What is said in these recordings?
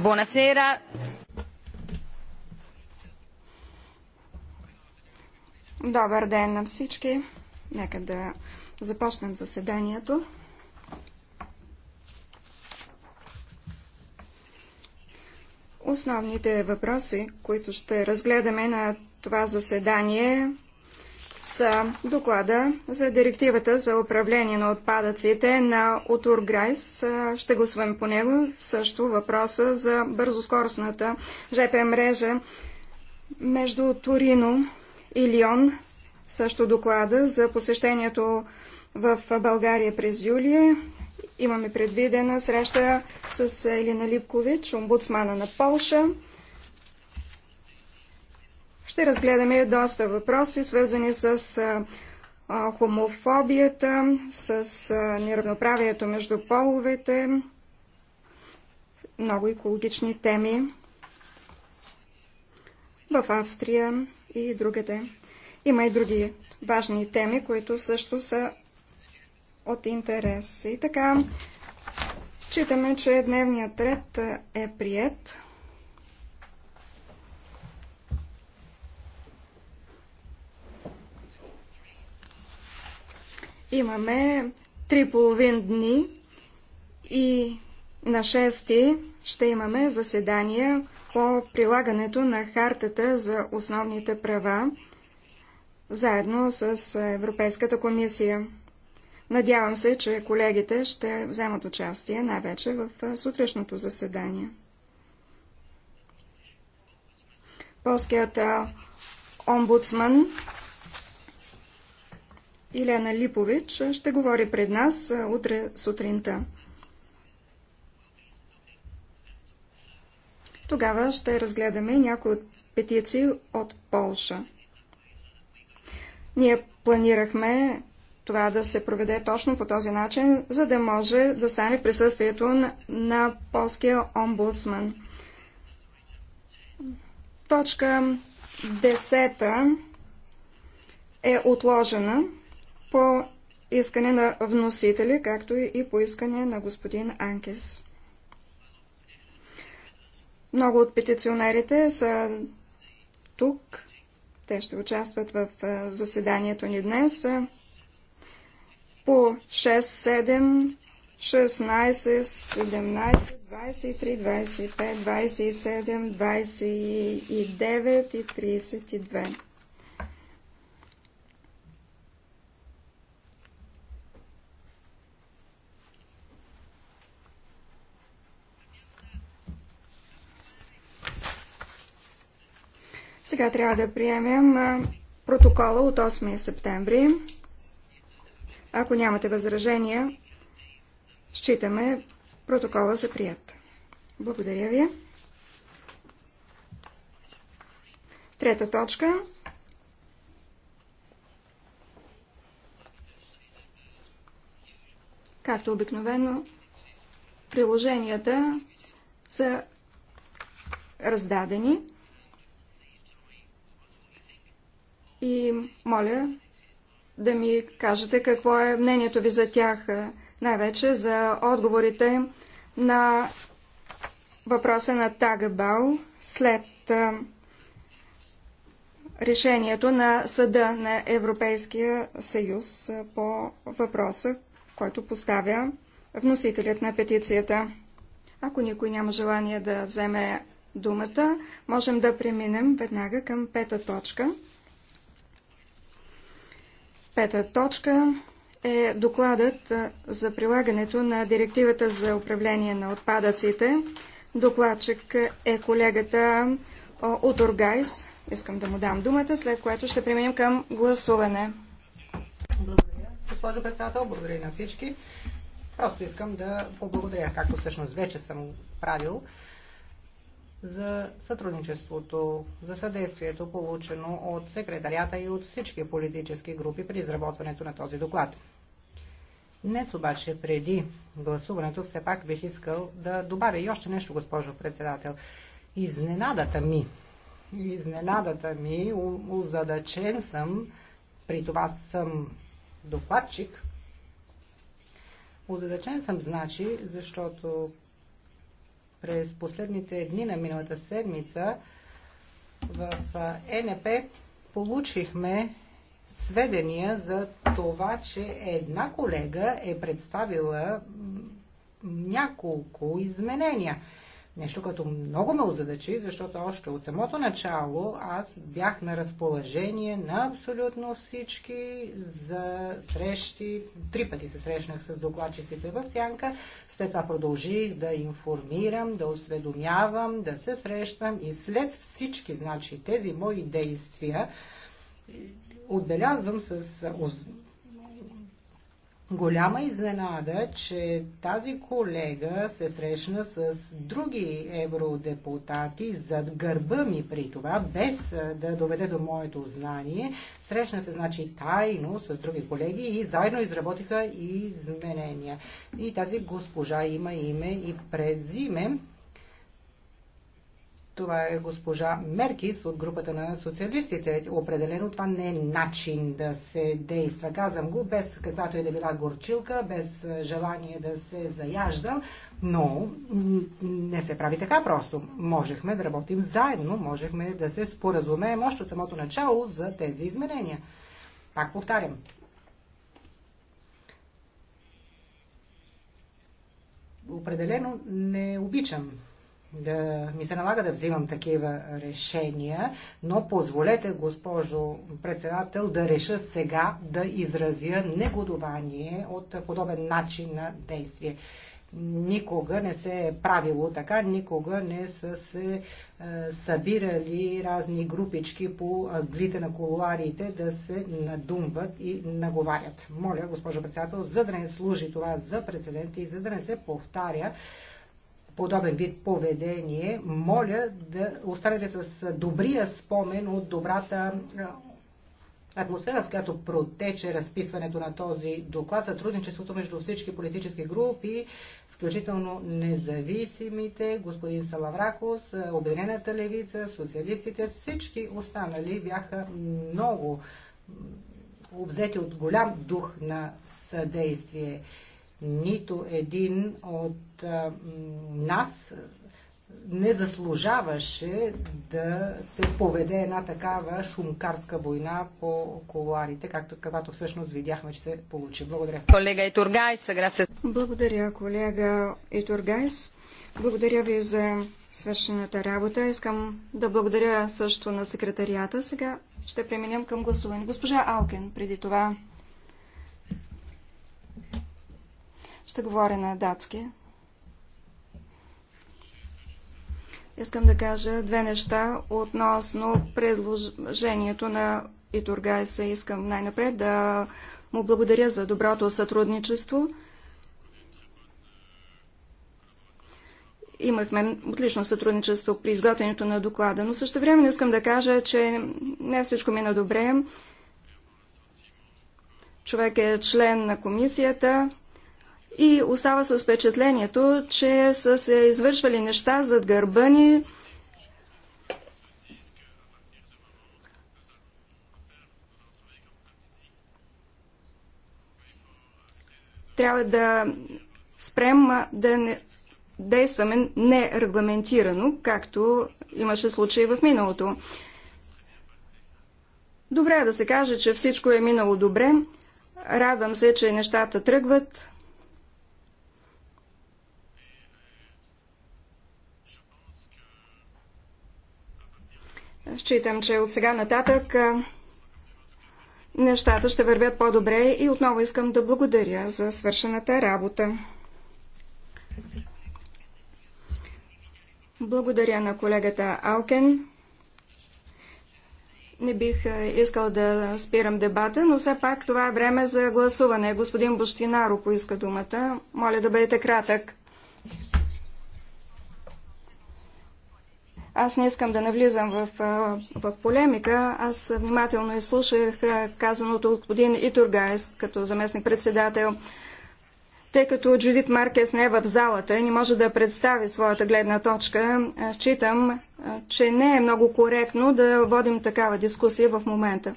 Buonasera. Добър ден на всички. Нека да започнем заседанието. Основните въпроси, които ще разгледаме на това заседание, са доклада за директивата за управление на отпадъците на Утур Грайс. Ще гласуваме по него. Също въпроса за бързоскоростната ЖП мрежа между Торино и Лион. Също доклада за посещението в България през юли. Имаме предвидена среща с Елина Липкович, омбудсмана на Полша. Ще разгледаме доста въпроси, свързани с хомофобията, с неравноправието между половете, много екологични теми в Австрия и другите. Има и други важни теми, които също са от интерес. И така, читаме, че дневният ред е прият. Имаме три половин дни и на 6 ще имаме заседания по прилагането на Хартата за основните права заедно с Европейската комисия. Надявам се, че колегите ще вземат участие най-вече в сутрешното заседание. Полският омбудсман Илена Липович ще говори пред нас утре сутринта. Тогава ще разгледаме някои от петиции от Полша. Ние планирахме това да се проведе точно по този начин, за да може да стане в присъствието на, на полския омбудсман. Точка 10 е отложена по искане на вносители, както и по искане на господин Анкес. Много от петиционерите са тук. Те ще участват в заседанието ни днес по 6, 7, 16, 17, 23, 25, 27, 29 и 32. Сега трябва да приемем протокола от 8 септември. Ако нямате възражения, считаме протокола за прият. Благодаря ви. Трета точка. Както обикновено, приложенията са раздадени. и моля да ми кажете какво е мнението ви за тях, е, най-вече за отговорите на въпроса на Тагабал след е, решението на Съда на Европейския съюз е, по въпроса, който поставя вносителят на петицията. Ако никой няма желание да вземе думата, можем да преминем веднага към пета точка – Пета точка е докладът за прилагането на директивата за управление на отпадъците. Докладчик е колегата от Оргайс. Искам да му дам думата, след което ще преминем към гласуване. Благодаря. Госпожо председател, благодаря на всички. Просто искам да поблагодаря, както всъщност вече съм правил, за сътрудничеството, за съдействието, получено от секретарията и от всички политически групи при изработването на този доклад. Днес обаче, преди гласуването, все пак бих искал да добавя и още нещо, госпожо председател. Изненадата ми, изненадата ми, озадачен съм, при това съм докладчик, озадачен съм, значи, защото през последните дни на миналата седмица в ЕНП получихме сведения за това, че една колега е представила няколко изменения. Нещо, което много ме озадачи, защото още от самото начало аз бях на разположение на абсолютно всички за срещи. Три пъти се срещнах с докладчиците в Сянка. След това продължих да информирам, да осведомявам, да се срещам и след всички, значи, тези мои действия отбелязвам с голяма изненада, че тази колега се срещна с други евродепутати зад гърба ми при това, без да доведе до моето знание. Срещна се, значи, тайно с други колеги и заедно изработиха изменения. И тази госпожа има име и презиме. Това е госпожа Меркис от групата на социалистите. Определено това не е начин да се действа. Казвам го без каквато и е да била горчилка, без желание да се заяждам, но не се прави така просто. Можехме да работим заедно, можехме да се споразумеем още от самото начало за тези изменения. Пак повтарям, определено не обичам да ми се налага да взимам такива решения, но позволете, госпожо председател, да реша сега да изразя негодование от подобен начин на действие. Никога не се е правило така, никога не са се е, събирали разни групички по глите на колуарите да се надумват и наговарят. Моля, госпожо председател, за да не служи това за прецедент и за да не се повтаря подобен вид поведение, моля да останете с добрия спомен от добрата атмосфера, в която протече разписването на този доклад, сътрудничеството между всички политически групи, включително независимите, господин Салавракос, Обединената левица, социалистите, всички останали бяха много обзети от голям дух на съдействие. Нито един от а, нас не заслужаваше да се поведе една такава шумкарска война по колуарите, както каквато всъщност видяхме, че се получи. Благодаря. Колега Итургайс, Благодаря, колега Итургайс. Благодаря ви за свършената работа. Искам да благодаря също на секретарията. Сега ще преминем към гласуване. Госпожа Алкен, преди това. Ще говоря на датски. Искам да кажа две неща относно предложението на Итургайса. Искам най-напред да му благодаря за доброто сътрудничество. Имахме отлично сътрудничество при изготвянето на доклада, но също време искам да кажа, че не всичко мина добре. Човек е член на комисията, и остава с впечатлението, че са се извършвали неща зад гърба ни. Трябва да спрем да не действаме нерегламентирано, както имаше случаи в миналото. Добре е да се каже, че всичко е минало добре. Радвам се, че нещата тръгват Считам, че от сега нататък нещата ще вървят по-добре и отново искам да благодаря за свършената работа. Благодаря на колегата Алкен. Не бих искал да спирам дебата, но все пак това е време за гласуване. Господин Бощинаро поиска думата. Моля да бъдете кратък. Аз не искам да навлизам в, в полемика. Аз внимателно изслушах казаното от господин Итургайс като заместник-председател. Тъй като Джудит Маркес не е в залата и не може да представи своята гледна точка, считам, че не е много коректно да водим такава дискусия в момента.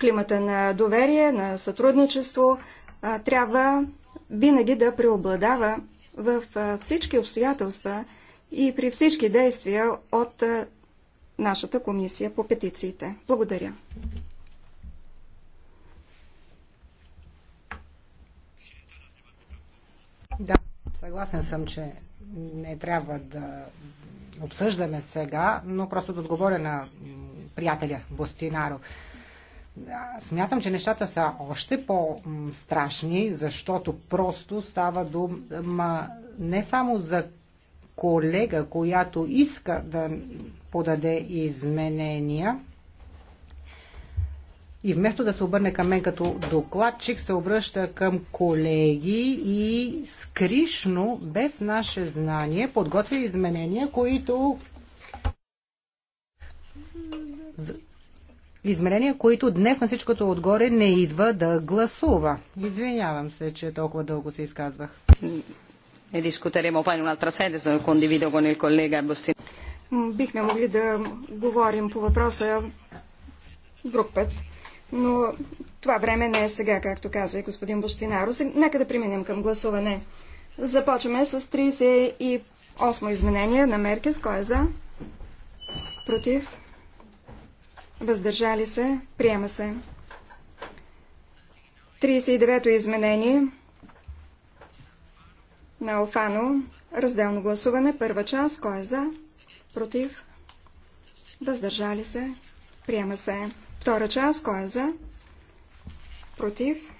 Климата на доверие, на сътрудничество трябва винаги да преобладава в всички обстоятелства – и при всички действия от нашата комисия по петициите. Благодаря. Да, съгласен съм, че не трябва да обсъждаме сега, но просто да отговоря на приятеля Бостинаров. Смятам, че нещата са още по-страшни, защото просто става дума не само за колега, която иска да подаде изменения, и вместо да се обърне към мен като докладчик, се обръща към колеги и скришно, без наше знание, подготвя изменения, които изменения, които днес на всичкото отгоре не идва да гласува. Извинявам се, че толкова дълго се изказвах. Ne discuteremo poi in un'altra sede, se condivido con il collega Bostino. Бихме могли да говорим по въпроса друг път, но това време не е сега, както каза и господин Бостинаро. Нека да преминем към гласуване. Започваме с 38 изменение на Меркес. Кой е за? Против? Въздържали се? Приема се. 39-то изменение на Алфано. Разделно гласуване. Първа част. Кой е за? Против? Въздържали се? Приема се. Втора част. Кой е за? Против?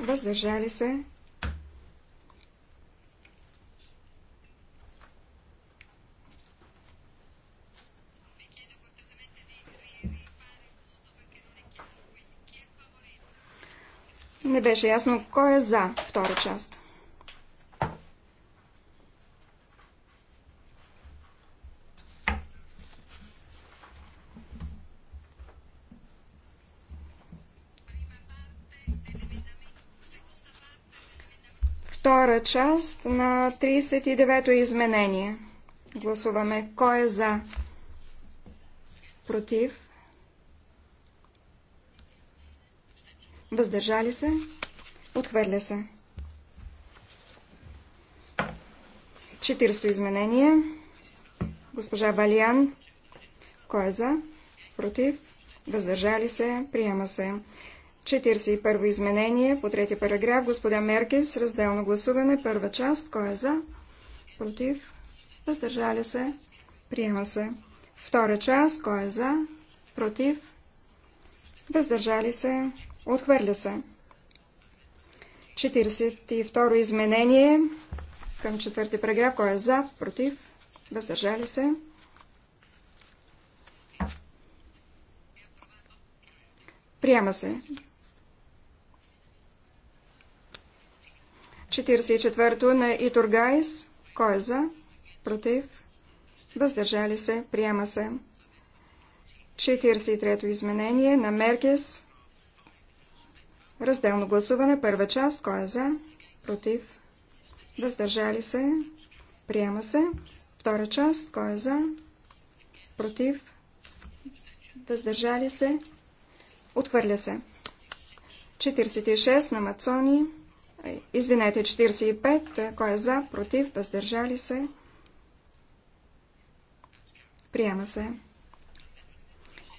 Въздържали се? Не беше ясно кой е за втора част. Втора част на 39-то изменение. Гласуваме кой е за. Против. Въздържали се. Отхвърля се. Четиристо изменение. Госпожа Валиан. Кой е за? Против? Въздържали се. Приема се. 41 изменение по третия параграф. Господа Меркис. Разделно гласуване. Първа част. Кой е за? Против? Въздържали се. Приема се. Втора част. Кой е за? Против? Въздържали се. Отхвърля се. 42 изменение към четвърти параграф. Кой е за? Против? Въздържали се? Приема се. 44-то на Итургайс. Кой е за? Против? Въздържали се? Приема се. 43-то изменение на Меркес. Разделно гласуване, първа част, кой е за, против, въздържали се, приема се. Втора част, кой е за, против, въздържали се, отхвърля се. 46 на Мацони, е, извинете, 45, кой е за, против, въздържали се, приема се.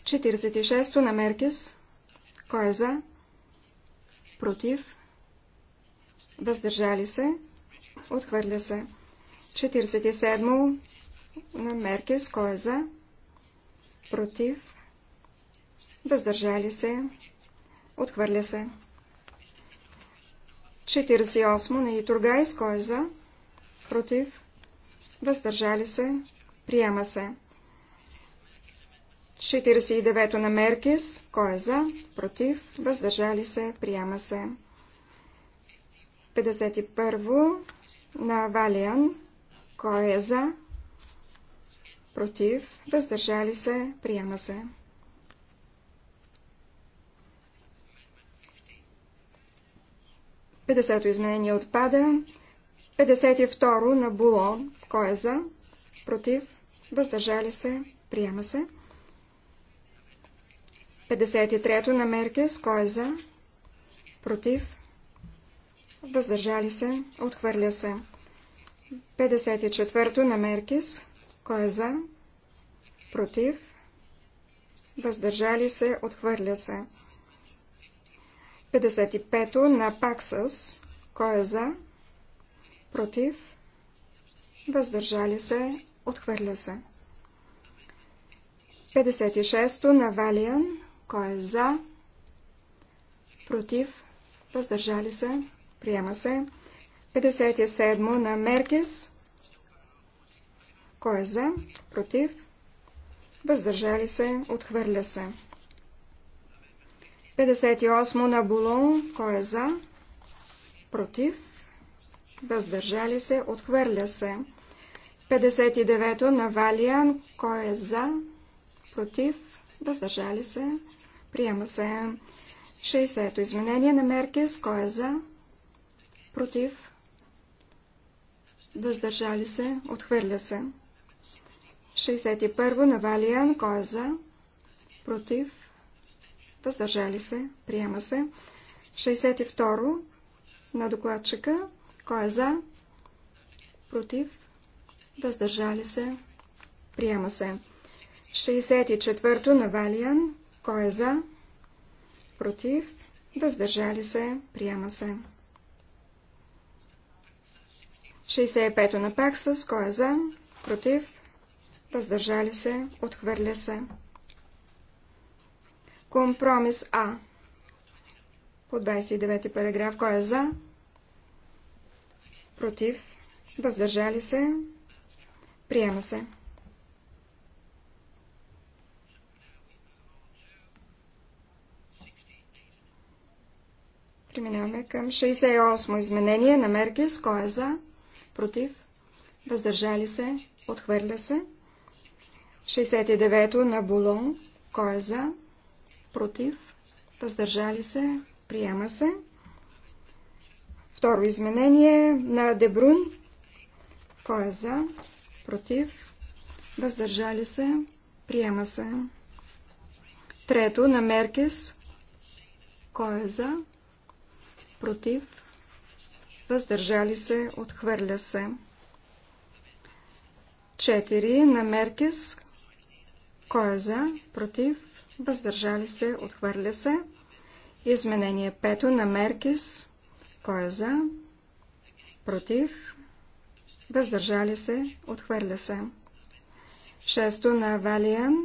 46 на Меркис, кой е за, против, против, въздържали се, отхвърля се. 47 на Меркес, кой е за, против, въздържали се, отхвърля се. 48 на Итургайс, кой е за, против, въздържали се, приема се. 49-то на Меркис. Кой е за? Против? Въздържали се? Приема се. 51-во на Валиан. Кой е за? Против? Въздържали се? Приема се. 50-то изменение отпада. 52-ро на Булон. Кой е за? Против? Въздържали се? Приема се. 53-то на Меркес. Кой е за? Против? Въздържали се? Отхвърля се. 54-то на Меркес. Кой е за? Против? Въздържали се? Отхвърля се. 55-то на Паксас. Кой е за? Против? Въздържали се? Отхвърля се. 56-то на Валиан. Кой е за? Против? Въздържали се? Приема се. 57 на Меркес. Кой е за? Против? Въздържали се? Отхвърля се. 58 на Булон. Кой е за? Против? Въздържали се? Отхвърля се. 59 на Валиан. Кой е за? Против? въздържали се, приема се. 60-то изменение на Меркес, кой е за, против, въздържали се, отхвърля се. 61-во на Валиан, кой е за, против, въздържали се, приема се. 62 на докладчика, кой е за, против, въздържали се, приема се. 64-то на Валиан. Кой е за? Против? Въздържали се? Приема се. 65-то на Паксас. Кой е за? Против? Въздържали се? Отхвърля се. Компромис А. По 29 ти параграф. Кой е за? Против? Въздържали се? Приема се. Преминаваме към 68 изменение на мерки. С кой е за? Против? Въздържали се? Отхвърля се. 69 на Булон. Кой е за? Против? Въздържали се? Приема се. Второ изменение на Дебрун. Кой е за? Против? Въздържали се? Приема се. Трето на Меркес. Кой е за? против, въздържали се, отхвърля се. 4 на Меркис, кой е за, против, въздържали се, отхвърля се. Изменение 5 на Меркис, кой е за, против, въздържали се, отхвърля се. Шесто на Валиан,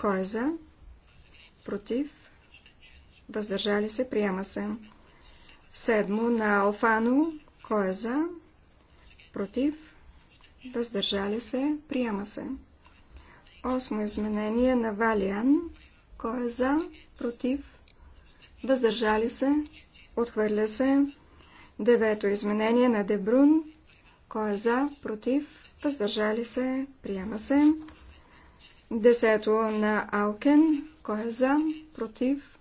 кой е за, против, въздържали се, приема се. Седмо на Алфано. Кой е за? Против? Въздържали се? Приема се. Осмо изменение на Валиан. Кой е за? Против? Въздържали се? Отхвърля се. Девето изменение на Дебрун. Кой е за? Против? Въздържали се? Приема се. Десето на Алкен. Кой е за? Против?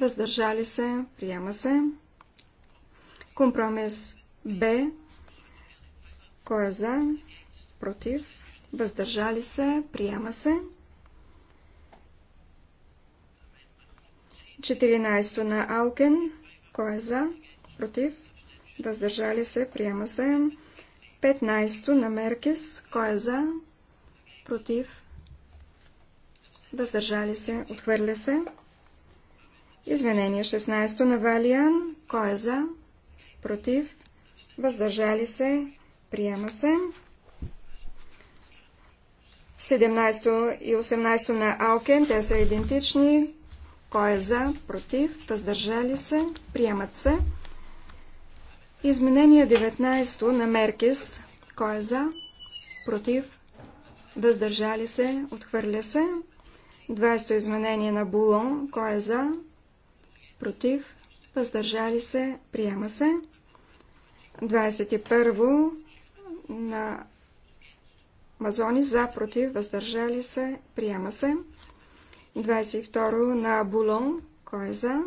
Въздържали се? Приема се. Компромис Б. Кой е за? Против? Въздържали се? Приема се. 14 на Алкен. Кой е за? Против? Въздържали се? Приема се. 15 на Меркис. Кой е за? Против? Въздържали се? Отхвърля се. Изменение 16 на Валиан. Кой е за? против, въздържали се, приема се. 17 и 18 на Алкен, те са идентични. Кой е за, против, въздържали се, приемат се. Изменение 19 на Меркис. Кой е за, против, въздържали се, отхвърля се. 20 изменение на Булон. Кой е за, против, въздържали се, приема се. 21 на Мазони за, против, въздържали се, приема се. 22 на Булон, кой е за,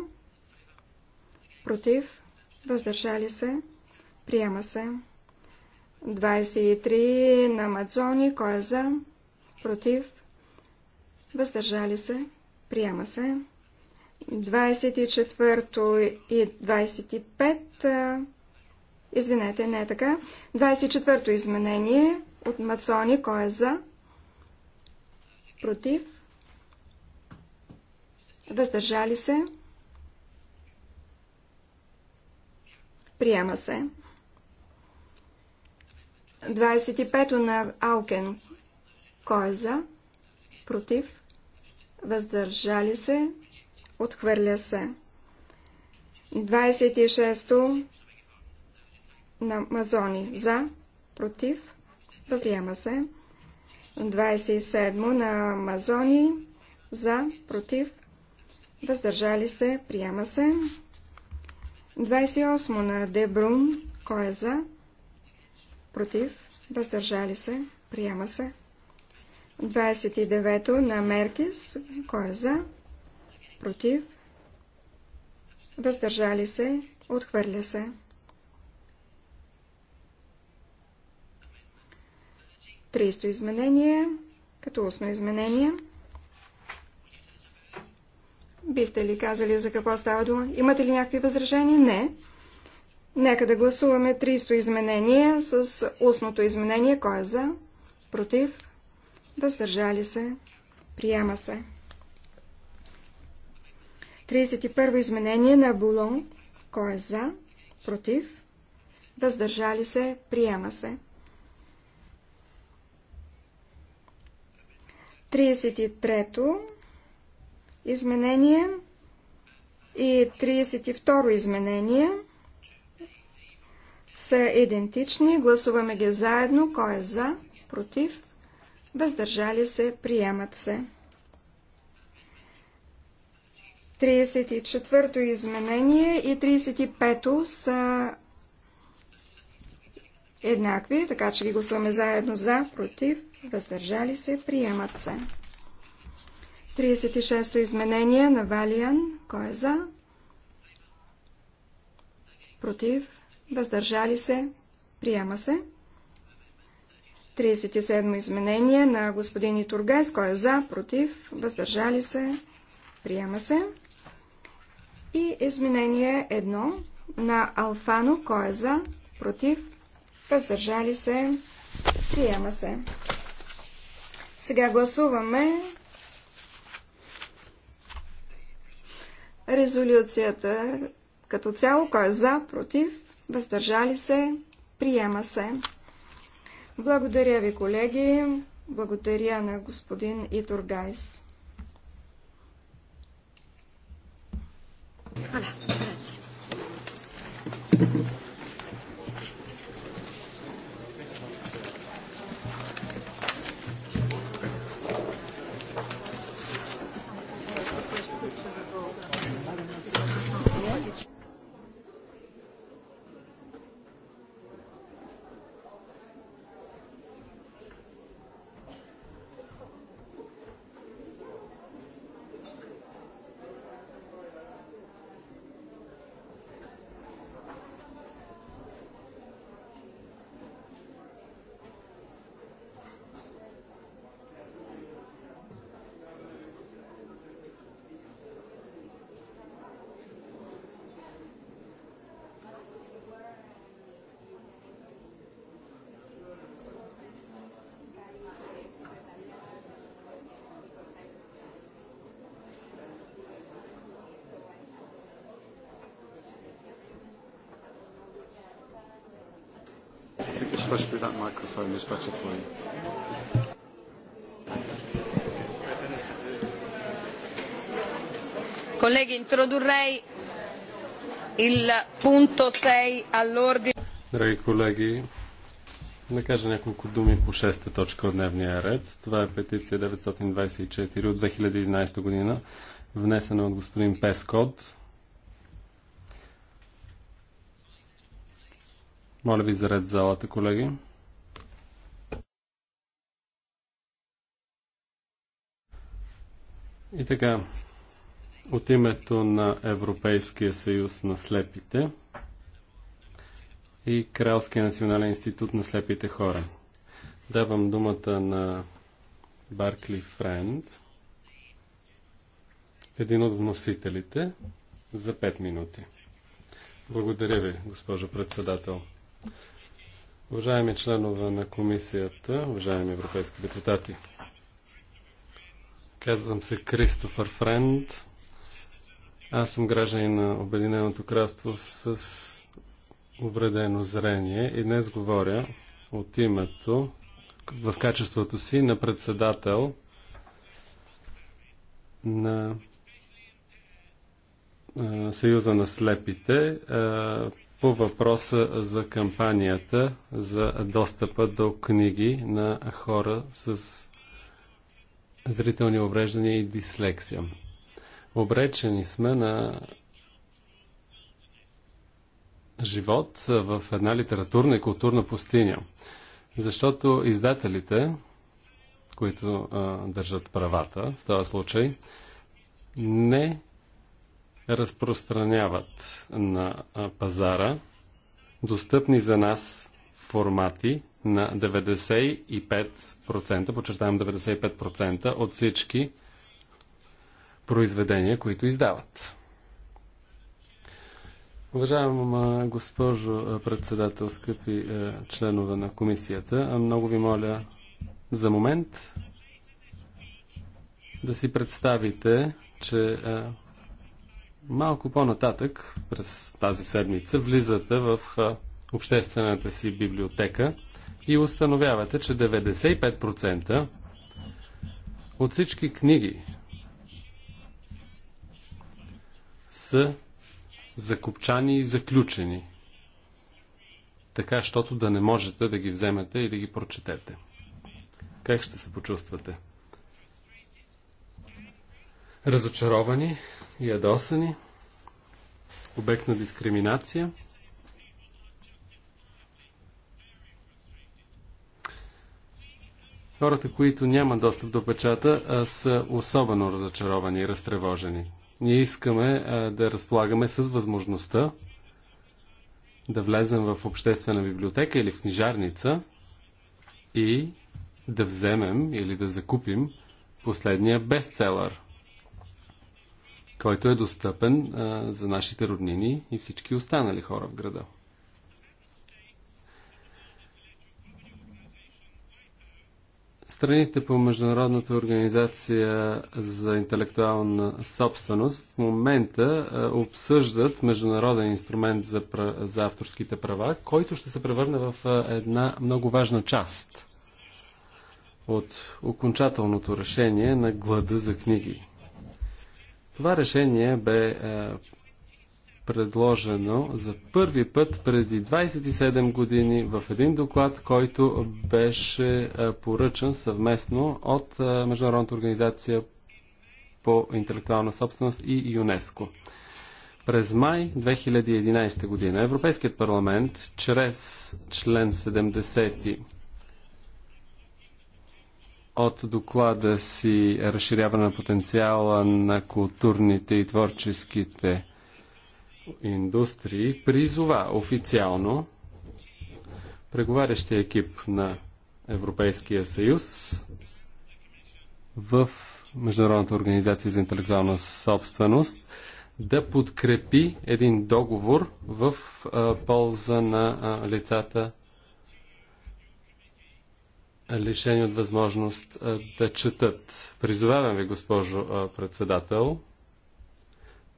против, въздържали се, приема се. 23 на Мазони, кой е за, против, въздържали се, приема се. 24 и 25 Извинете, не е така. 24-то изменение от Мацони. Кой е за? Против? Въздържали се? Приема се. 25-то на Алкен. Кой е за? Против? Въздържали се? Отхвърля се. 26-то на Мазони. За, против, възприема се. 27 на Мазони. За, против, въздържали се, приема се. 28 на Дебрун. Кой е за? Против, въздържали се, приема се. 29 на Меркис. Кой е за? Против, въздържали се, отхвърля се. Тристо изменение, като устно изменение. Бихте ли казали за какво става дума? Имате ли някакви възражения? Не. Нека да гласуваме 300 изменение с устното изменение. Кой е за? Против? Въздържали се? Приема се. 31 изменение на Булон. Кой е за? Против? Въздържали се? Приема се. 33-то изменение и 32 то изменение са идентични. Гласуваме ги заедно. Кой е за, против, въздържали се, приемат се. 34-то изменение и 35-то са еднакви, така че ги гласуваме заедно за, против, въздържали се, приемат се. 36-то изменение на Валиан, кой е за, против, въздържали се, приема се. 37 изменение на господин Итургайс, кой е за, против, въздържали се, приема се. И изменение 1 на Алфано, кой е за, против, въздържали се, приема се. Сега гласуваме резолюцията като цяло, кой е за, против, въздържали се, приема се. Благодаря ви, колеги. Благодаря на господин Гайс. Hola, gracias. that microphone is better for you. Colleghi, introdurrei il punto 6 all'ordine. Драги колеги, да кажа няколко думи по 6 точка от дневния ред. Това е петиция 924 от 2011 година, внесена от господин Пескот, Моля ви за ред в залата, колеги. И така, от името на Европейския съюз на слепите и Кралския национален институт на слепите хора. Давам думата на Баркли Френд, един от вносителите, за 5 минути. Благодаря ви, госпожо председател. Уважаеми членове на комисията, уважаеми европейски депутати, казвам се Кристофър Френд. Аз съм гражданин на Обединеното кралство с увредено зрение и днес говоря от името, в качеството си на председател на Съюза на слепите по въпроса за кампанията за достъпа до книги на хора с зрителни увреждания и дислексия. Обречени сме на живот в една литературна и културна пустиня, защото издателите, които а, държат правата в този случай, не разпространяват на пазара достъпни за нас формати на 95%, подчертавам 95% от всички произведения, които издават. Уважаема госпожо председател, скъпи членове на комисията, много ви моля за момент да си представите, че Малко по-нататък, през тази седмица, влизате в обществената си библиотека и установявате, че 95% от всички книги са закопчани и заключени, така, щото да не можете да ги вземете и да ги прочетете. Как ще се почувствате? Разочаровани, ядосани, обект на дискриминация. Хората, които нямат достъп до печата, са особено разочаровани и разтревожени. Ние искаме да разполагаме с възможността да влезем в обществена библиотека или в книжарница и да вземем или да закупим последния бестселър – който е достъпен а, за нашите роднини и всички останали хора в града. Страните по Международната организация за интелектуална собственост в момента а, обсъждат международен инструмент за, за авторските права, който ще се превърне в а, една много важна част от окончателното решение на глада за книги. Това решение бе е, предложено за първи път преди 27 години в един доклад, който беше е, поръчан съвместно от е, Международната организация по интелектуална собственост и ЮНЕСКО. През май 2011 година Европейският парламент чрез член 70 от доклада си разширяване на потенциала на културните и творческите индустрии призова официално преговарящия екип на Европейския съюз в Международната организация за интелектуална собственост да подкрепи един договор в а, полза на а, лицата лишени от възможност да четат. Призовавам ви, госпожо председател,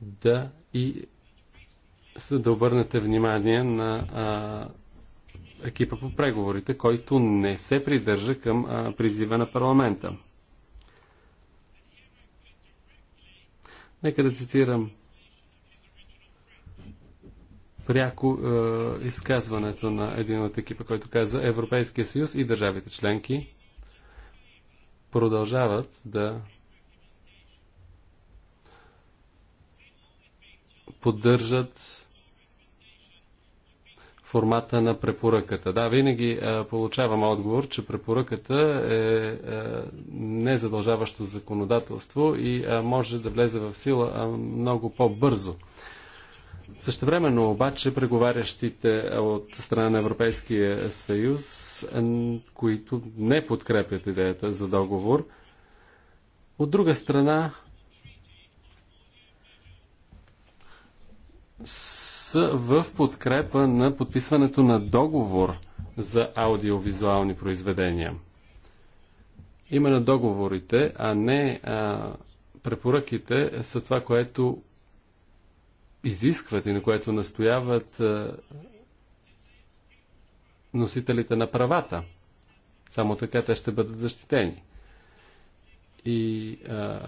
да и за да обърнете внимание на а, екипа по преговорите, който не се придържа към а, призива на парламента. Нека да цитирам пряко е, изказването на един от екипа, който каза Европейския съюз и държавите членки продължават да поддържат формата на препоръката. Да, винаги е, получавам отговор, че препоръката е, е незадължаващо законодателство и е, може да влезе в сила е, много по-бързо. Същевременно обаче преговарящите от страна на Европейския съюз, които не подкрепят идеята за договор, от друга страна са в подкрепа на подписването на договор за аудиовизуални произведения. Именно договорите, а не а, препоръките са това, което изискват и на което настояват носителите на правата. Само така те ще бъдат защитени. И а,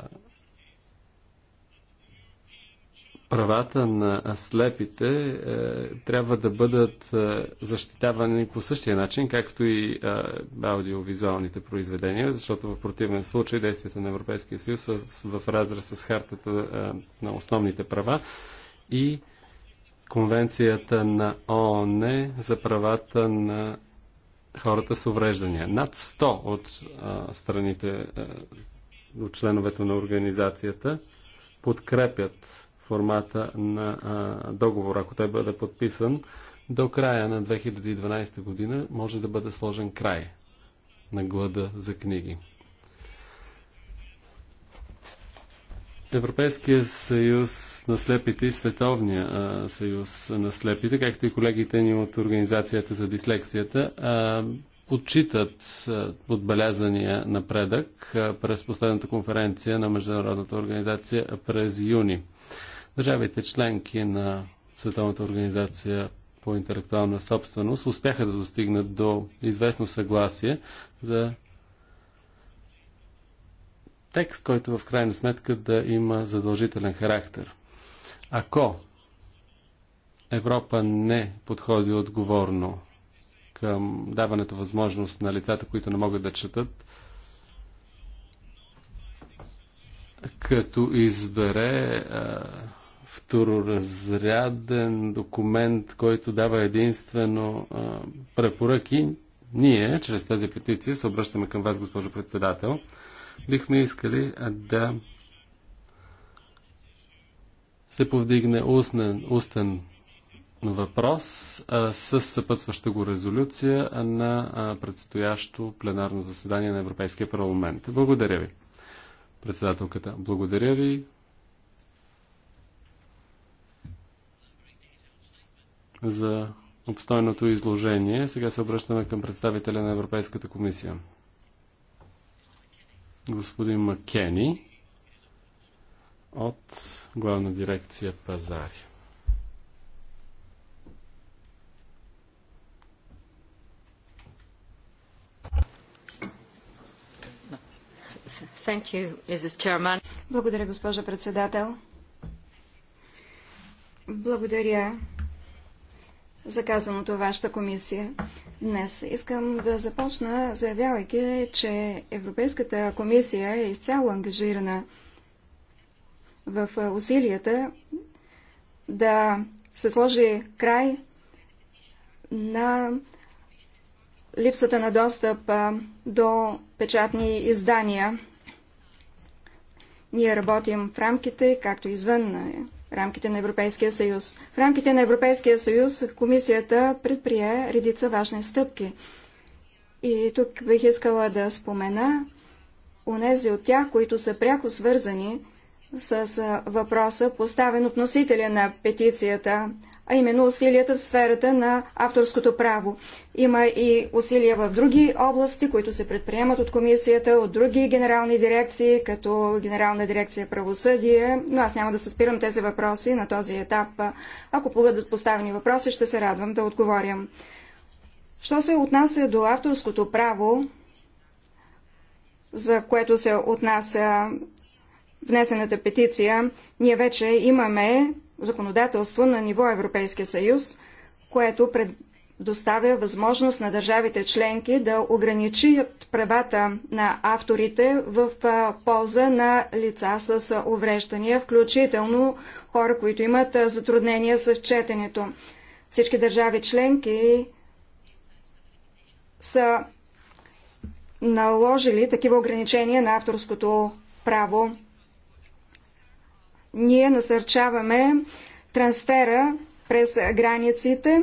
правата на слепите а, е, трябва да бъдат а, е, защитавани по същия начин, както и а, е, аудиовизуалните произведения, защото в противен случай действията на Европейския съюз са в разрез с хартата а, на основните права, и Конвенцията на ООН за правата на хората с увреждания. Над 100 от а, страните, а, от членовете на организацията, подкрепят формата на а, договор, ако той бъде подписан. До края на 2012 година може да бъде сложен край на глада за книги. Европейския съюз на слепите и Световния а, съюз на слепите, както и колегите ни от Организацията за дислексията, а, отчитат отбелязания напредък през последната конференция на Международната организация през юни. Държавите членки на Световната организация по интелектуална собственост успяха да достигнат до известно съгласие за текст, който в крайна сметка да има задължителен характер. Ако Европа не подходи отговорно към даването възможност на лицата, които не могат да четат, като избере а, второразряден документ, който дава единствено а, препоръки, ние, чрез тази петиция, се обръщаме към вас, госпожо председател, бихме искали да се повдигне устен, устен въпрос а, с съпътстваща го резолюция на а, предстоящо пленарно заседание на Европейския парламент. Благодаря ви, председателката. Благодаря ви. за обстойното изложение. Сега се обръщаме към представителя на Европейската комисия господин Макени от Главна дирекция Пазари. Thank You, Mrs. Chairman. Благодаря, госпожа председател. Благодаря за казаното вашата комисия днес. Искам да започна заявявайки, че Европейската комисия е изцяло ангажирана в усилията да се сложи край на липсата на достъп до печатни издания. Ние работим в рамките, както извън рамките на Европейския съюз. В рамките на Европейския съюз комисията предприе редица важни стъпки. И тук бих искала да спомена унези от тях, които са пряко свързани с въпроса, поставен от носителя на петицията, а именно усилията в сферата на авторското право. Има и усилия в други области, които се предприемат от комисията, от други генерални дирекции, като Генерална дирекция правосъдие, но аз няма да се спирам тези въпроси на този етап. Ако бъдат поставени въпроси, ще се радвам да отговорям. Що се отнася до авторското право, за което се отнася внесената петиция, ние вече имаме законодателство на ниво Европейския съюз, което предоставя възможност на държавите членки да ограничат правата на авторите в полза на лица с увреждания, включително хора, които имат затруднения с четенето. Всички държави членки са наложили такива ограничения на авторското право ние насърчаваме трансфера през границите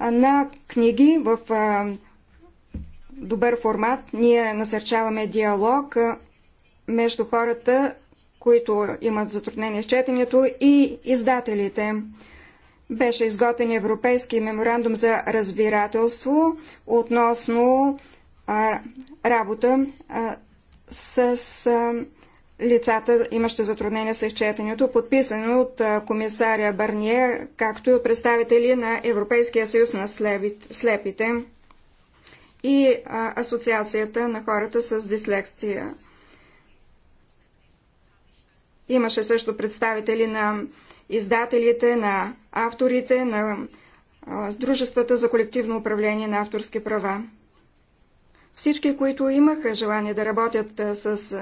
на книги в добър формат. Ние насърчаваме диалог между хората, които имат затруднение с четенето и издателите. Беше изготвен Европейски меморандум за разбирателство относно а, работа а, с а, лицата, имащи затруднения с изчетенето, подписано от комисаря Барние, както и от представители на Европейския съюз на слепите и Асоциацията на хората с дислексия. Имаше също представители на издателите, на авторите, на Дружествата за колективно управление на авторски права. Всички, които имаха желание да работят с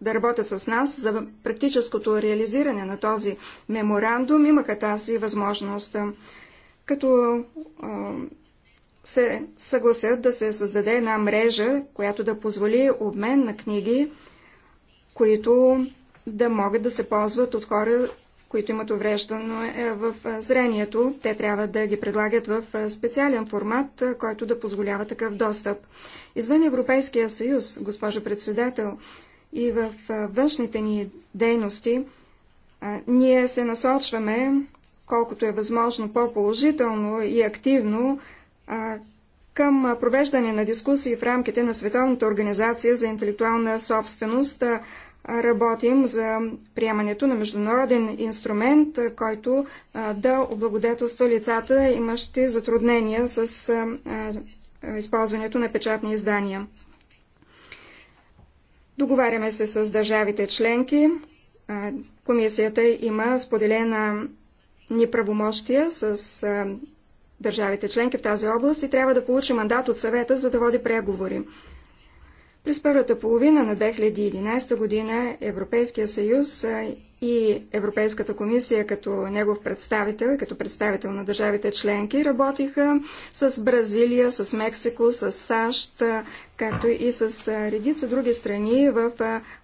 да работят с нас за практическото реализиране на този меморандум, имаха тази възможност, като се съгласят да се създаде една мрежа, която да позволи обмен на книги, които да могат да се ползват от хора, които имат увреждане в зрението. Те трябва да ги предлагат в специален формат, който да позволява такъв достъп. Извън Европейския съюз, госпожо председател, и в външните ни дейности ние се насочваме, колкото е възможно по-положително и активно, към провеждане на дискусии в рамките на Световната организация за интелектуална собственост. Работим за приемането на международен инструмент, който да облагодетелства лицата, имащи затруднения с използването на печатни издания. Договаряме се с държавите членки. Комисията има споделена ни правомощия с държавите членки в тази област и трябва да получи мандат от съвета, за да води преговори. През първата половина на 2011 година Европейския съюз и Европейската комисия като негов представител и като представител на държавите членки работиха с Бразилия, с Мексико, с САЩ, както и с редица други страни в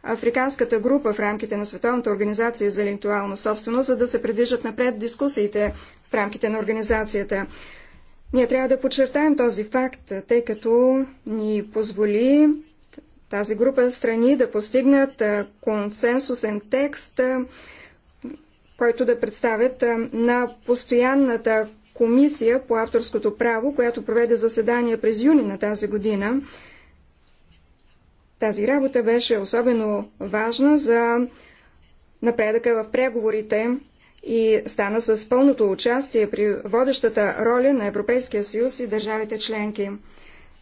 африканската група в рамките на Световната организация за интелектуална собственост, за да се предвижат напред дискусиите в рамките на организацията. Ние трябва да подчертаем този факт, тъй като ни позволи тази група страни да постигнат консенсусен текст, който да представят на постоянната комисия по авторското право, която проведе заседание през юни на тази година. Тази работа беше особено важна за напредъка в преговорите и стана с пълното участие при водещата роля на Европейския съюз и държавите членки.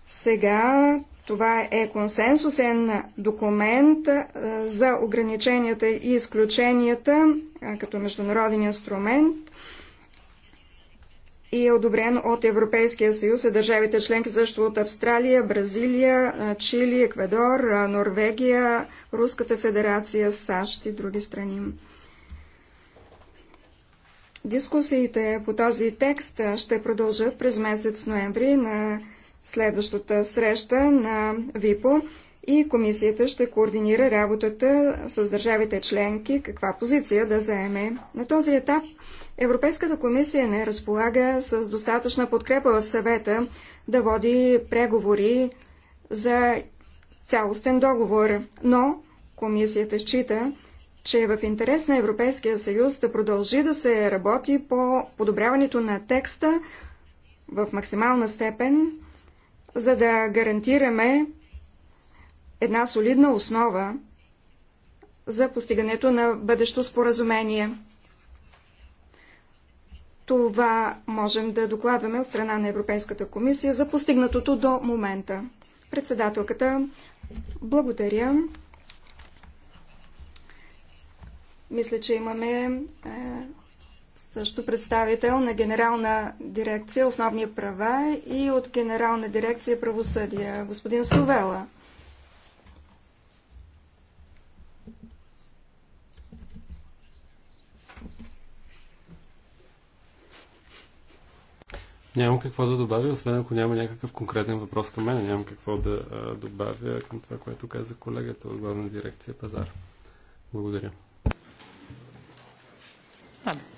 Сега това е консенсусен документ за ограниченията и изключенията като международен инструмент и е одобрен от Европейския съюз и държавите членки също от Австралия, Бразилия, Чили, Еквадор, Норвегия, Руската федерация, САЩ и други страни. Дискусиите по този текст ще продължат през месец ноември на следващата среща на ВИПО и комисията ще координира работата с държавите членки, каква позиция да заеме. На този етап Европейската комисия не разполага с достатъчна подкрепа в съвета да води преговори за цялостен договор, но комисията счита, че е в интерес на Европейския съюз да продължи да се работи по подобряването на текста в максимална степен за да гарантираме една солидна основа за постигането на бъдещо споразумение. Това можем да докладваме от страна на Европейската комисия за постигнатото до момента. Председателката, благодаря. Мисля, че имаме е, също представител на Генерална дирекция Основни права и от Генерална дирекция Правосъдие, господин Сувела. Нямам какво да добавя, освен ако няма някакъв конкретен въпрос към мен. Нямам какво да а, добавя към това, което каза колегата от главна дирекция Пазар. Благодаря. Ладно. Ами,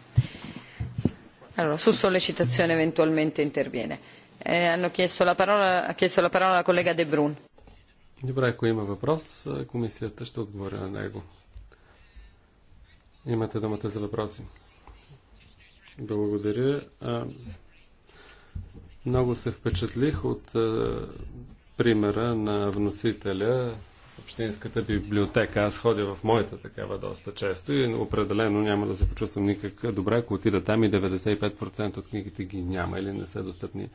Allora, su sollecitazione eventualmente interviene. Е, hanno chiesto la parola, ha chiesto la parola la collega De Brun. Добре, ако има въпрос, е, комисията ще отговори на него. Имате думата за въпроси. Благодаря. Много се впечатлих от е, примера на вносителя с общинската библиотека. Аз ходя в моята такава доста често и определено няма да се почувствам никак добре, ако отида там и 95% от книгите ги няма или не са достъпни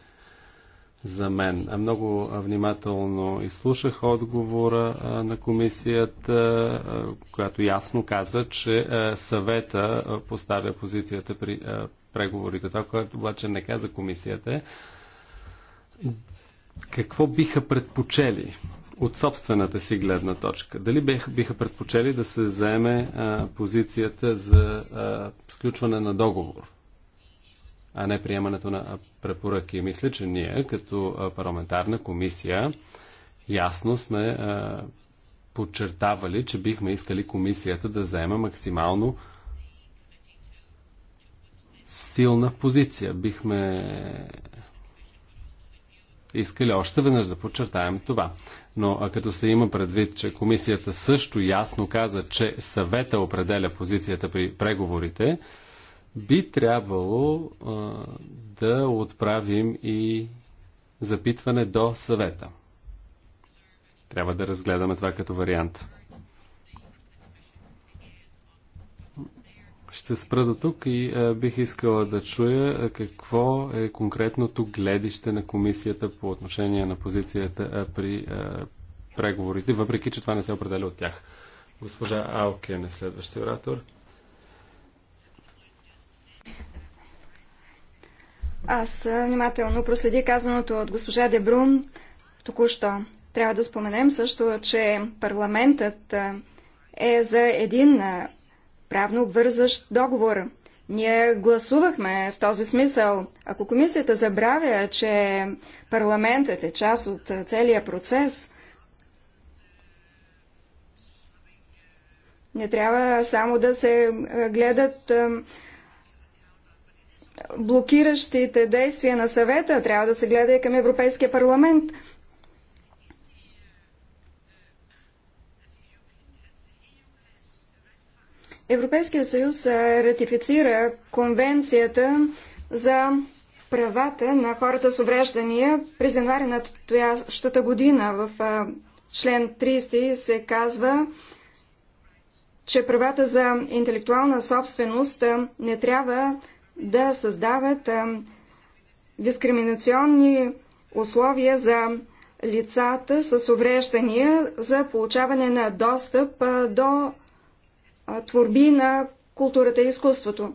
за мен. А много внимателно изслушах отговора на комисията, която ясно каза, че съвета поставя позицията при преговорите. Това, което обаче не каза комисията е какво биха предпочели от собствената си гледна точка. Дали биха предпочели да се заеме а, позицията за а, сключване на договор, а не приемането на препоръки? Мисля, че ние като парламентарна комисия ясно сме а, подчертавали, че бихме искали комисията да заема максимално силна позиция. Бихме искали още веднъж да подчертаем това. Но а като се има предвид, че комисията също ясно каза, че съвета определя позицията при преговорите, би трябвало а, да отправим и запитване до съвета. Трябва да разгледаме това като вариант. Ще спра до тук и а, е, бих искала да чуя е, какво е конкретното гледище на комисията по отношение на позицията а, е, при а, преговорите, въпреки че това не се определя от тях. Госпожа Алкен е следващия оратор. Аз внимателно проследи казаното от госпожа Дебрун току-що. Трябва да споменем също, че парламентът е за един правно обвързащ договор. Ние гласувахме в този смисъл. Ако комисията забравя, че парламентът е част от целия процес, не трябва само да се е, гледат е, блокиращите действия на съвета, трябва да се гледа и към Европейския парламент. Европейския съюз ратифицира конвенцията за правата на хората с увреждания през януари на тоящата година. В член 30 се казва, че правата за интелектуална собственост не трябва да създават дискриминационни условия за лицата с увреждания за получаване на достъп до творби на културата и изкуството.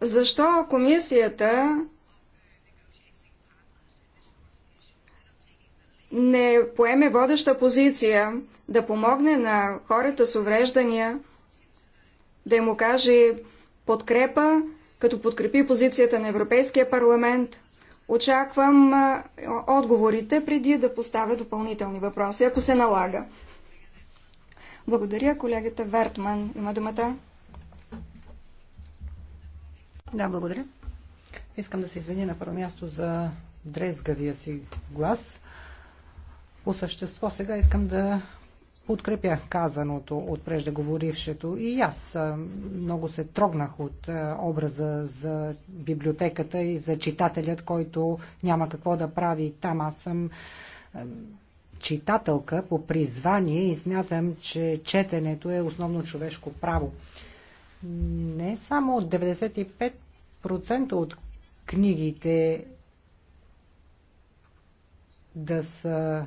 Защо комисията не поеме водеща позиция да помогне на хората с увреждания, да им окаже подкрепа, като подкрепи позицията на Европейския парламент. Очаквам отговорите преди да поставя допълнителни въпроси, ако се налага. Благодаря. Колегата Вертман има думата. Да, благодаря. Искам да се извиня на първо място за дрезгавия си глас. По същество сега искам да подкрепя казаното от преждеговорившето и аз много се трогнах от образа за библиотеката и за читателят, който няма какво да прави там. Аз съм читателка по призвание и смятам, че четенето е основно човешко право. Не само 95% от книгите да са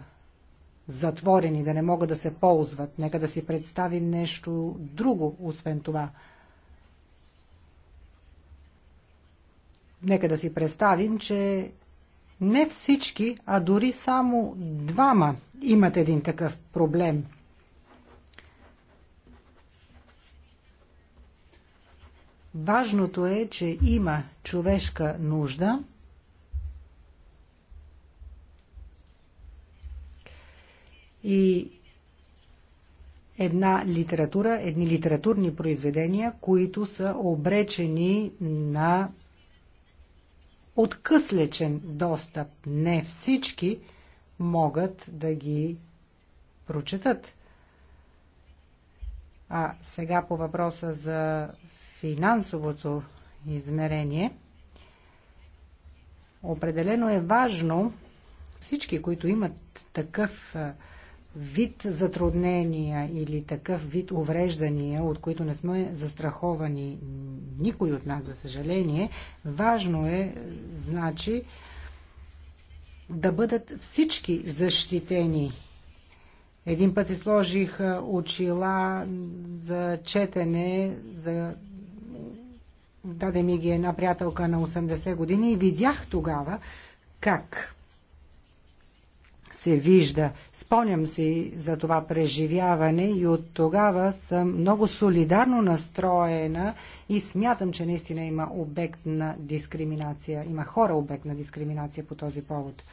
затворени, да не могат да се ползват. Нека да си представим нещо друго, освен това. Нека да си представим, че не всички, а дори само двама имат един такъв проблем. Важното е, че има човешка нужда и една литература, едни литературни произведения, които са обречени на откъслечен достъп. Не всички могат да ги прочетат. А сега по въпроса за финансовото измерение. Определено е важно всички, които имат такъв вид затруднения или такъв вид увреждания, от които не сме застраховани никой от нас, за съжаление, важно е, значи, да бъдат всички защитени. Един път си сложих очила за четене, за... даде ми ги една приятелка на 80 години и видях тогава как се вижда. Спомням си за това преживяване и от тогава съм много солидарно настроена и смятам, че наистина има обект на дискриминация. Има хора обект на дискриминация по този повод.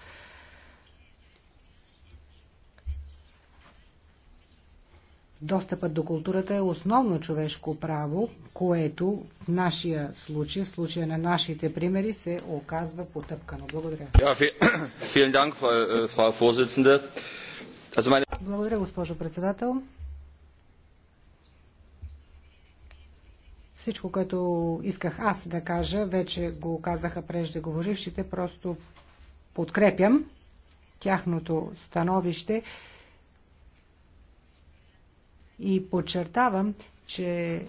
Достъпът до културата е основно човешко право, което в нашия случай, в случая на нашите примери, се оказва потъпкано. Благодаря. Е, Благодаря, госпожо председател. Всичко, което исках аз да кажа, вече го казаха преждеговорившите, просто подкрепям тяхното становище. И подчертавам, че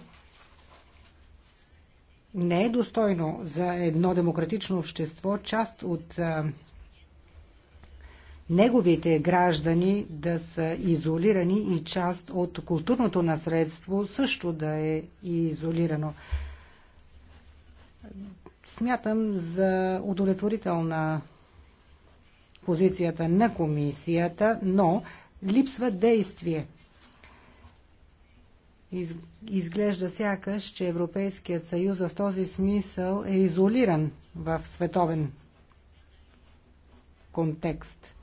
не е достойно за едно демократично общество част от а, неговите граждани да са изолирани и част от културното наследство също да е изолирано. Смятам за удовлетворителна позицията на комисията, но липсва действие – из, изглежда сякаш, че Европейският съюз в този смисъл е изолиран в световен контекст.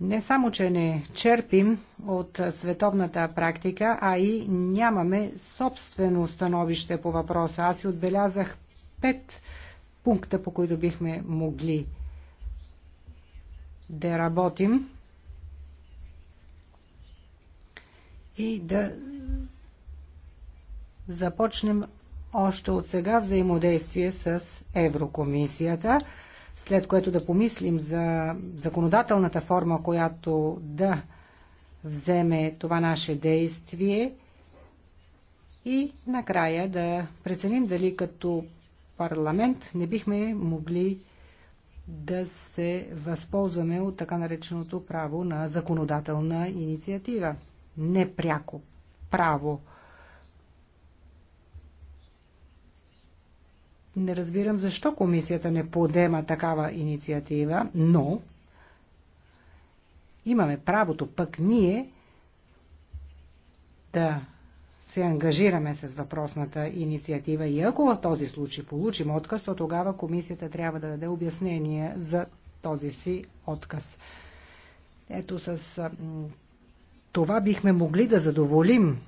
Не само, че не черпим от световната практика, а и нямаме собствено становище по въпроса. Аз си отбелязах пет пункта, по които бихме могли да работим и да започнем още от сега взаимодействие с Еврокомисията, след което да помислим за законодателната форма, която да вземе това наше действие и накрая да преценим дали като парламент не бихме могли да се възползваме от така нареченото право на законодателна инициатива. Непряко право. Не разбирам защо комисията не подема такава инициатива, но имаме правото пък ние да се ангажираме с въпросната инициатива и ако в този случай получим отказ, то тогава комисията трябва да даде обяснение за този си отказ. Ето с това бихме могли да задоволим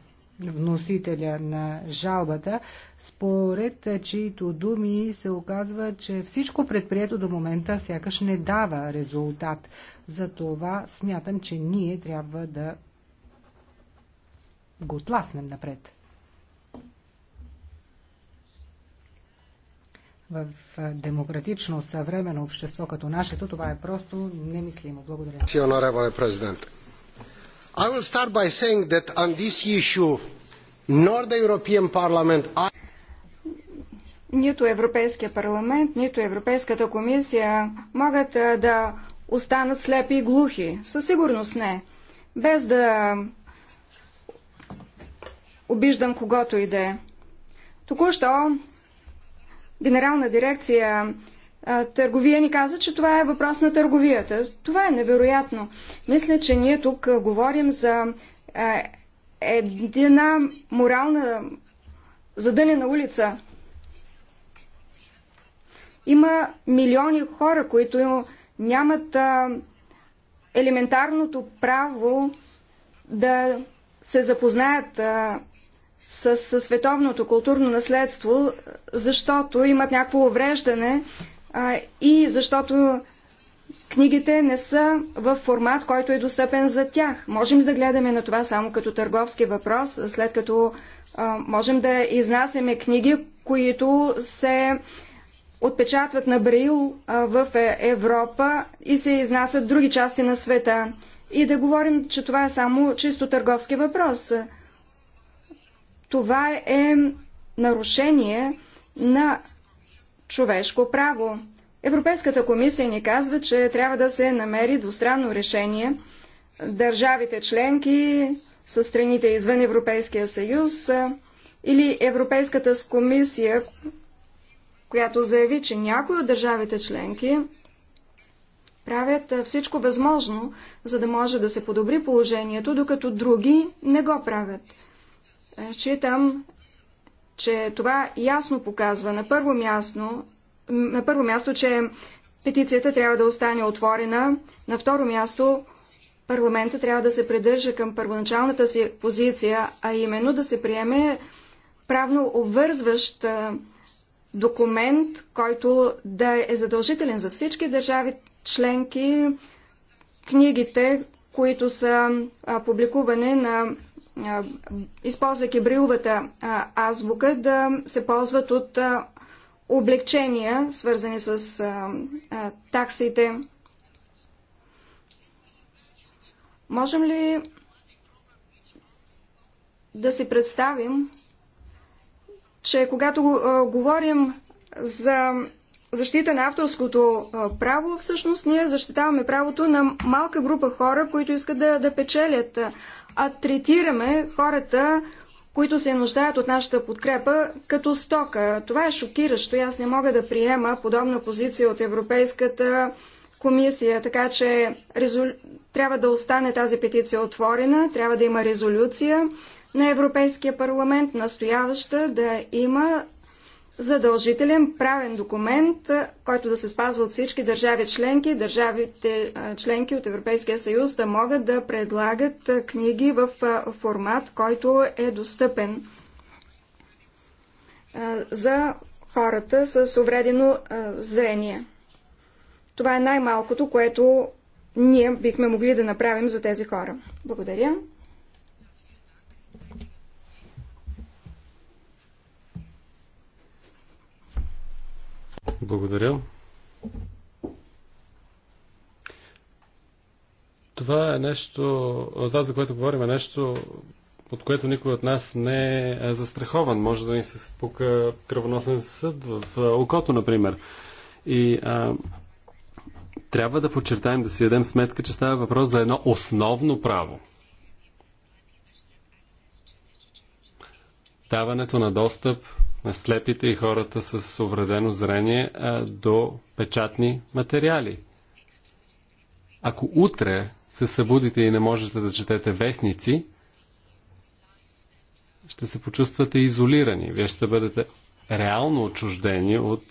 вносителя на жалбата, според чието думи се оказва, че всичко предприето до момента сякаш не дава резултат. За това смятам, че ние трябва да го тласнем напред. В демократично съвременно общество като нашето това е просто немислимо. Благодаря. Нито Европейския парламент, нито Европейската комисия могат да останат слепи и глухи. Със сигурност не. Без да обиждам когото и да е. Току-що генерална дирекция търговия ни каза, че това е въпрос на търговията. Това е невероятно. Мисля, че ние тук говорим за една морална задънена улица. Има милиони хора, които нямат елементарното право да се запознаят с световното културно наследство, защото имат някакво увреждане а, и защото книгите не са в формат, който е достъпен за тях. Можем да гледаме на това само като търговски въпрос, след като а, можем да изнасяме книги, които се отпечатват на Браил а, в е, Европа и се изнасят в други части на света. И да говорим, че това е само чисто търговски въпрос. Това е нарушение на човешко право. Европейската комисия ни казва, че трябва да се намери двустранно решение. Държавите членки с страните извън Европейския съюз или Европейската комисия, която заяви, че някои от държавите членки правят всичко възможно, за да може да се подобри положението, докато други не го правят. Е, читам, че това ясно показва на първо място, на първо място, че петицията трябва да остане отворена. На второ място, парламента трябва да се придържа към първоначалната си позиция, а именно да се приеме правно обвързващ е, документ, който да е задължителен за всички държави членки. Книгите, които са публикуване на използвайки брайловата азбука, да се ползват от облегчения, свързани с таксите. Можем ли да си представим, че когато говорим за защита на авторското право, всъщност ние защитаваме правото на малка група хора, които искат да, да печелят а третираме хората, които се нуждаят от нашата подкрепа, като стока. Това е шокиращо и аз не мога да приема подобна позиция от Европейската комисия, така че резол... трябва да остане тази петиция отворена, трябва да има резолюция на Европейския парламент, настояваща да има задължителен правен документ, който да се спазва от всички държави членки, държавите членки от Европейския съюз да могат да предлагат книги в формат, който е достъпен за хората с увредено зрение. Това е най-малкото, което ние бихме могли да направим за тези хора. Благодаря. Благодаря. Това е нещо, това за което говорим е нещо, от което никой от нас не е застрахован. Може да ни се спука кръвоносен съд в окото, например. И а, трябва да подчертаем, да си дадем сметка, че става въпрос за едно основно право. Даването на достъп на слепите и хората с увредено зрение до печатни материали. Ако утре се събудите и не можете да четете вестници, ще се почувствате изолирани. Вие ще бъдете реално отчуждени от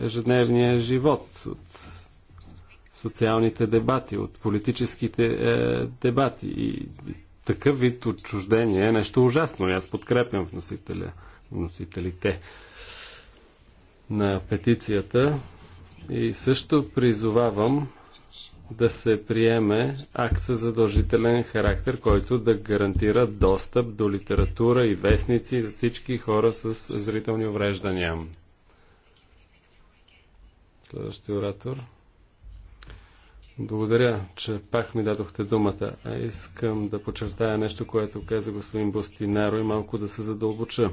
ежедневния живот, от социалните дебати, от политическите е, дебати. И такъв вид отчуждение е нещо ужасно. И аз подкрепям вносителя вносителите на петицията. И също призовавам да се приеме акт за задължителен характер, който да гарантира достъп до литература и вестници за всички хора с зрителни увреждания. Следващия оратор. Благодаря, че пак ми дадохте думата. А искам да подчертая нещо, което каза господин Бостинаро и малко да се задълбоча.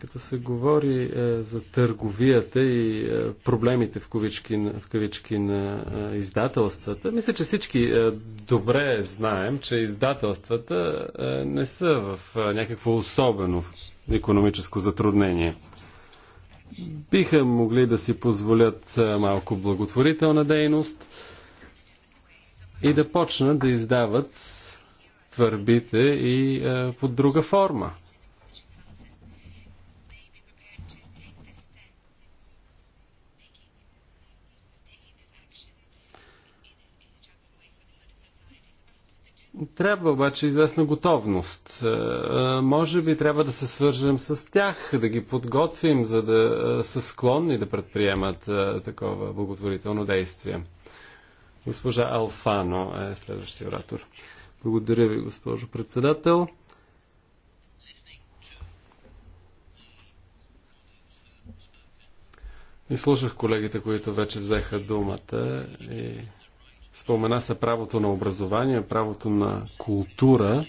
Като се говори е, за търговията и е, проблемите в кавички, в кавички на е, издателствата, мисля, че всички е, добре знаем, че издателствата е, не са в е, някакво особено економическо затруднение. Биха могли да си позволят е, малко благотворителна дейност и да почнат да издават твърбите и е, под друга форма Трябва обаче известна готовност. Е, е, може би трябва да се свържем с тях, да ги подготвим, за да е, са склонни да предприемат такова благотворително действие. Госпожа Алфано е следващия оратор. Благодаря ви, госпожо председател. И слушах колегите, които вече взеха думата и Спомена се правото на образование, правото на култура.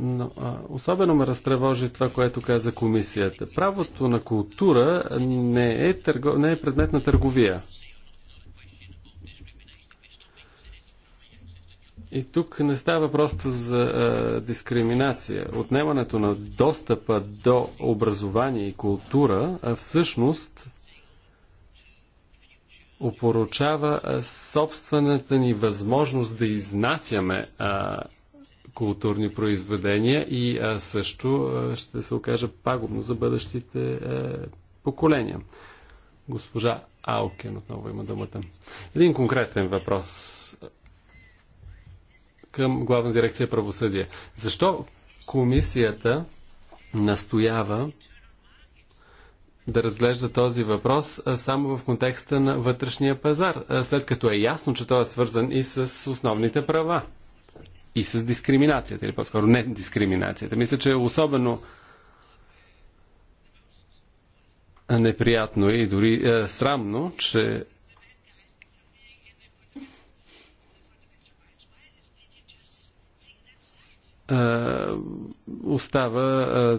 Но, а, особено ме разтревожи това, което каза комисията. Правото на култура не е, търго... не е предмет на търговия. И тук не става просто за а, дискриминация. Отнемането на достъпа до образование и култура а всъщност опоручава собствената ни възможност да изнасяме а, културни произведения и а, също а, ще се окаже пагубно за бъдещите а, поколения. Госпожа Алкен отново има думата. Един конкретен въпрос към Главна дирекция правосъдие. Защо комисията настоява да разглежда този въпрос само в контекста на вътрешния пазар, след като е ясно, че той е свързан и с основните права и с дискриминацията, или по-скоро не дискриминацията. Мисля, че е особено неприятно и дори е, срамно, че е, остава е,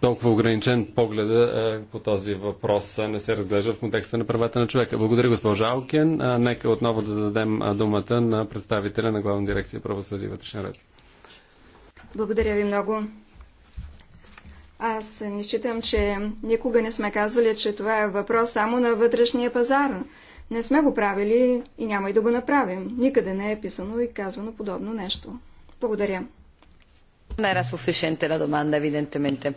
толкова ограничен поглед е, по този въпрос е, не се разглежда в контекста на правата на човека. Благодаря, госпожа Алкен. Е, нека отново да зададем думата на представителя на Главна дирекция правосъдие и вътрешен ред. Благодаря ви много. Аз не считам, че никога не сме казвали, че това е въпрос само на вътрешния пазар. Не сме го правили и няма и да го направим. Никъде не е писано и казано подобно нещо. Благодаря. Non era sufficiente la domanda, evidentemente.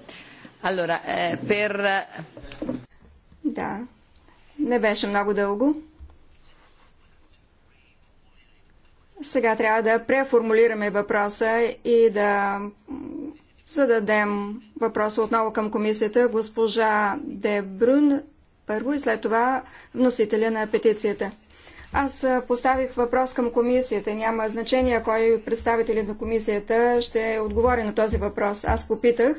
Allora, eh, per... Да, не беше много дълго. Сега трябва да преформулираме въпроса и да зададем въпроса отново към комисията госпожа Дебрун първо и след това вносителя на петицията. Аз поставих въпрос към комисията. Няма значение кой представители на комисията ще отговори на този въпрос. Аз попитах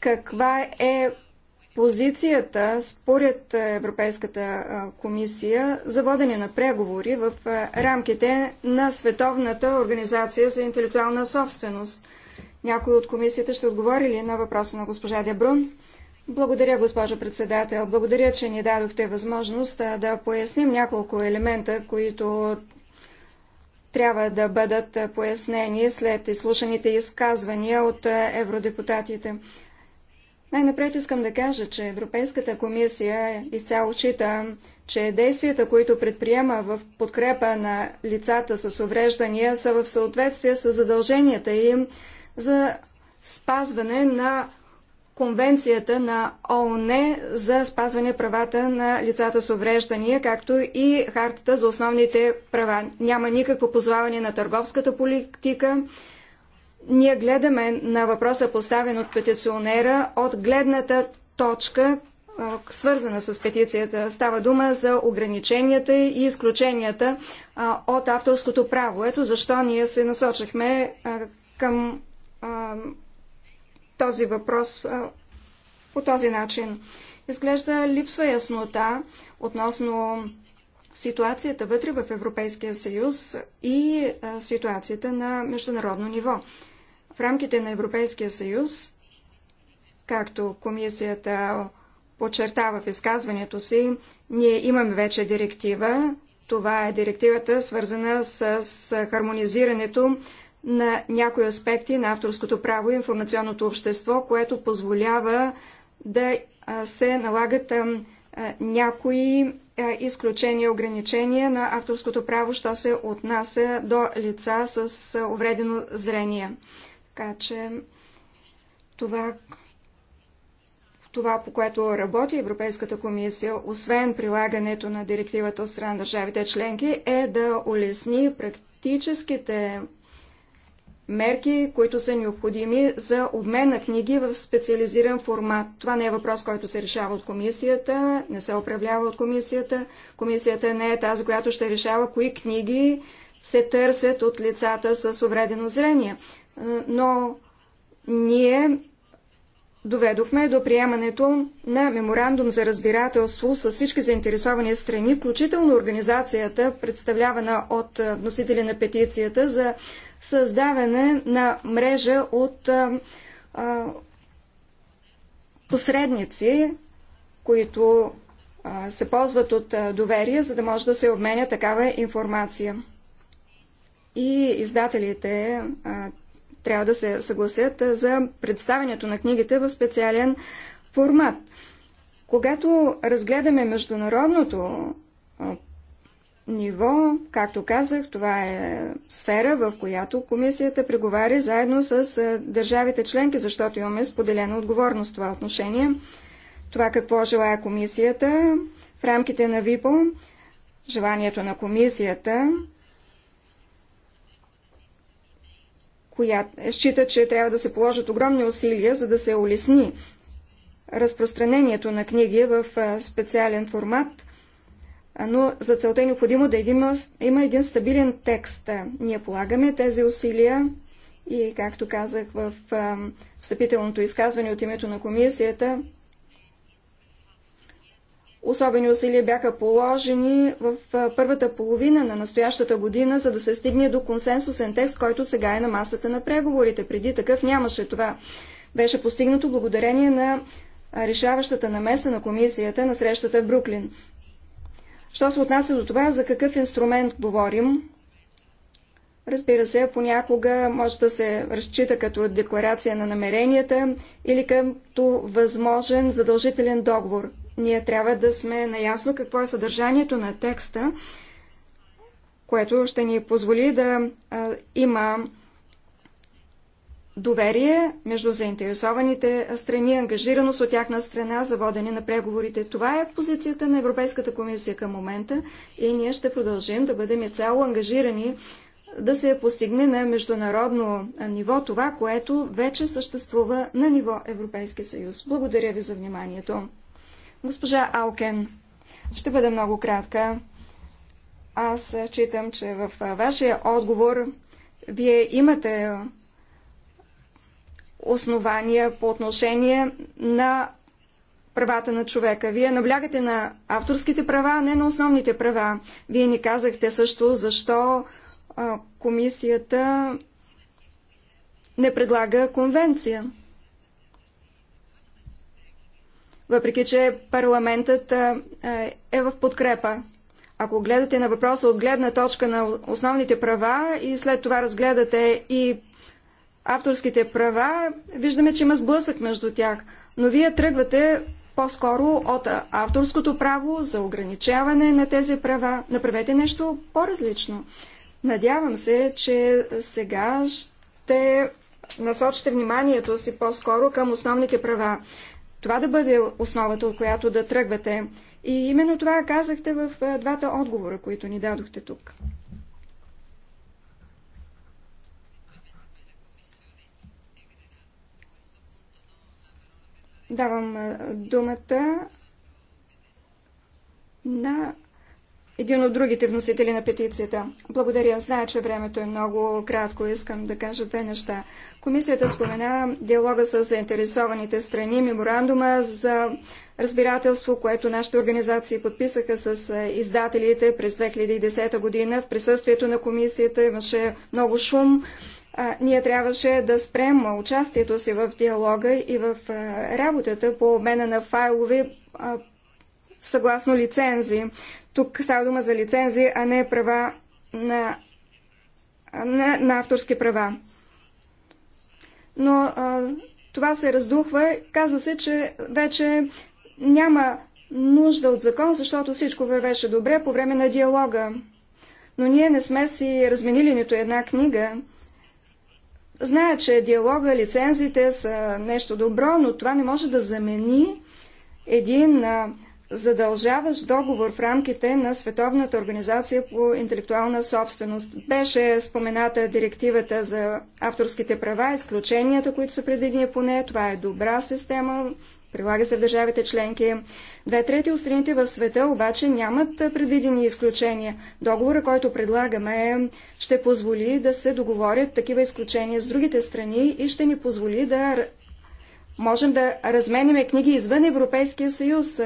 каква е позицията според Европейската комисия за водене на преговори в рамките на Световната организация за интелектуална собственост. Някой от комисията ще отговори ли на въпроса на госпожа Дебрун? Благодаря, госпожо председател. Благодаря, че ни дадохте възможност да поясним няколко елемента, които трябва да бъдат пояснени след изслушаните изказвания от евродепутатите. Най-напред искам да кажа, че Европейската комисия изцяло чита, че действията, които предприема в подкрепа на лицата с увреждания, са в съответствие с задълженията им за спазване на Конвенцията на ООН за спазване правата на лицата с увреждания, както и Хартата за основните права. Няма никакво позваване на търговската политика, ние гледаме на въпроса поставен от петиционера от гледната точка, свързана с петицията. Става дума за ограниченията и изключенията от авторското право. Ето защо ние се насочихме към този въпрос по този начин. Изглежда липсва яснота относно ситуацията вътре в Европейския съюз и ситуацията на международно ниво. В рамките на Европейския съюз, както комисията подчертава в изказването си, ние имаме вече директива. Това е директивата, свързана с хармонизирането на някои аспекти на авторското право и информационното общество, което позволява да се налагат някои изключения ограничения на авторското право, що се отнася до лица с увредено зрение. Така че това, това, по което работи Европейската комисия, освен прилагането на директивата от страна на държавите членки, е да улесни практическите мерки, които са необходими за обмен на книги в специализиран формат. Това не е въпрос, който се решава от комисията, не се управлява от комисията. Комисията не е тази, която ще решава кои книги се търсят от лицата с увредено зрение но ние доведохме до приемането на меморандум за разбирателство с всички заинтересовани страни, включително организацията, представлявана от носители на петицията, за създаване на мрежа от посредници, които се ползват от доверие, за да може да се обменя такава информация. И издателите, трябва да се съгласят за представянето на книгите в специален формат. Когато разгледаме международното ниво, както казах, това е сфера, в която комисията преговаря заедно с държавите членки, защото имаме споделена отговорност в това отношение. Това какво желая комисията в рамките на ВИПО, желанието на комисията която счита, че трябва да се положат огромни усилия, за да се улесни разпространението на книги в специален формат, но за целта е необходимо да има, има един стабилен текст. Ние полагаме тези усилия и, както казах в встъпителното изказване от името на комисията, Особени усилия бяха положени в първата половина на настоящата година, за да се стигне до консенсусен текст, който сега е на масата на преговорите. Преди такъв нямаше това. Беше постигнато благодарение на решаващата намеса на комисията на срещата в Бруклин. Що се отнася до това, за какъв инструмент говорим, Разбира се, понякога може да се разчита като декларация на намеренията или като възможен задължителен договор. Ние трябва да сме наясно какво е съдържанието на текста, което ще ни позволи да а, има доверие между заинтересованите страни, ангажираност от тяхна страна за водене на преговорите. Това е позицията на Европейската комисия към момента и ние ще продължим да бъдем цяло ангажирани да се постигне на международно ниво това, което вече съществува на ниво Европейски съюз. Благодаря ви за вниманието. Госпожа Алкен, ще бъда много кратка. Аз читам, че в вашия отговор вие имате основания по отношение на правата на човека. Вие наблягате на авторските права, а не на основните права. Вие ни казахте също защо комисията не предлага конвенция въпреки че парламентът е в подкрепа. Ако гледате на въпроса от гледна точка на основните права и след това разгледате и авторските права, виждаме, че има сблъсък между тях. Но вие тръгвате по-скоро от авторското право за ограничаване на тези права. Направете нещо по-различно. Надявам се, че сега ще насочите вниманието си по-скоро към основните права. Това да бъде основата, от която да тръгвате. И именно това казахте в двата отговора, които ни дадохте тук. Давам думата на един от другите вносители на петицията. Благодаря. Зная, че времето е много кратко. Искам да кажа две неща. Комисията спомена диалога с заинтересованите страни, меморандума за разбирателство, което нашите организации подписаха с издателите през 2010 година. В присъствието на комисията имаше много шум. А, ние трябваше да спрем участието си в диалога и в а, работата по обмена на файлове а, съгласно лицензи. Тук става дума за лицензии, а не права на, на, на авторски права. Но а, това се раздухва. Казва се, че вече няма нужда от закон, защото всичко вървеше добре по време на диалога. Но ние не сме си разменили нито една книга. Зная, че диалога, лицензите са нещо добро, но това не може да замени един задължаващ договор в рамките на Световната организация по интелектуална собственост. Беше спомената директивата за авторските права, изключенията, които са предвидени по нея. Това е добра система, прилага се в държавите членки. Две трети от страните в света обаче нямат предвидени изключения. Договора, който предлагаме, ще позволи да се договорят такива изключения с другите страни и ще ни позволи да можем да разменяме книги извън Европейския съюз.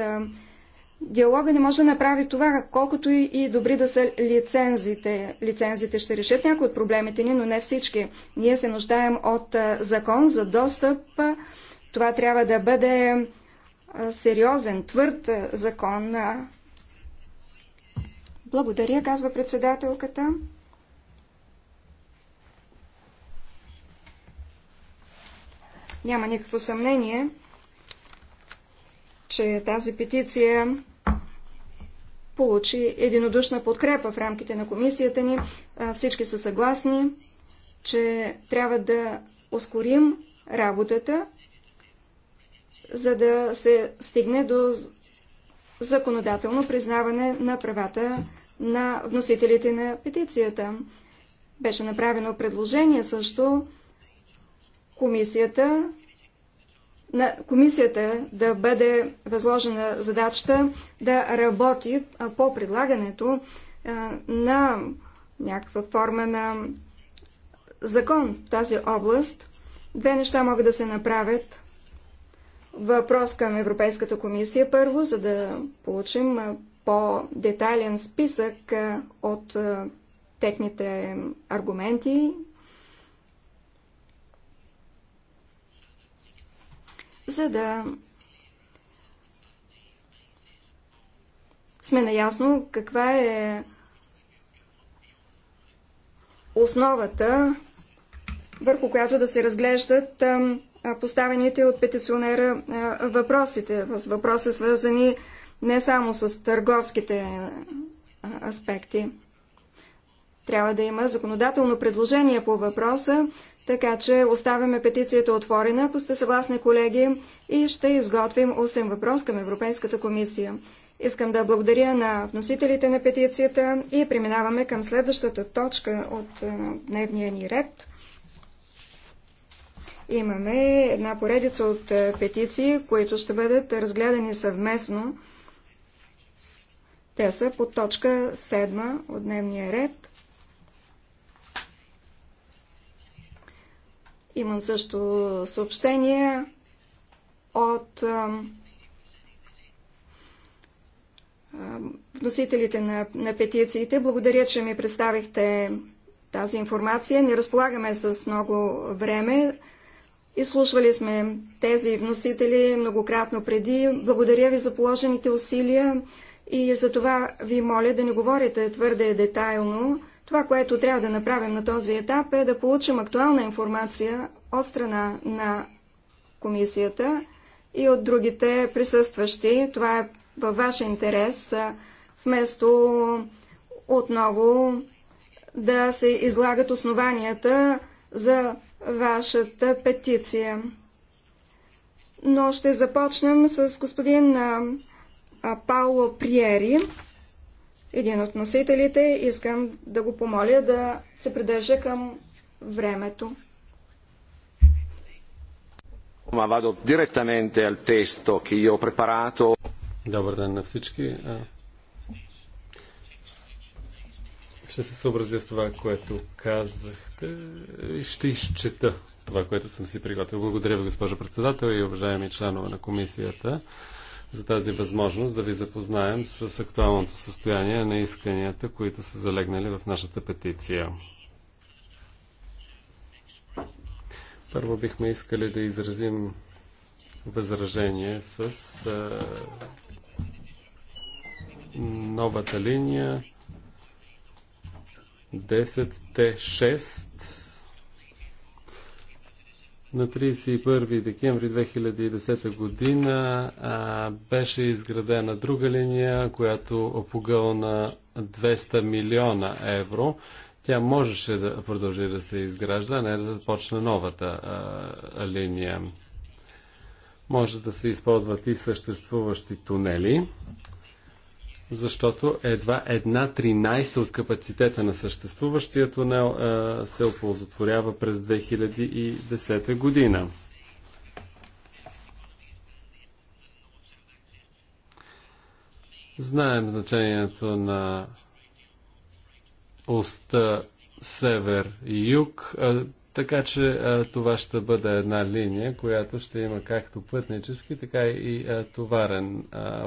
Диалога не може да направи това, колкото и добри да са лицензите. Лицензите ще решат някои от проблемите ни, но не всички. Ние се нуждаем от закон за достъп. Това трябва да бъде сериозен, твърд закон. Благодаря, казва председателката. Няма никакво съмнение, че тази петиция получи единодушна подкрепа в рамките на комисията ни. Всички са съгласни, че трябва да ускорим работата, за да се стигне до законодателно признаване на правата на вносителите на петицията. Беше направено предложение също комисията на комисията да бъде възложена задачата да работи по предлагането на някаква форма на закон в тази област. Две неща могат да се направят. Въпрос към Европейската комисия първо, за да получим по-детайлен списък от техните аргументи за да сме наясно каква е основата, върху която да се разглеждат поставените от петиционера въпросите. С въпроси свързани не само с търговските аспекти. Трябва да има законодателно предложение по въпроса, така че оставяме петицията отворена, ако сте съгласни, колеги, и ще изготвим устен въпрос към Европейската комисия. Искам да благодаря на вносителите на петицията и преминаваме към следващата точка от е, дневния ни ред. Имаме една поредица от е, петиции, които ще бъдат разгледани съвместно. Те са по точка 7 от дневния ред – Имам също съобщение от вносителите на, на петициите. Благодаря, че ми представихте тази информация. Не разполагаме с много време. Изслушвали сме тези вносители многократно преди. Благодаря ви за положените усилия и за това ви моля да не говорите твърде детайлно, това, което трябва да направим на този етап е да получим актуална информация от страна на комисията и от другите присъстващи. Това е във ваш интерес, вместо отново да се излагат основанията за вашата петиция. Но ще започнем с господин Пауло Приери един от носителите. Искам да го помоля да се придържа към времето. Добър ден на всички. Ще се съобразя с това, което казахте и ще изчета това, което съм си приготвил. Благодаря ви, госпожо председател и уважаеми членове на комисията за тази възможност да ви запознаем с актуалното състояние на исканията, които са залегнали в нашата петиция. Първо бихме искали да изразим възражение с а, новата линия 10Т6 на 31 декември 2010 година а, беше изградена друга линия, която погълна 200 милиона евро. Тя можеше да продължи да се изгражда, а не да започне новата а, линия. Може да се използват и съществуващи тунели защото едва една тринайста от капацитета на съществуващия тунел се оползотворява през 2010 година. Знаем значението на оста север и юг. Така че това ще бъде една линия, която ще има както пътнически, така и товарен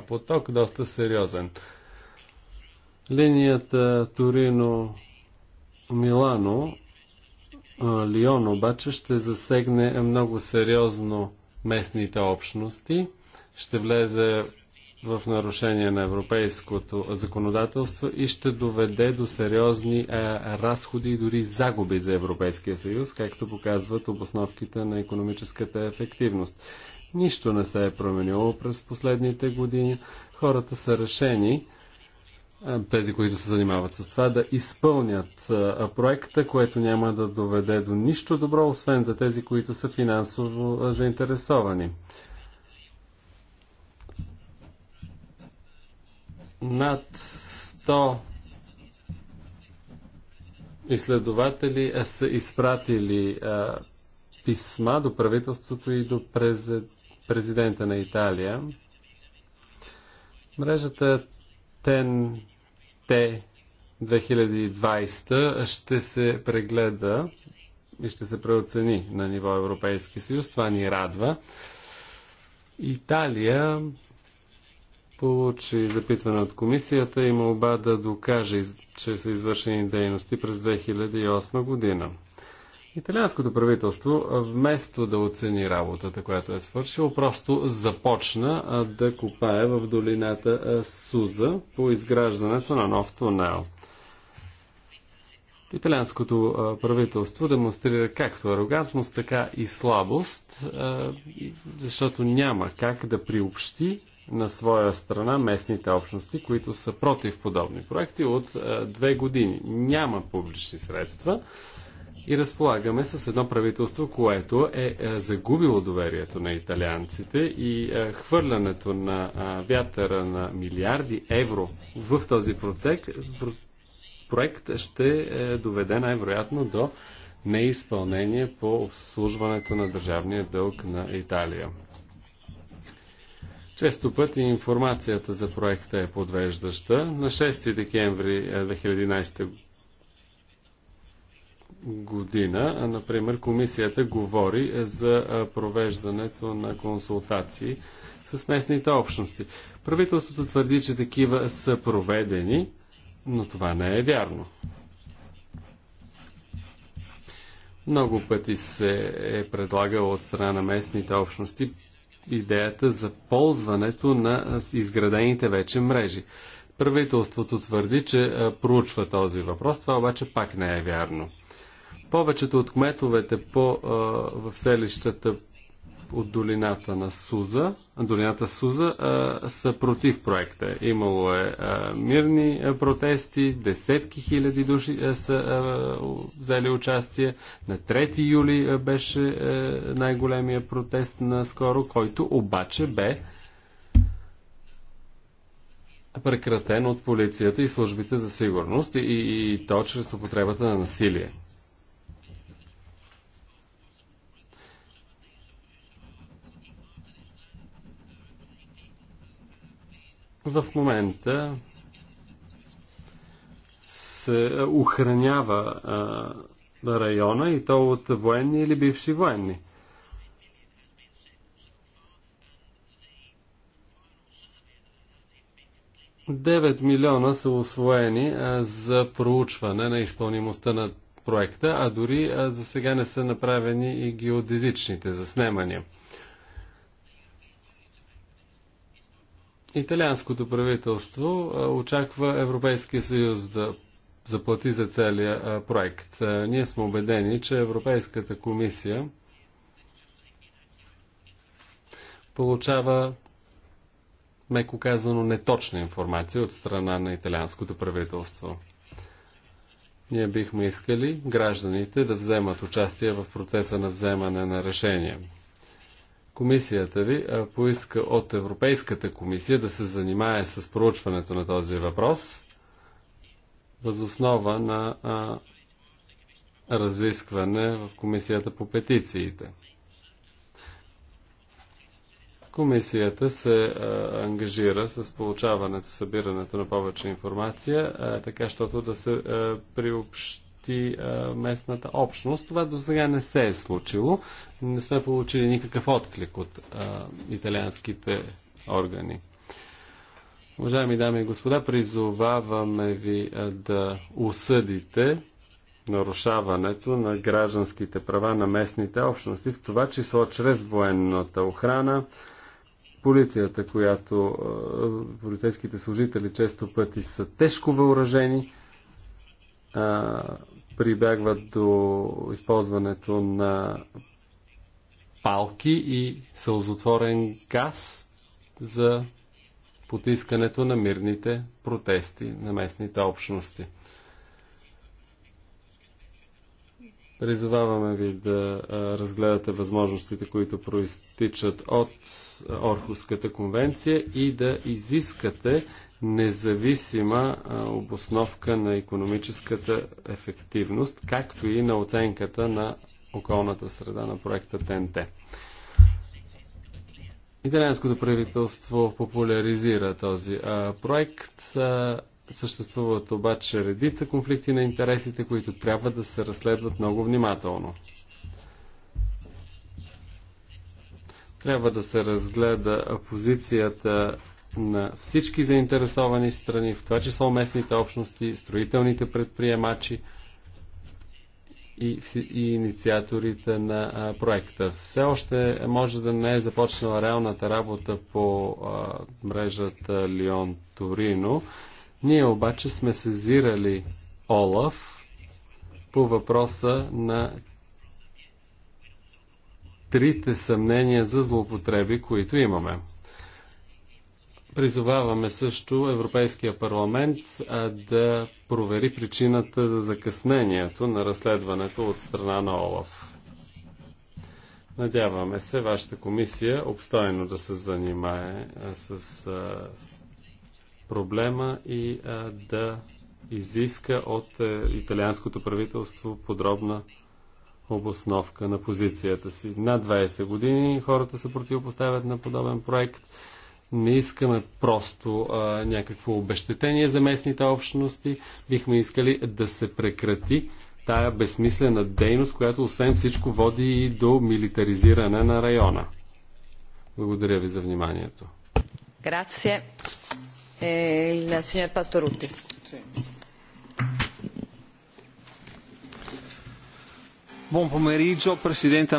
поток, доста сериозен. Линията Торино-Милано, Лион обаче ще засегне много сериозно местните общности, ще влезе в нарушение на европейското законодателство и ще доведе до сериозни а, е, разходи и дори загуби за Европейския съюз, както показват обосновките на економическата ефективност. Нищо не се е променило през последните години. Хората са решени, е, тези, които се занимават с това, да изпълнят е, проекта, което няма да доведе до нищо добро, освен за тези, които са финансово заинтересовани. над 100 изследователи е, са изпратили а, писма до правителството и до през, президента на Италия. Мрежата ten 2020 ще се прегледа и ще се преоцени на ниво Европейски съюз. Това ни радва. Италия получи запитване от комисията и молба да докаже, че са извършени дейности през 2008 година. Италианското правителство, вместо да оцени работата, която е свършило, просто започна да копае в долината Суза по изграждането на нов тунел. Италианското правителство демонстрира както арогантност, така и слабост, защото няма как да приобщи на своя страна местните общности, които са против подобни проекти от е, две години. Няма публични средства и разполагаме с едно правителство, което е, е загубило доверието на италианците и е, хвърлянето на вятъра на милиарди евро в този проект ще доведе най-вероятно до неизпълнение по обслужването на държавния дълг на Италия. Често пъти информацията за проекта е подвеждаща. На 6 декември 2011 е, година, например, комисията говори е, за е, провеждането на консултации с местните общности. Правителството твърди, че такива са проведени, но това не е вярно. Много пъти се е предлагало от страна на местните общности идеята за ползването на изградените вече мрежи. Правителството твърди, че проучва този въпрос, това обаче пак не е вярно повечето от кметовете по, в селищата от долината на Суза, долината Суза а, са против проекта. Имало е а, мирни а, протести, десетки хиляди души а, са а, взели участие. На 3 юли а, беше а, най-големия протест наскоро, който обаче бе прекратен от полицията и службите за сигурност и, и, и то чрез употребата на насилие. в момента се е, охранява а, е, района и то от военни или бивши военни. Девет милиона са освоени а, е, за проучване на изпълнимостта на проекта, а дори а, за сега не са направени и геодезичните заснемания. Италианското правителство очаква Европейския съюз да заплати за целия проект. Ние сме убедени, че Европейската комисия получава меко казано неточна информация от страна на италианското правителство. Ние бихме искали гражданите да вземат участие в процеса на вземане на решения. Комисията ви поиска от Европейската комисия да се занимае с проучването на този въпрос възоснова на а, разискване в Комисията по петициите. Комисията се а, ангажира с получаването, събирането на повече информация, а, така щото да се а, приобщи посети а, местната общност. Това до сега не се е случило. Не сме получили никакъв отклик от а, италианските органи. Уважаеми дами и господа, призоваваме ви а, да осъдите нарушаването на гражданските права на местните общности, в това число чрез военната охрана, полицията, която полицейските служители често пъти са тежко въоръжени, прибягват до използването на палки и сълзотворен газ за потискането на мирните протести на местните общности. Призоваваме ви да разгледате възможностите, които проистичат от Орхуската конвенция и да изискате независима обосновка на економическата ефективност, както и на оценката на околната среда на проекта ТНТ. Италианското правителство популяризира този а, проект. А, съществуват обаче редица конфликти на интересите, които трябва да се разследват много внимателно. Трябва да се разгледа позицията на всички заинтересовани страни, в това число местните общности, строителните предприемачи и, и инициаторите на а, проекта. Все още може да не е започнала реалната работа по а, мрежата Лион Торино. Ние обаче сме сезирали Олаф по въпроса на трите съмнения за злоупотреби, които имаме. Призоваваме също Европейския парламент да провери причината за закъснението на разследването от страна на ОЛАФ. Надяваме се вашата комисия обстойно да се занимае с а, проблема и а, да изиска от а, е, италианското правителство подробна обосновка на позицията си. Над 20 години хората се противопоставят на подобен проект. Не искаме просто а, някакво обещетение за местните общности. Бихме искали да се прекрати тая безсмислена дейност, която освен всичко води и до милитаризиране на района. Благодаря ви за вниманието. Grazie. Eh, il signor Pastorutti. Buon pomeriggio, Presidente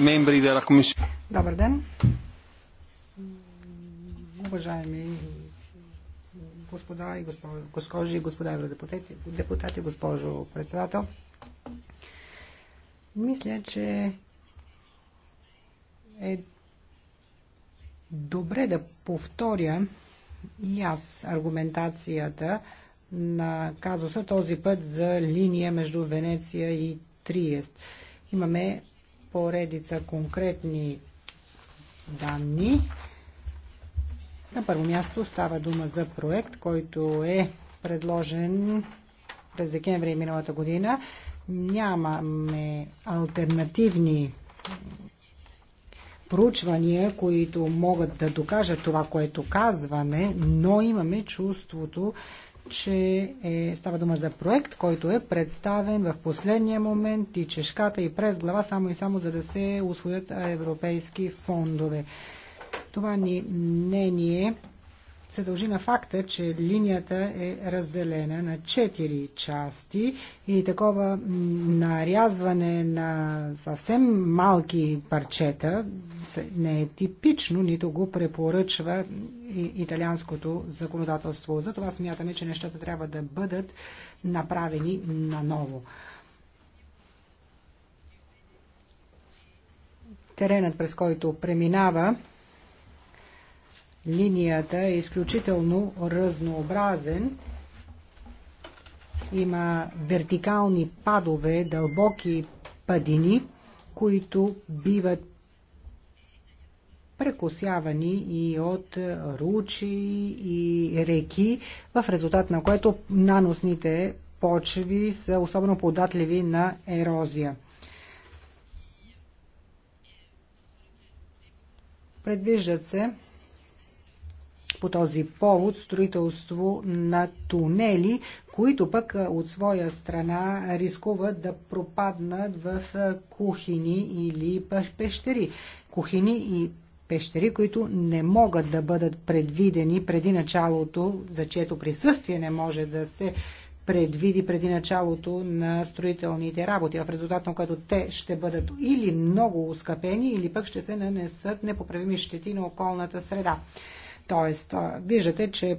membri della Commissione. Добър ден уважаеми господа и госпожи, и господа евродепутати, депутати, госпожо председател. Мисля, че е добре да повторя и аз аргументацията на казуса този път за линия между Венеция и Триест. Имаме поредица конкретни данни, на първо място става дума за проект, който е предложен през декември миналата година. Нямаме альтернативни проучвания, които могат да докажат това, което казваме, но имаме чувството, че е, става дума за проект, който е представен в последния момент и чешката и през глава само и само за да се освоят европейски фондове. Това ни мнение се дължи на факта, че линията е разделена на 4 части и такова нарязване на съвсем малки парчета не е типично, нито го препоръчва италианското законодателство. Затова смятаме, че нещата трябва да бъдат направени наново. Теренът, през който преминава линията е изключително разнообразен. Има вертикални падове, дълбоки падини, които биват прекосявани и от ручи и реки, в резултат на което наносните почви са особено податливи на ерозия. Предвиждат се по този повод строителство на тунели, които пък от своя страна рискуват да пропаднат в кухини или пещери. Кухини и пещери, които не могат да бъдат предвидени преди началото, за чието присъствие не може да се предвиди преди началото на строителните работи, в резултат на което те ще бъдат или много ускъпени, или пък ще се нанесат непоправими щети на околната среда. Тоест, виждате, че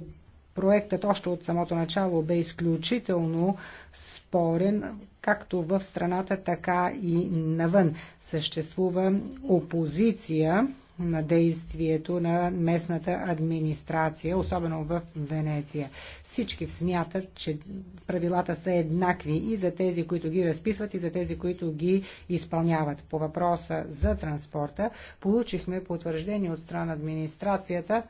проектът още от самото начало бе изключително спорен, както в страната, така и навън. Съществува опозиция на действието на местната администрация, особено в Венеция. Всички смятат, че правилата са еднакви и за тези, които ги разписват, и за тези, които ги изпълняват. По въпроса за транспорта получихме потвърждение от страна администрацията,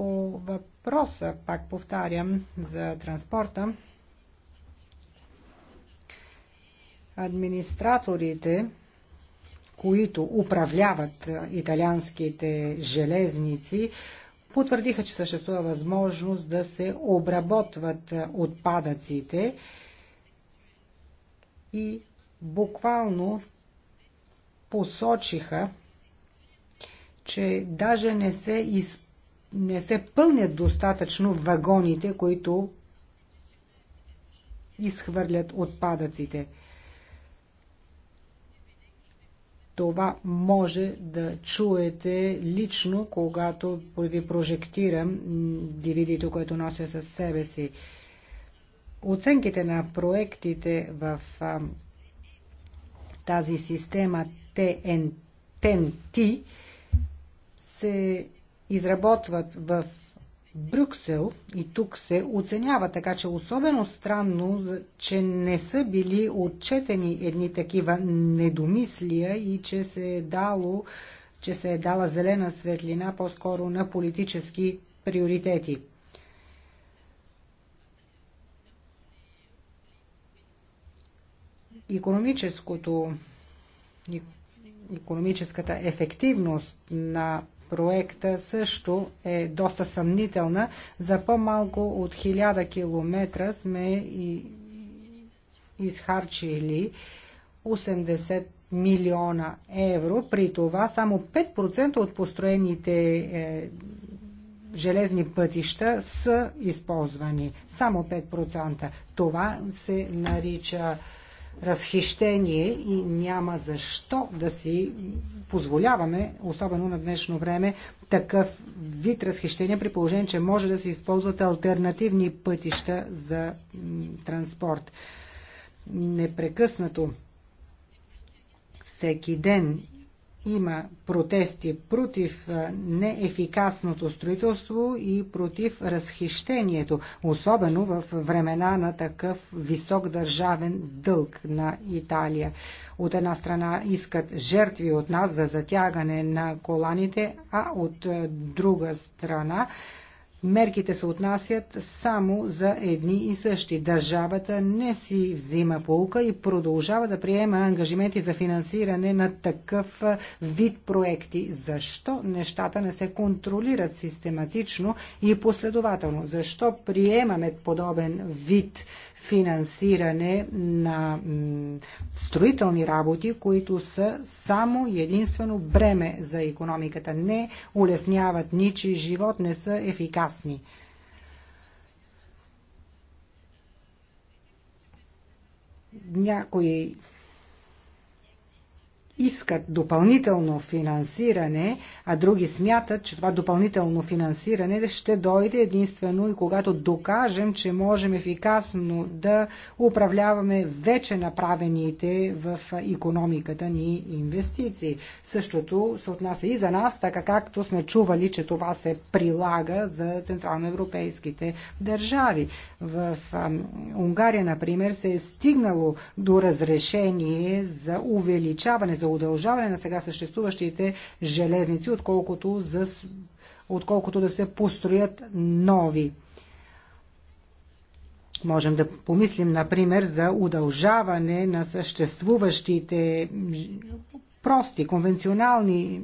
По въпроса, пак повтарям, за транспорта, администраторите, които управляват италианските железници, потвърдиха, че съществува възможност да се обработват отпадъците и буквално посочиха, че даже не се използват не се пълнят достатъчно вагоните, които изхвърлят отпадъците. Това може да чуете лично, когато ви прожектирам дивидито, което нося със себе си. Оценките на проектите в а, тази система TNT се изработват в Брюксел и тук се оценява, така че особено странно, че не са били отчетени едни такива недомислия и че се е дало, че се е дала зелена светлина по-скоро на политически приоритети. Економическото, економическата ефективност на проекта също е доста съмнителна. За по-малко от 1000 км сме и изхарчили 80 милиона евро. При това само 5% от построените е, железни пътища са използвани. Само 5%. Това се нарича разхищение и няма защо да си позволяваме, особено на днешно време, такъв вид разхищение при положение, че може да се използват альтернативни пътища за транспорт. Непрекъснато всеки ден има протести против неефикасното строителство и против разхищението, особено в времена на такъв висок държавен дълг на Италия. От една страна искат жертви от нас за затягане на коланите, а от друга страна мерките се отнасят само за едни и същи. Държавата не си взима полка и продължава да приема ангажименти за финансиране на такъв вид проекти. Защо нещата не се контролират систематично и последователно? Защо приемаме подобен вид финансиране на строителни работи, които са само единствено бреме за економиката. Не улесняват ничи живот, не са ефикасни. Някои искат допълнително финансиране, а други смятат, че това допълнително финансиране ще дойде единствено и когато докажем, че можем ефикасно да управляваме вече направените в економиката ни инвестиции. Същото се отнася и за нас, така както сме чували, че това се прилага за централноевропейските държави. В Унгария, например, се е стигнало до разрешение за увеличаване, за удължаване на сега съществуващите железници, отколкото, за, отколкото да се построят нови. Можем да помислим, например, за удължаване на съществуващите прости, конвенционални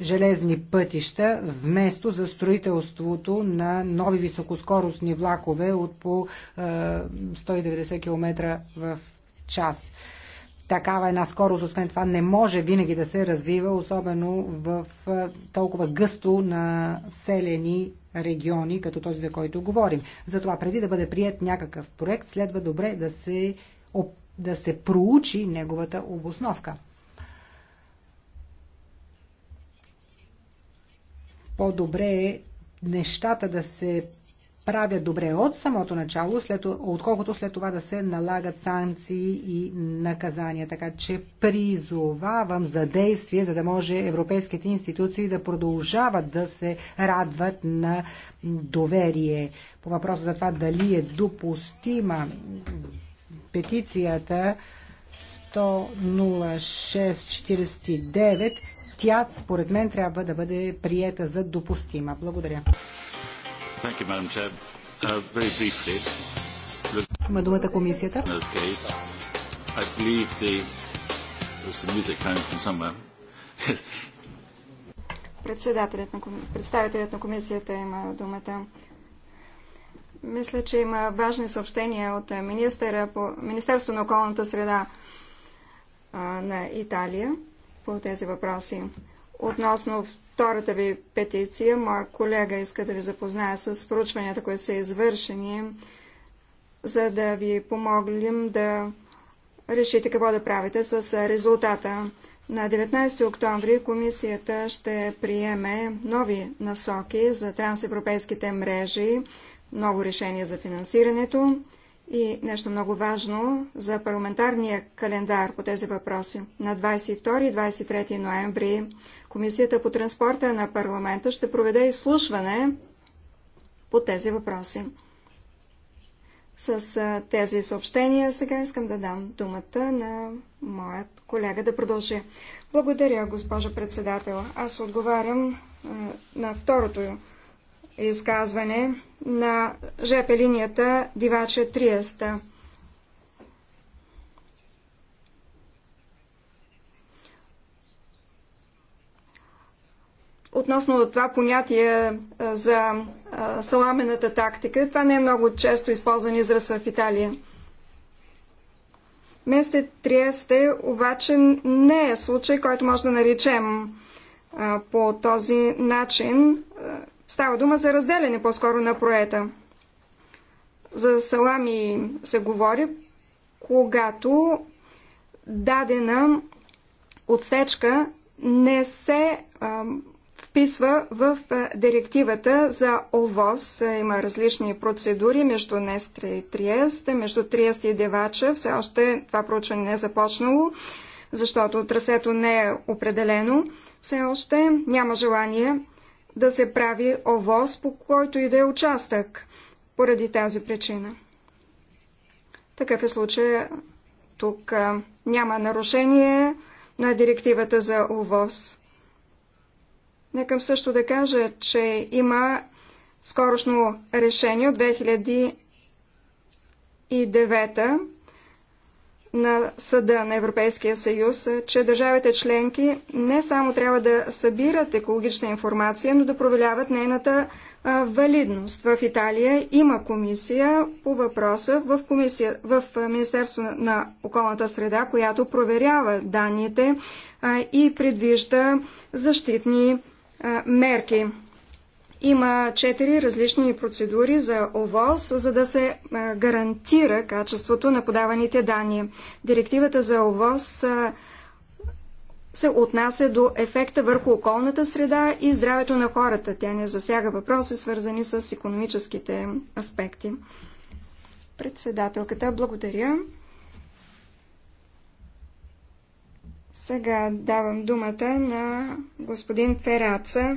железни пътища, вместо за строителството на нови високоскоростни влакове от по е, 190 км в час такава една скорост, освен това, не може винаги да се развива, особено в толкова гъсто населени региони, като този, за който говорим. Затова, преди да бъде прият някакъв проект, следва добре да се, да се проучи неговата обосновка. По-добре е нещата да се Правят добре от самото начало, след, отколкото след това да се налагат санкции и наказания. Така че призовавам за действие, за да може европейските институции да продължават да се радват на доверие. По въпроса за това дали е допустима петицията 10649, тя според мен трябва да бъде приета за допустима. Благодаря. Uh, има думата комисията. Председателят на, представителят на комисията има думата. Мисля, че има важни съобщения от министъра по Министерство на околната среда а, на Италия по тези въпроси. Относно втората ви петиция. Моя колега иска да ви запознае с проучванията, които са извършени, за да ви помогнем да решите какво да правите с резултата. На 19 октомври комисията ще приеме нови насоки за трансевропейските мрежи, ново решение за финансирането и нещо много важно за парламентарния календар по тези въпроси. На 22 и 23 ноември Комисията по транспорта на парламента ще проведе изслушване по тези въпроси. С тези съобщения сега искам да дам думата на моят колега да продължи. Благодаря, госпожа председател. Аз отговарям на второто изказване на ЖП линията Дивача Триеста. относно това понятие е, за е, саламената тактика. Това не е много често използван израз в Италия. Месте Триесте обаче не е случай, който може да наречем е, по този начин. Става дума за разделяне по-скоро на проета. За салами се говори, когато дадена отсечка не се вписва в директивата за ОВОС. Е, има различни процедури между Нестре и Триест, е, между Триест и Девача. Все още това проучване не е започнало, защото трасето не е определено. Все още няма желание да се прави ОВОС, по който и да е участък, поради тази причина. Такъв е случай тук. Е, няма нарушение на директивата за ОВОз. Нека също да кажа, че има скорошно решение от 2009 на Съда на Европейския съюз, че държавите членки не само трябва да събират екологична информация, но да проверяват нейната валидност. В Италия има комисия по въпроса в, комисия, в Министерство на околната среда, която проверява данните и предвижда защитни мерки. Има четири различни процедури за ОВОС, за да се гарантира качеството на подаваните данни. Директивата за ОВОС се отнася до ефекта върху околната среда и здравето на хората. Тя не засяга въпроси, свързани с економическите аспекти. Председателката, благодаря. Сега давам думата на господин Фераца,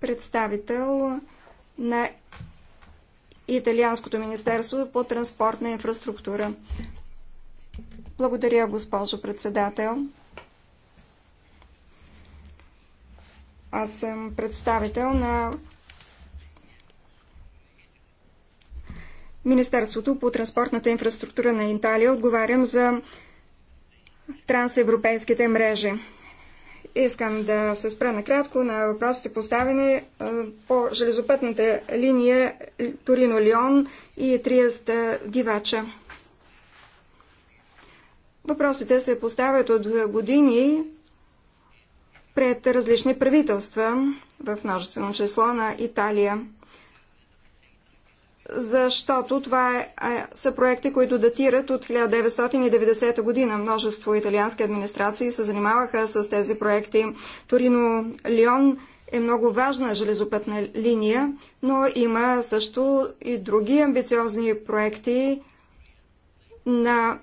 представител на Италианското министерство по транспортна инфраструктура. Благодаря, госпожо председател. Аз съм представител на Министерството по транспортната инфраструктура на Италия. Отговарям за трансевропейските мрежи. Искам да се спра накратко на въпросите поставени е, по железопътната линия Торино-Лион и Триеста е, Дивача. Въпросите се поставят от години пред различни правителства в множествено число на Италия защото това е, са проекти, които датират от 1990 година. Множество италиански администрации се занимаваха с тези проекти. Торино-Лион е много важна железопътна линия, но има също и други амбициозни проекти на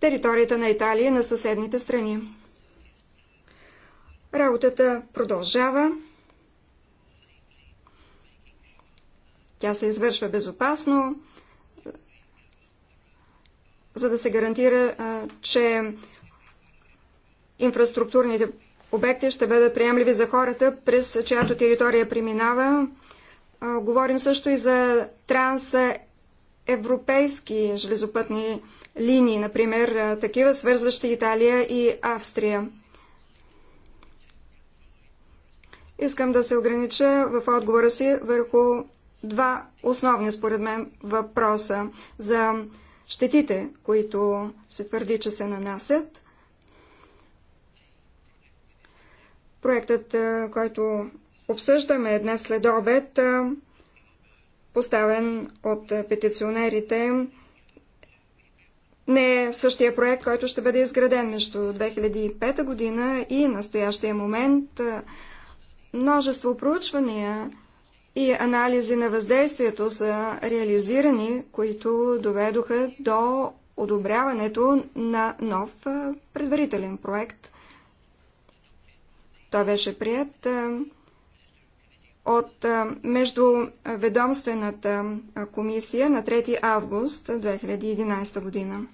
територията на Италия и на съседните страни. Работата продължава. Тя се извършва безопасно, за да се гарантира, че инфраструктурните обекти ще бъдат приемливи за хората, през чиято територия преминава. Говорим също и за трансевропейски железопътни линии, например такива свързващи Италия и Австрия. Искам да се огранича в отговора си върху два основни, според мен, въпроса за щетите, които се твърди, че се нанасят. Проектът, който обсъждаме днес след обед, поставен от петиционерите, не е същия проект, който ще бъде изграден между 2005 година и настоящия момент. Множество проучвания и анализи на въздействието са реализирани, които доведоха до одобряването на нов предварителен проект. Той беше прият от Междуведомствената комисия на 3 август 2011 година.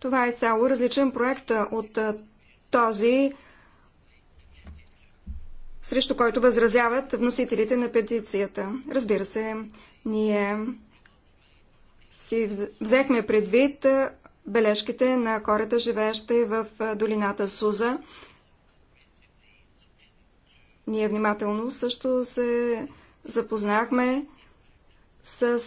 Това е цяло различен проект от този, срещу който възразяват вносителите на петицията. Разбира се, ние си взехме предвид бележките на хората, живеещи в долината Суза. Ние внимателно също се запознахме с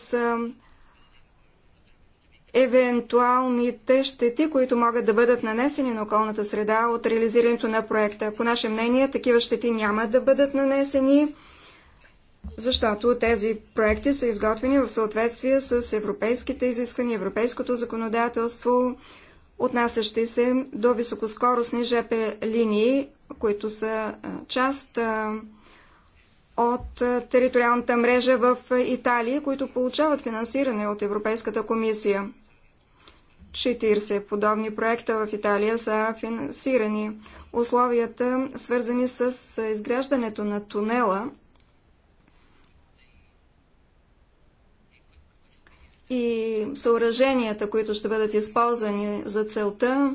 евентуалните щети, които могат да бъдат нанесени на околната среда от реализирането на проекта. По наше мнение, такива щети няма да бъдат нанесени, защото тези проекти са изготвени в съответствие с европейските изисквания, европейското законодателство, отнасящи се до високоскоростни ЖП линии, които са част от териториалната мрежа в Италия, които получават финансиране от Европейската комисия. 40 подобни проекта в Италия са финансирани. Условията, свързани с изграждането на тунела и съоръженията, които ще бъдат използвани за целта,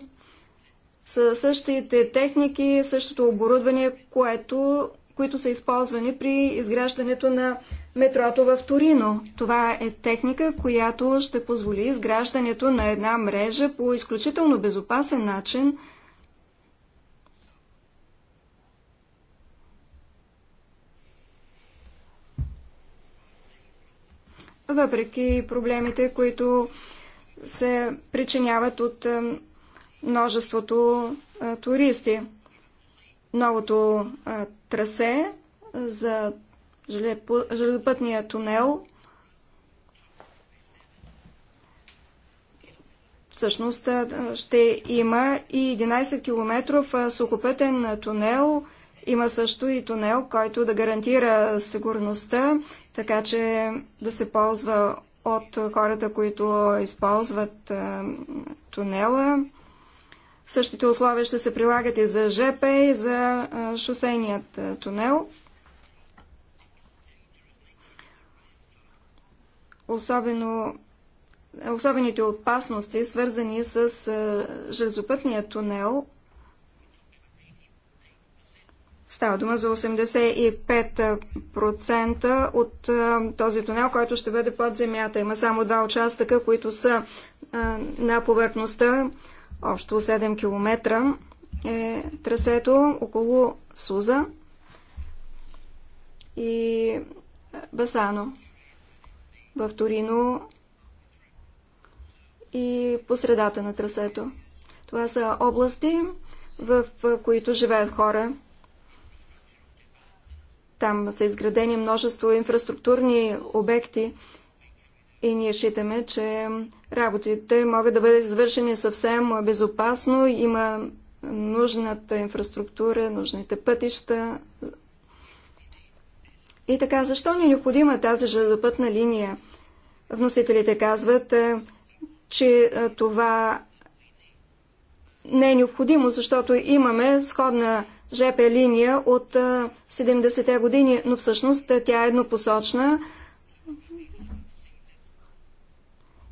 са същите техники, същото оборудване, което които са използвани при изграждането на метрото в Торино. Това е техника, която ще позволи изграждането на една мрежа по изключително безопасен начин. Въпреки проблемите, които се причиняват от множеството е, туристи новото а, трасе за железопътния тунел. Всъщност ще има и 11 км сухопътен тунел. Има също и тунел, който да гарантира сигурността, така че да се ползва от хората, които използват тунела. Същите условия ще се прилагат и за ЖП, и за шосейният тунел. Особено особените опасности, свързани с железопътния тунел. Става дума за 85% от този тунел, който ще бъде под земята. Има само два участъка, които са на повърхността. Общо 7 км е трасето около Суза и Басано в Торино и по средата на трасето. Това са области, в които живеят хора. Там са изградени множество инфраструктурни обекти. И ние считаме, че работите могат да бъдат извършени съвсем безопасно. Има нужната инфраструктура, нужните пътища. И така, защо ни е необходима тази железопътна линия? Вносителите казват, е, че е, това не е необходимо, защото имаме сходна ЖП линия от 70-те е, години, но всъщност тя е еднопосочна,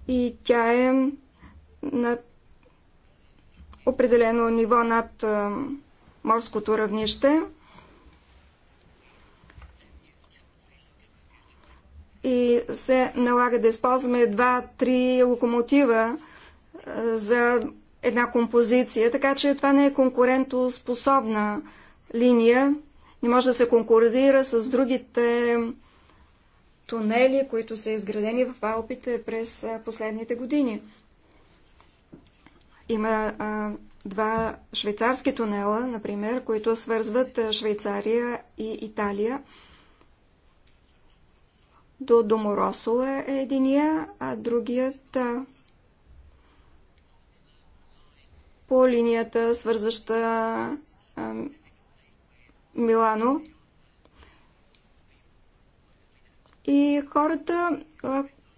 и тя е на определено ниво над морското равнище. И се налага да използваме два-три локомотива за една композиция, така че това не е конкурентоспособна линия. Не може да се конкурира с другите тунели, които са изградени в Алпите през последните години. Има а, два швейцарски тунела, например, които свързват Швейцария и Италия. До Доморосола е единия, а другият а, по линията свързваща а, Милано и хората,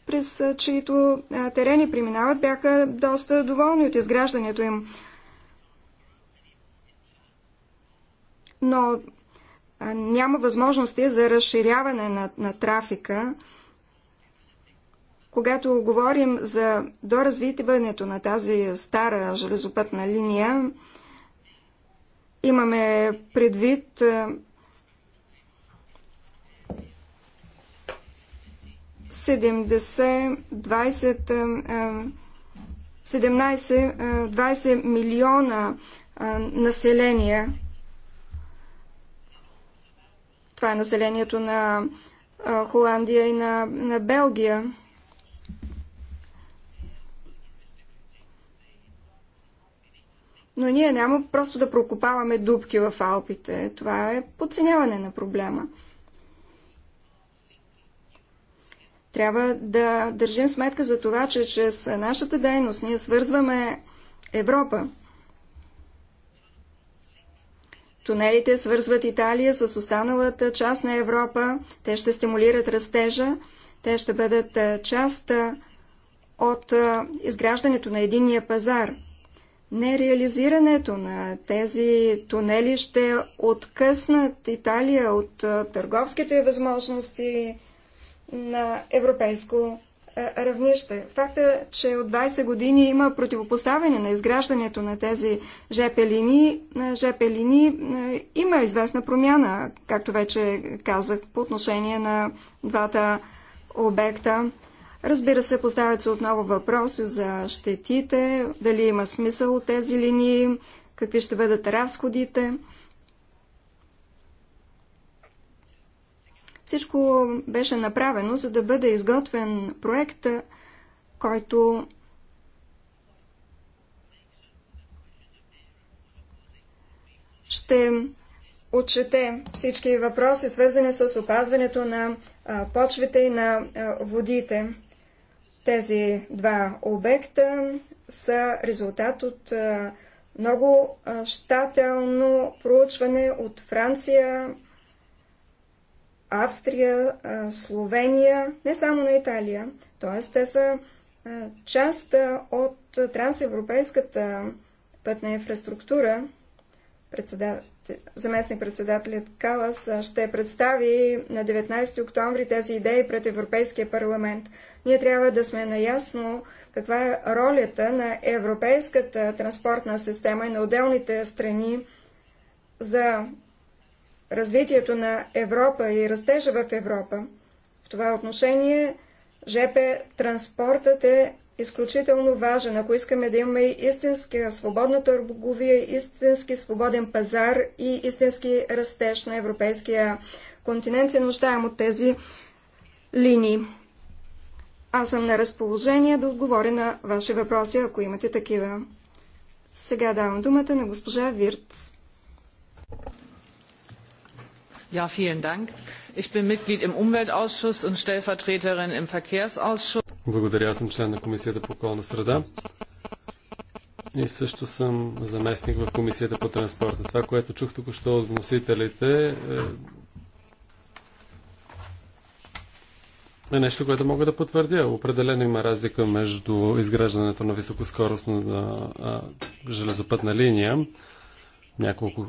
през чието терени преминават, бяха доста доволни от изграждането им. Но няма възможности за разширяване на, на трафика. Когато говорим за доразвитиването на тази стара железопътна линия, имаме предвид 70, 20, 17, 20 милиона население. Това е населението на Холандия и на, на Белгия. Но ние няма просто да прокопаваме дубки в Алпите. Това е подценяване на проблема. Трябва да държим сметка за това, че чрез нашата дейност ние свързваме Европа. Тунелите свързват Италия с останалата част на Европа. Те ще стимулират растежа. Те ще бъдат част от изграждането на единния пазар. Нереализирането на тези тунели ще откъснат Италия от търговските възможности, на европейско е, равнище. Факта, че от 20 години има противопоставяне на изграждането на тези ЖП линии, ЖП линии е, има известна промяна, както вече казах, по отношение на двата обекта. Разбира се, поставят се отново въпроси за щетите, дали има смисъл от тези линии, какви ще бъдат разходите. Всичко беше направено, за да бъде изготвен проект, който ще отчете всички въпроси, свързани с опазването на почвите и на водите. Тези два обекта са резултат от много щателно проучване от Франция, Австрия, Словения, не само на Италия. Т.е. те са част от трансевропейската пътна инфраструктура. Председател... Заместник-председателят Калас ще представи на 19 октомври тези идеи пред Европейския парламент. Ние трябва да сме наясно каква е ролята на европейската транспортна система и на отделните страни за развитието на Европа и растежа в Европа. В това отношение ЖП транспортът е изключително важен, ако искаме да имаме истинска свободна търговия, истински свободен пазар и истински растеж на европейския континент, се нуждаем от тези линии. Аз съм на разположение да отговоря на ваши въпроси, ако имате такива. Сега давам думата на госпожа Вирц. Ja, vielen Dank. Ich bin Mitglied im Umweltausschuss und Stellvertreterin im Verkehrsausschuss. Благодаря, аз съм член на Комисията по околна среда и също съм заместник в Комисията по транспорта. Това, което чух току-що от вносителите е... е нещо, което мога да потвърдя. Определено има разлика между изграждането на високоскоростна железопътна линия, няколко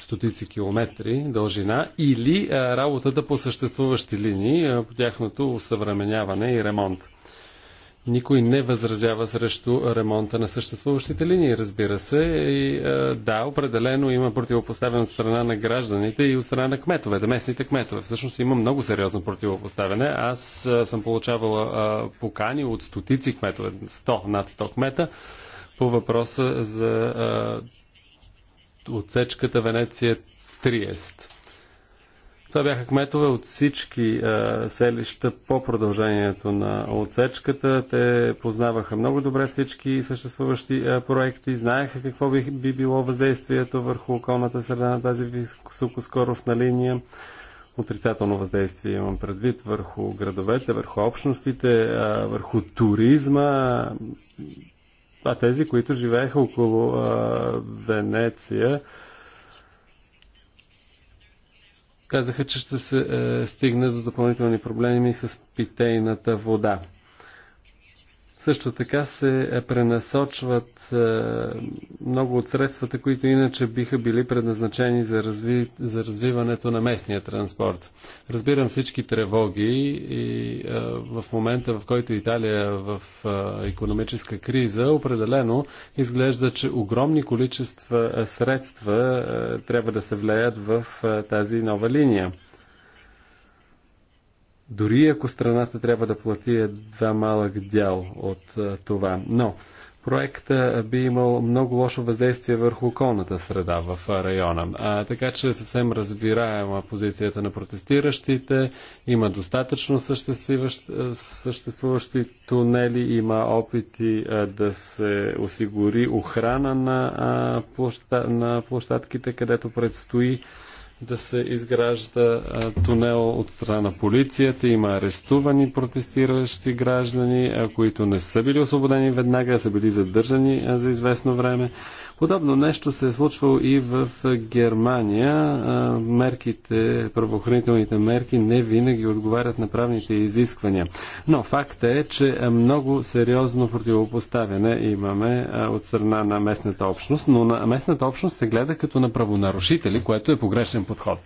стотици километри дължина или а, работата по съществуващи линии, а, по тяхното усъвременяване и ремонт. Никой не възразява срещу ремонта на съществуващите линии, разбира се. И, а, да, определено има противопоставяне от страна на гражданите и от страна на кметовете, местните кметове. Всъщност има много сериозно противопоставяне. Аз а, съм получавала а, покани от стотици кметове, 100, над 100 кмета, по въпроса за а, отсечката Венеция Триест. Това бяха кметове от всички а, селища по продължението на отсечката. Те познаваха много добре всички съществуващи а, проекти, знаеха какво би, би било въздействието върху околната среда на тази високоскоростна линия. Отрицателно въздействие имам предвид върху градовете, върху общностите, а, върху туризма а тези, които живееха около а, Венеция, казаха, че ще се е, стигне до допълнителни проблеми с питейната вода. Също така се пренасочват е, много от средствата, които иначе биха били предназначени за, разви... за развиването на местния транспорт. Разбирам всички тревоги и е, в момента, в който Италия е в е, економическа криза, определено изглежда, че огромни количества средства трябва да се влеят в тази нова линия дори ако страната трябва да плати едва малък дял от това. Но проекта би имал много лошо въздействие върху околната среда в района. А, така че съвсем разбираема позицията на протестиращите. Има достатъчно съществуващи тунели, има опити а, да се осигури охрана на, а, площа, на площадките, където предстои да се изгражда тунел от страна на полицията. Има арестувани протестиращи граждани, които не са били освободени веднага, са били задържани за известно време. Подобно нещо се е случвало и в Германия. Мерките, правоохранителните мерки не винаги отговарят на правните изисквания. Но факт е, че много сериозно противопоставяне имаме от страна на местната общност, но на местната общност се гледа като на правонарушители, което е погрешен подход.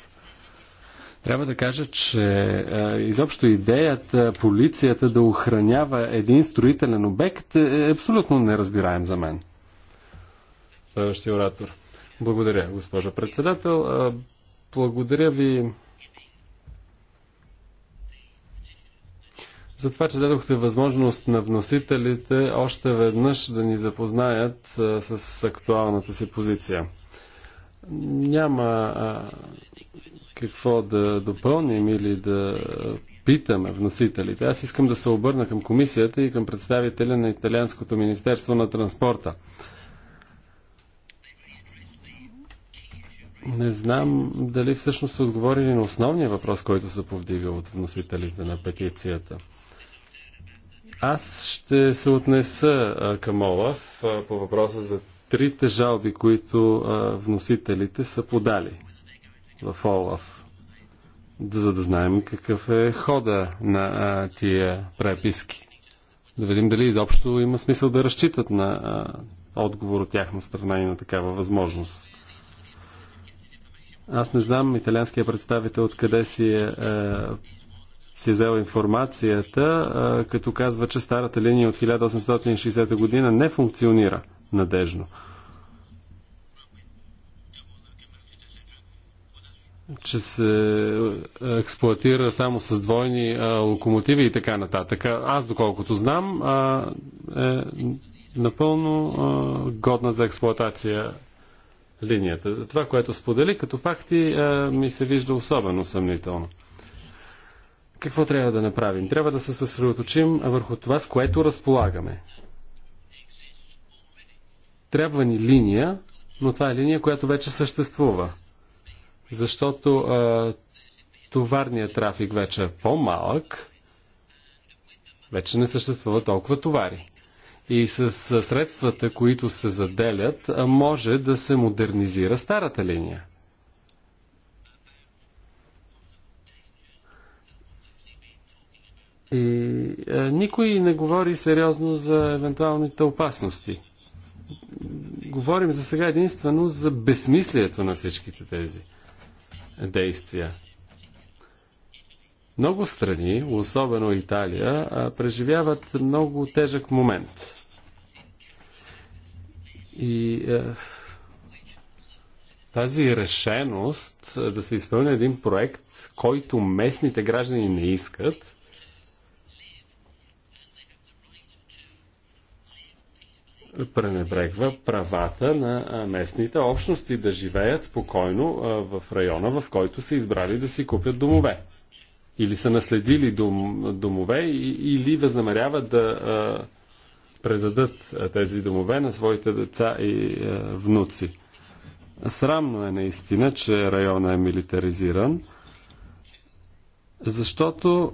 Трябва да кажа, че а, изобщо идеята полицията да охранява един строителен обект е абсолютно неразбираем за мен. Следващия оратор. Благодаря, госпожа председател. Благодаря ви за това, че дадохте възможност на вносителите още веднъж да ни запознаят с актуалната си позиция. Няма какво да допълним или да питаме вносителите. Аз искам да се обърна към комисията и към представителя на Италианското Министерство на транспорта. Не знам дали всъщност са отговорили на основния въпрос, който се повдига от вносителите на петицията. Аз ще се отнеса към Олаф по въпроса за трите жалби, които а, вносителите са подали в ОЛАФ, за да знаем какъв е хода на а, тия преписки. Да видим дали изобщо има смисъл да разчитат на а, отговор от тяхна страна и на такава възможност. Аз не знам италианския представител откъде си е, е си е взел информацията, е, като казва, че старата линия от 1860 година не функционира надежно. че се е, експлуатира само с двойни а, е, локомотиви и така нататък. Аз, доколкото знам, а, е, е напълно а, годна за експлуатация линията. Това, което сподели като факти, а, ми се вижда особено съмнително. Какво трябва да направим? Трябва да се съсредоточим върху това, с което разполагаме. Трябва ни линия, но това е линия, която вече съществува. Защото а, товарният трафик вече е по-малък, вече не съществува толкова товари. И с средствата, които се заделят, може да се модернизира старата линия. И а, никой не говори сериозно за евентуалните опасности говорим за сега единствено за безсмислието на всичките тези действия. Много страни, особено Италия, преживяват много тежък момент. И е, тази решеност да се изпълни един проект, който местните граждани не искат, пренебрегва правата на местните общности да живеят спокойно в района, в който са избрали да си купят домове. Или са наследили дом, домове, или възнамеряват да предадат тези домове на своите деца и внуци. Срамно е наистина, че района е милитаризиран, защото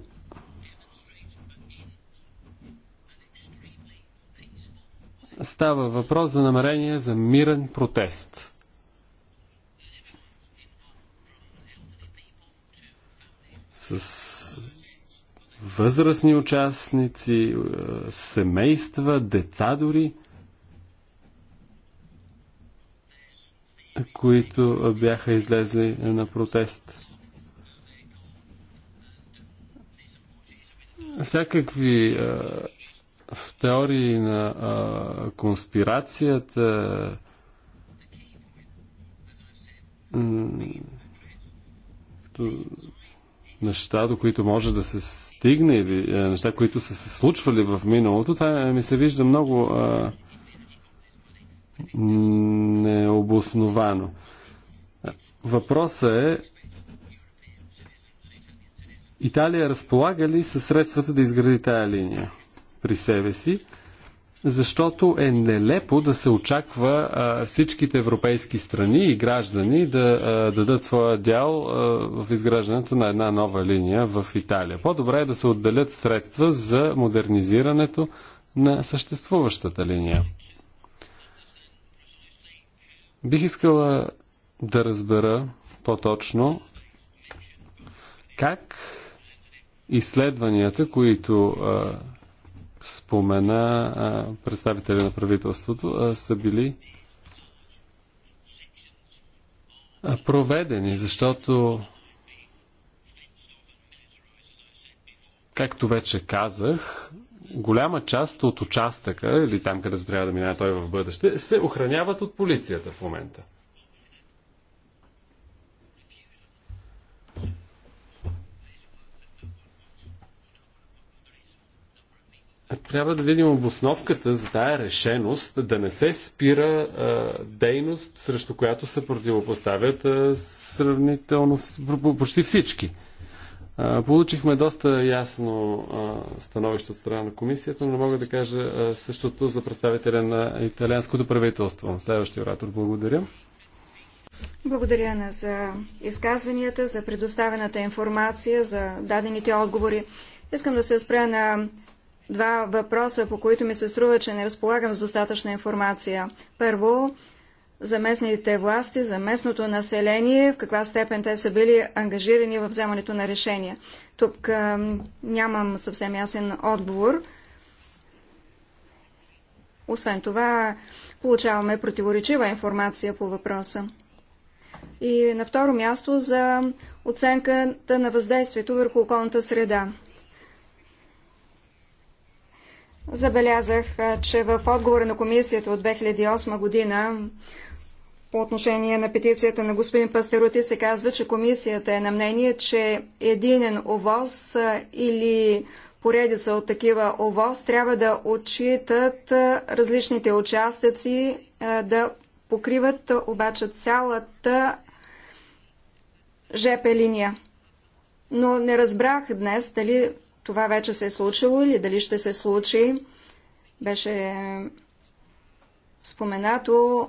Става въпрос за намерение за мирен протест. С възрастни участници, е, семейства, деца дори, които бяха излезли на протест. Всякакви е, в теории на а, конспирацията. неща, до които може да се стигне или е, неща, които са се случвали в миналото, това е, ми се вижда много а, необосновано. Въпросът е Италия разполага ли със средствата да изгради тая линия? при себе си, защото е нелепо да се очаква а, всичките европейски страни и граждани да а, дадат своя дял а, в изграждането на една нова линия в Италия. По-добре е да се отделят средства за модернизирането на съществуващата линия. Бих искала да разбера по-точно как изследванията, които а, спомена представители на правителството, са били проведени, защото както вече казах, голяма част от участъка, или там където трябва да минае той в бъдеще, се охраняват от полицията в момента. трябва да видим обосновката за тая решеност да не се спира а, дейност, срещу която се противопоставят а, сравнително почти всички. А, получихме доста ясно а, становище от страна на комисията, но мога да кажа а, същото за представителя на италианското правителство. Следващия оратор. Благодаря. Благодаря на за изказванията, за предоставената информация, за дадените отговори. Искам да се спря на два въпроса, по които ми се струва, че не разполагам с достатъчна информация. Първо, за местните власти, за местното население, в каква степен те са били ангажирани в вземането на решения. Тук а, нямам съвсем ясен отговор. Освен това, получаваме противоречива информация по въпроса. И на второ място за оценката на въздействието върху околната среда. Забелязах, че в отговора на комисията от 2008 година по отношение на петицията на господин Пастероти се казва, че комисията е на мнение, че единен овоз или поредица от такива овоз трябва да отчитат различните участъци, да покриват обаче цялата ЖП линия. Но не разбрах днес дали това вече се е случило или дали ще се случи. Беше споменато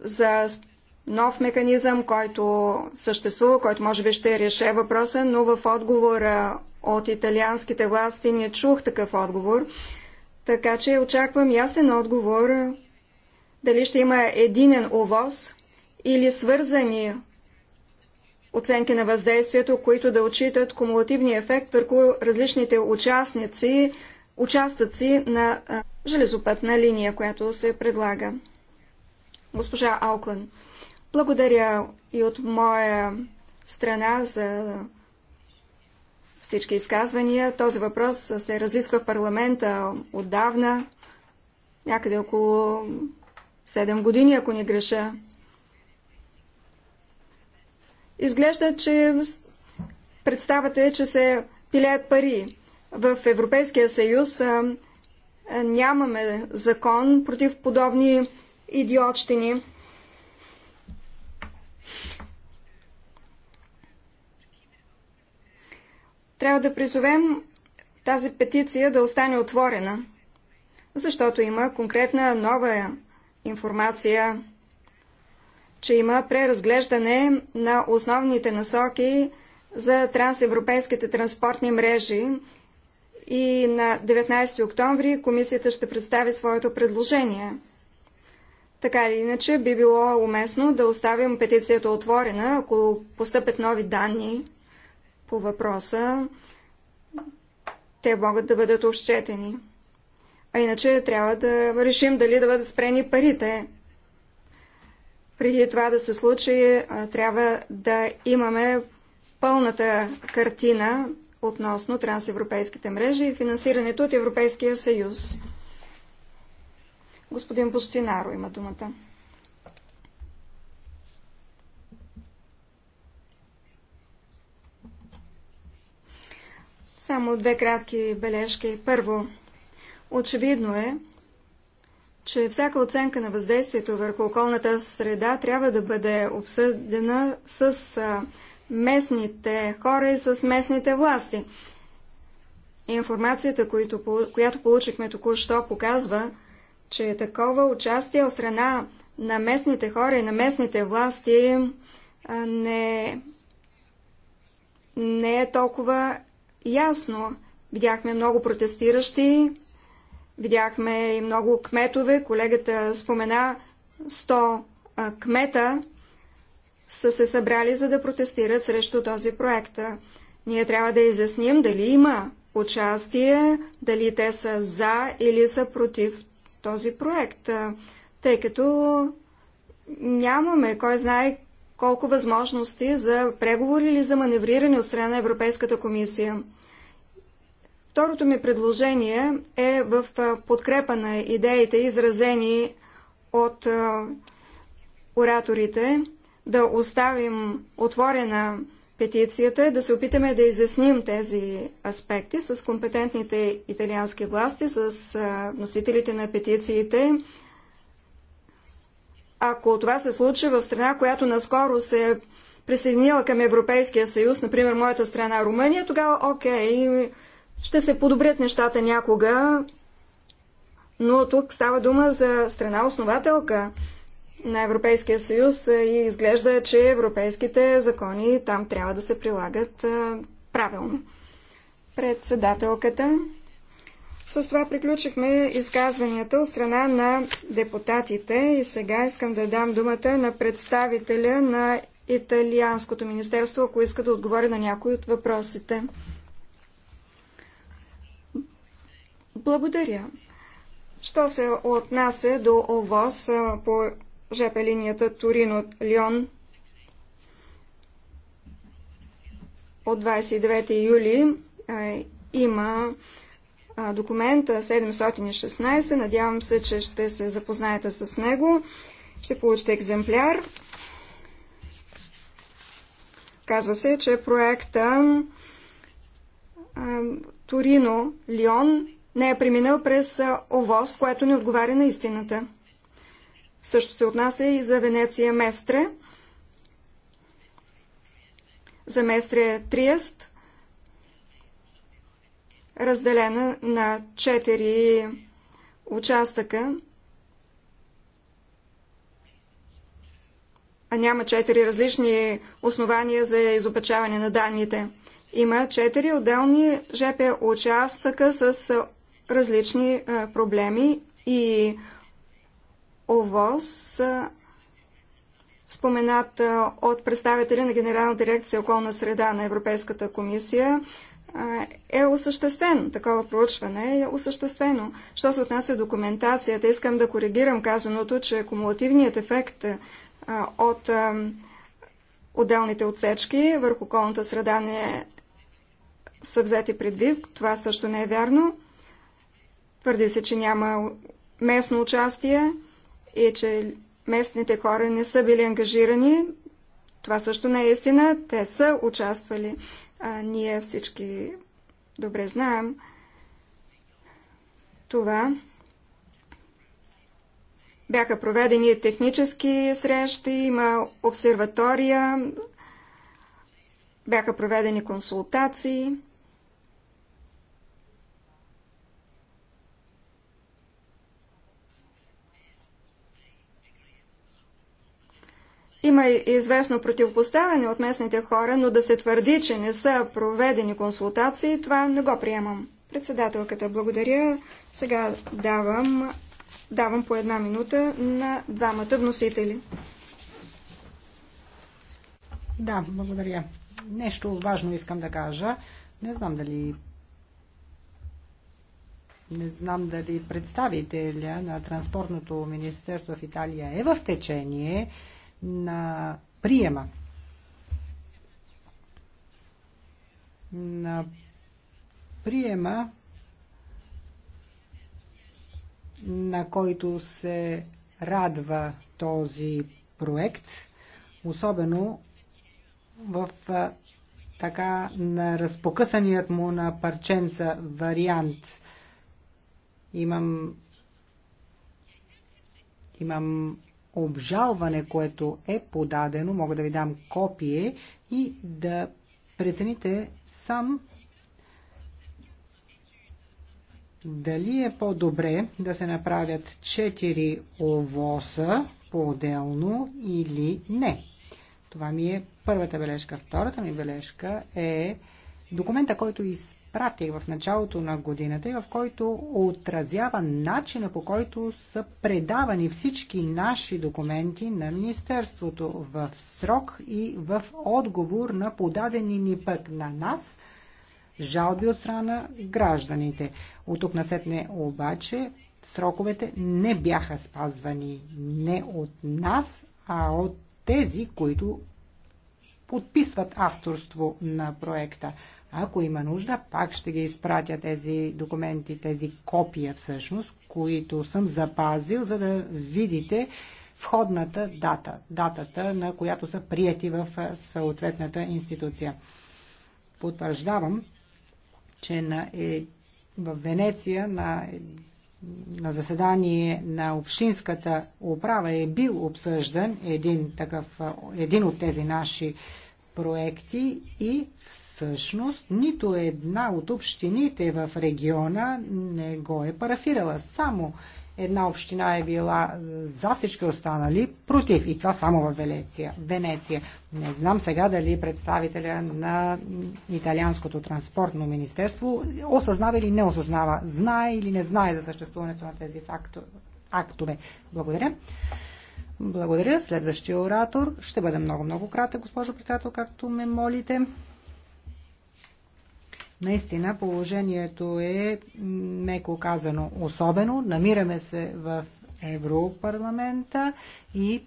за нов механизъм, който съществува, който може би ще реше въпроса, но в отговора от италианските власти не чух такъв отговор. Така че очаквам ясен отговор дали ще има единен овоз или свързани оценки на въздействието, които да отчитат кумулативния ефект върху различните участници, участъци на железопътна линия, която се предлага. Госпожа Ауклен, благодаря и от моя страна за всички изказвания. Този въпрос се разисква в парламента отдавна, някъде около 7 години, ако не греша. Изглежда, че представата е, че се пилеят пари. В Европейския съюз а, а, нямаме закон против подобни идиотщини. Трябва да призовем тази петиция да остане отворена, защото има конкретна нова информация че има преразглеждане на основните насоки за трансевропейските транспортни мрежи и на 19 октомври комисията ще представи своето предложение. Така или иначе би било уместно да оставим петицията отворена, ако постъпят нови данни по въпроса, те могат да бъдат общетени. А иначе трябва да решим дали да бъдат спрени парите преди това да се случи, трябва да имаме пълната картина относно трансевропейските мрежи и финансирането от Европейския съюз. Господин Бостинаро има думата. Само две кратки бележки. Първо, очевидно е, че всяка оценка на въздействието върху околната среда трябва да бъде обсъдена с местните хора и с местните власти. Информацията, която получихме току-що, показва, че такова участие от страна на местните хора и на местните власти не, не е толкова ясно. Видяхме много протестиращи, Видяхме и много кметове. Колегата спомена 100 кмета са се събрали, за да протестират срещу този проект. Ние трябва да изясним дали има участие, дали те са за или са против този проект, тъй като нямаме кой знае колко възможности за преговори или за маневриране от страна на Европейската комисия. Второто ми предложение е в подкрепа на идеите, изразени от ораторите, да оставим отворена петицията, да се опитаме да изясним тези аспекти с компетентните италиански власти, с носителите на петициите. Ако това се случи в страна, която наскоро се присъединила към Европейския съюз, например моята страна Румъния, тогава окей, okay, ще се подобрят нещата някога, но тук става дума за страна основателка на Европейския съюз и изглежда, че европейските закони там трябва да се прилагат правилно. Председателката. С това приключихме изказванията от страна на депутатите и сега искам да дам думата на представителя на Италианското министерство, ако иска да отговори на някой от въпросите. Благодаря. Що се отнася до ОВОС по ЖП линията Торино-Лион от 29 юли е, има е, документ 716. Надявам се, че ще се запознаете с него. Ще получите екземпляр. Казва се, че проекта Торино-Лион не е преминал през ОВОС, което не отговаря на истината. Също се отнася и за Венеция Местре, за Местре Триест, разделена на четири участъка, а няма четири различни основания за изопечаване на данните. Има четири отделни ЖП участъка с различни проблеми и ОВОС, споменат от представители на Генерална дирекция околна среда на Европейската комисия, е осъществен. Такова проучване е осъществено. Що се отнася документацията, искам да коригирам казаното, че кумулативният ефект от отделните отсечки върху околната среда не е са взети предвид. Това също не е вярно. Твърди се, че няма местно участие и че местните хора не са били ангажирани. Това също не е истина. Те са участвали. А, ние всички добре знаем това. Бяха проведени технически срещи, има обсерватория, бяха проведени консултации. Има известно противопоставяне от местните хора, но да се твърди, че не са проведени консултации, това не го приемам. Председателката, благодаря. Сега давам, давам по една минута на двамата вносители. Да, благодаря. Нещо важно искам да кажа. Не знам дали не знам дали представителя на Транспортното министерство в Италия е в течение на приема на приема, на който се радва този проект, особено в така на разпокъсаният му на парченца вариант. Имам имам обжалване, което е подадено. Мога да ви дам копие и да прецените сам дали е по-добре да се направят 4 овоса по-отделно или не. Това ми е първата бележка. Втората ми бележка е документа, който изпълнява пратих в началото на годината и в който отразява начина по който са предавани всички наши документи на Министерството в срок и в отговор на подадени ни пък на нас жалби от страна на гражданите. От тук на сетне обаче сроковете не бяха спазвани не от нас, а от тези, които подписват авторство на проекта. Ако има нужда, пак ще ги изпратя тези документи, тези копия всъщност, които съм запазил, за да видите входната дата, датата на която са прияти в съответната институция. Потвърждавам, че на, е, в Венеция на, на заседание на Общинската управа е бил обсъждан един, такъв, един от тези наши проекти и всъщност нито една от общините в региона не го е парафирала. Само една община е била за всички останали против. И това само в Венеция. Венеция. Не знам сега дали представителя на Италианското транспортно министерство осъзнава или не осъзнава, знае или не знае за съществуването на тези факто... актове. Благодаря. Благодаря. Следващия оратор ще бъде много-много кратък, госпожо председател, както ме молите. Наистина положението е, меко казано, особено. Намираме се в Европарламента и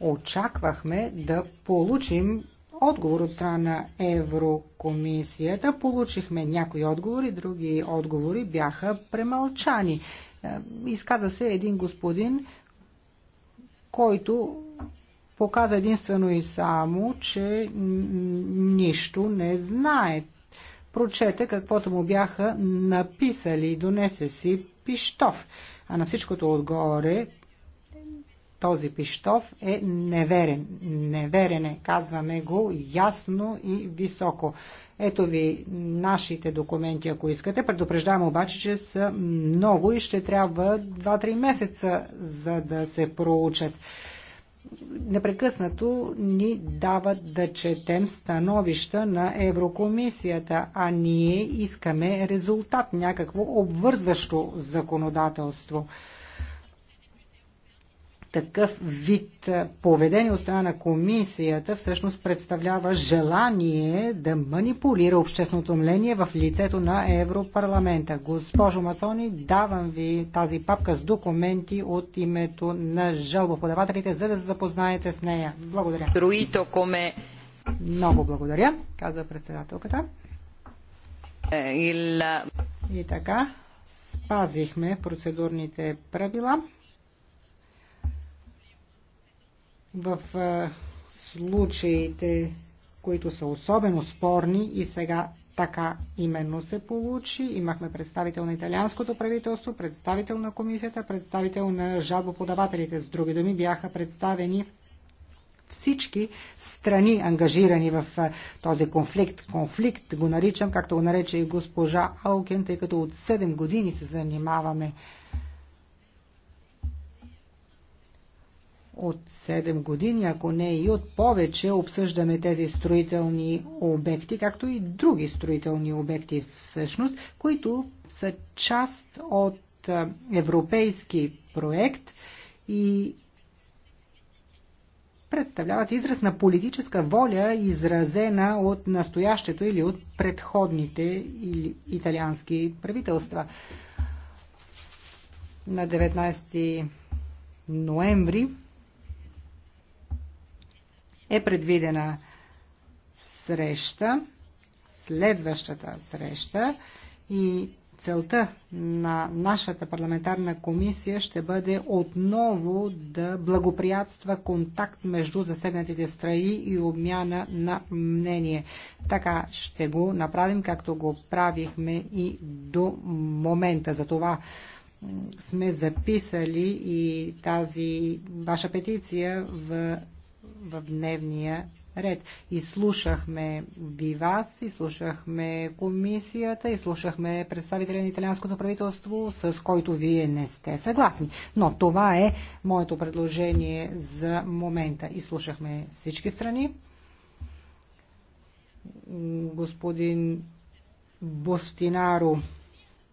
очаквахме да получим отговор от страна на Еврокомисията. Получихме някои отговори, други отговори бяха премълчани. Е, изказа се един господин, който показа единствено и само, че нищо не знае прочете каквото му бяха написали и донесе си пиштов. А на всичкото отгоре този пиштов е неверен. Неверен е, казваме го ясно и високо. Ето ви нашите документи, ако искате. Предупреждаваме обаче, че са много и ще трябва 2-3 месеца, за да се проучат непрекъснато ни дават да четем становища на Еврокомисията, а ние искаме резултат, някакво обвързващо законодателство. Такъв вид поведение от страна на комисията всъщност представлява желание да манипулира общественото мнение в лицето на Европарламента. Госпожо Мацони, давам ви тази папка с документи от името на жалбоподавателите, за да се запознаете с нея. Благодаря. Руито коме. Много благодаря, каза председателката. Е, И така, спазихме процедурните правила. в случаите, които са особено спорни и сега така именно се получи. Имахме представител на италианското правителство, представител на комисията, представител на жалбоподавателите. С други думи бяха представени всички страни, ангажирани в този конфликт. Конфликт го наричам, както го нарече и госпожа Аукен, тъй като от 7 години се занимаваме от 7 години, ако не и от повече, обсъждаме тези строителни обекти, както и други строителни обекти всъщност, които са част от европейски проект и представляват израз на политическа воля, изразена от настоящето или от предходните италиански правителства. На 19 ноември е предвидена среща, следващата среща и целта на нашата парламентарна комисия ще бъде отново да благоприятства контакт между засегнатите страни и обмяна на мнение. Така ще го направим, както го правихме и до момента. За това сме записали и тази ваша петиция в в дневния ред. И слушахме ви вас, изслушахме комисията, и слушахме представителя на италианското правителство, с който вие не сте съгласни. Но това е моето предложение за момента. Изслушахме всички страни. Господин Бостинаро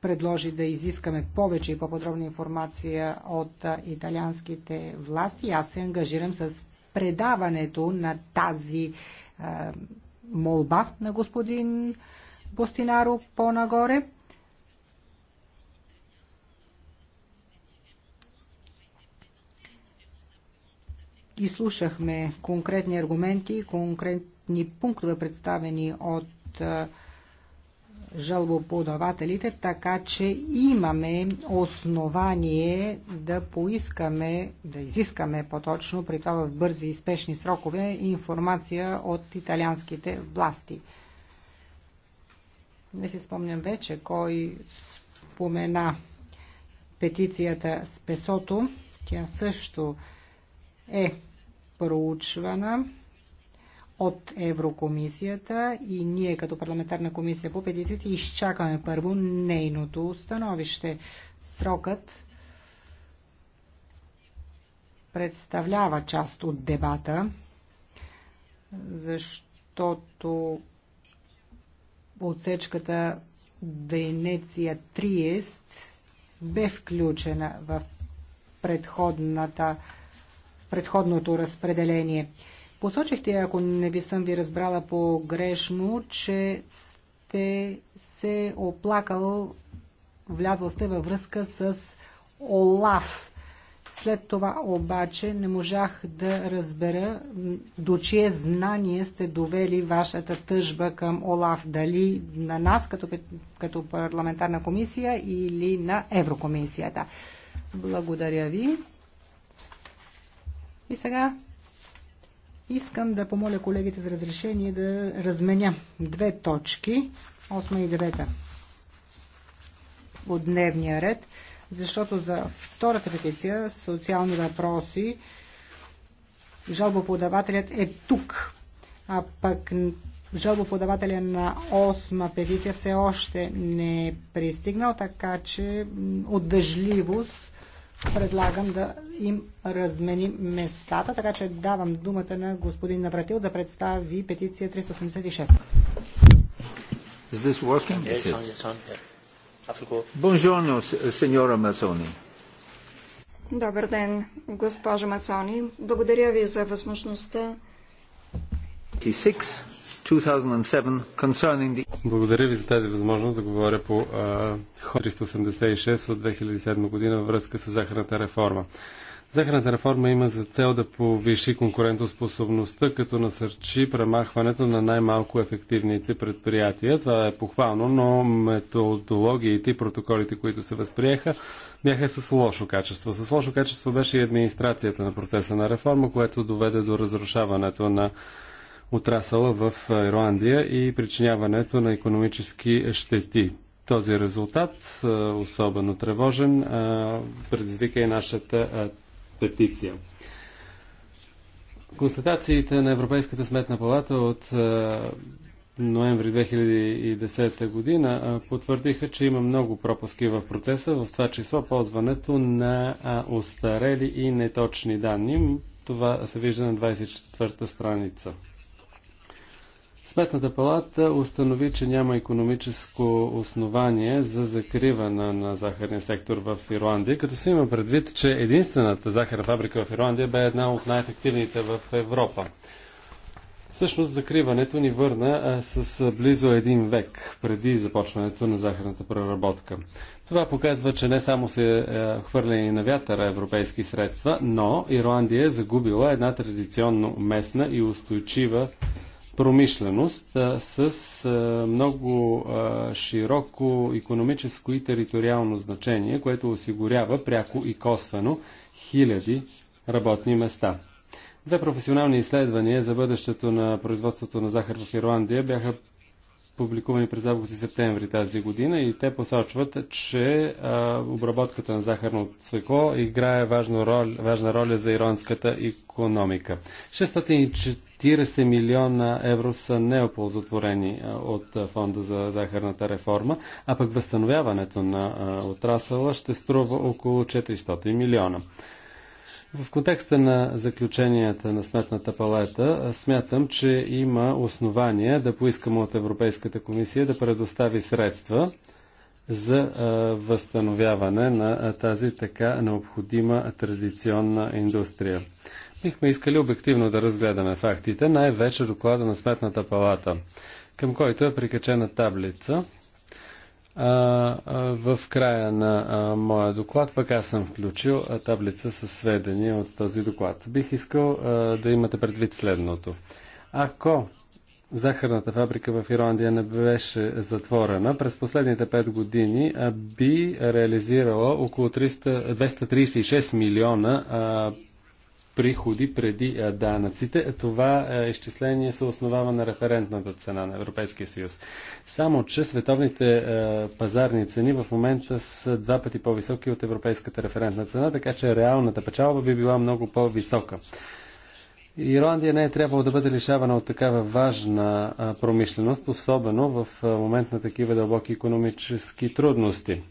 предложи да изискаме повече и по-подробна информация от италианските власти. Аз се ангажирам с предаването на тази а, е, молба на господин Бостинаро по-нагоре. Изслушахме конкретни аргументи, конкретни пунктове представени от а, е, жалбоподавателите, така че имаме основание да поискаме, да изискаме по-точно, при това в бързи и спешни срокове, информация от италианските власти. Не си спомням вече кой спомена петицията с песото. Тя също е проучвана от Еврокомисията и ние като парламентарна комисия по петициите изчакаме първо нейното становище. Срокът представлява част от дебата, защото отсечката Венеция Триест бе включена в предходното разпределение. Посочихте, ако не би съм ви разбрала погрешно, че сте се оплакал, влязал сте във връзка с Олаф. След това обаче не можах да разбера до чие знание сте довели вашата тъжба към Олаф. Дали на нас като, като парламентарна комисия или на Еврокомисията. Благодаря ви. И сега Искам да помоля колегите за разрешение да разменя две точки, 8 и 9 от дневния ред, защото за втората петиция, социални въпроси, жалбоподавателят е тук, а пък жалбоподавателя на 8 петиция все още не е пристигнал, така че от дъжливост предлагам да им разменим местата, така че давам думата на господин Навратил да представи петиция 386. Is this working? Yeah, it's on, it's on. Yeah. Buongiorno, signora Mazzoni. Добър ден, госпожа Мацони. Благодаря ви за възможността. Благодаря ви за тази възможност да говоря по а, 386 от 2007 година във връзка с захарната реформа. Захарната реформа има за цел да повиши конкурентоспособността, като насърчи премахването на най-малко ефективните предприятия. Това е похвално, но методологиите и протоколите, които се възприеха, бяха с лошо качество. С лошо качество беше и администрацията на процеса на реформа, което доведе до разрушаването на отрасъла в Ирландия и причиняването на економически щети. Този резултат, особено тревожен, предизвика и нашата петиция. Констатациите на Европейската сметна палата от ноември 2010 година потвърдиха, че има много пропуски в процеса, в това число ползването на устарели и неточни данни. Това се вижда на 24-та страница. Сметната палата установи, че няма економическо основание за закриване на захарния сектор в Ирландия, като се има предвид, че единствената захарна фабрика в Ирландия бе една от най-ефективните в Европа. Всъщност закриването ни върна а, с близо един век преди започването на захарната преработка. Това показва, че не само се е, хвърляни на вятъра европейски средства, но Ирландия е загубила една традиционно местна и устойчива промишленост с много широко економическо и териториално значение, което осигурява пряко и косвено хиляди работни места. Две професионални изследвания за бъдещето на производството на захар в Ирландия бяха публикувани през август и септември тази година и те посочват, че а, обработката на захарно цвекло играе важна роля, важна роля за иронската економика. 640 милиона евро са неоползотворени от фонда за захарната реформа, а пък възстановяването на отрасъла ще струва около 400 милиона. В контекста на заключенията на Сметната палата, смятам, че има основания да поискаме от Европейската комисия да предостави средства за възстановяване на тази така необходима традиционна индустрия. Бихме искали обективно да разгледаме фактите, най-вече доклада на Сметната палата, към който е прикачена таблица в края на моя доклад пък аз съм включил таблица с сведения от този доклад. Бих искал да имате предвид следното. Ако захарната фабрика в Ирландия не беше затворена, през последните 5 години би реализирала около 300, 236 милиона приходи преди данъците. Това изчисление се основава на референтната цена на Европейския съюз. Само, че световните пазарни цени в момента са два пъти по-високи от европейската референтна цена, така че реалната печалба би била много по-висока. Ирландия не е трябвало да бъде лишавана от такава важна промишленост, особено в момент на такива дълбоки економически трудности.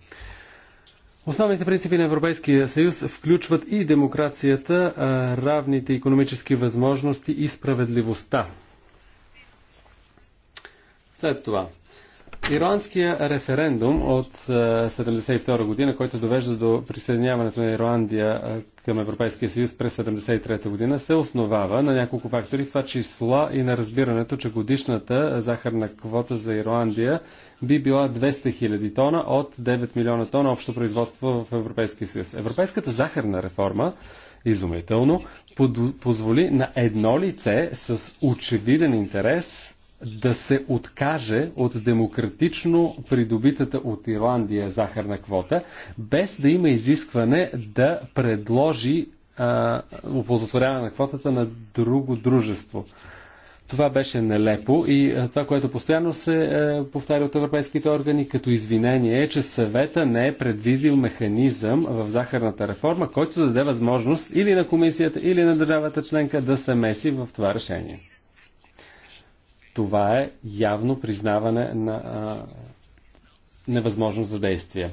Основните принципи на Европейския съюз включват и демокрацията, равните економически възможности и справедливостта. След това, Ирландския референдум от 1972 е, година, който довежда до присъединяването на Ирландия е, към Европейския съюз през 1973 година, се основава на няколко фактори, в това числа и на разбирането, че годишната захарна квота за Ирландия би била 200 000 тона от 9 милиона тона общо производство в Европейския съюз. Европейската захарна реформа изумително, позволи на едно лице с очевиден интерес да се откаже от демократично придобитата от Ирландия захарна квота, без да има изискване да предложи оползотворяване на квотата на друго дружество. Това беше нелепо и това, което постоянно се е, повтаря от европейските органи като извинение е, че съвета не е предвизил механизъм в захарната реформа, който да даде възможност или на комисията, или на държавата членка да се меси в това решение. Това е явно признаване на а, невъзможност за действие.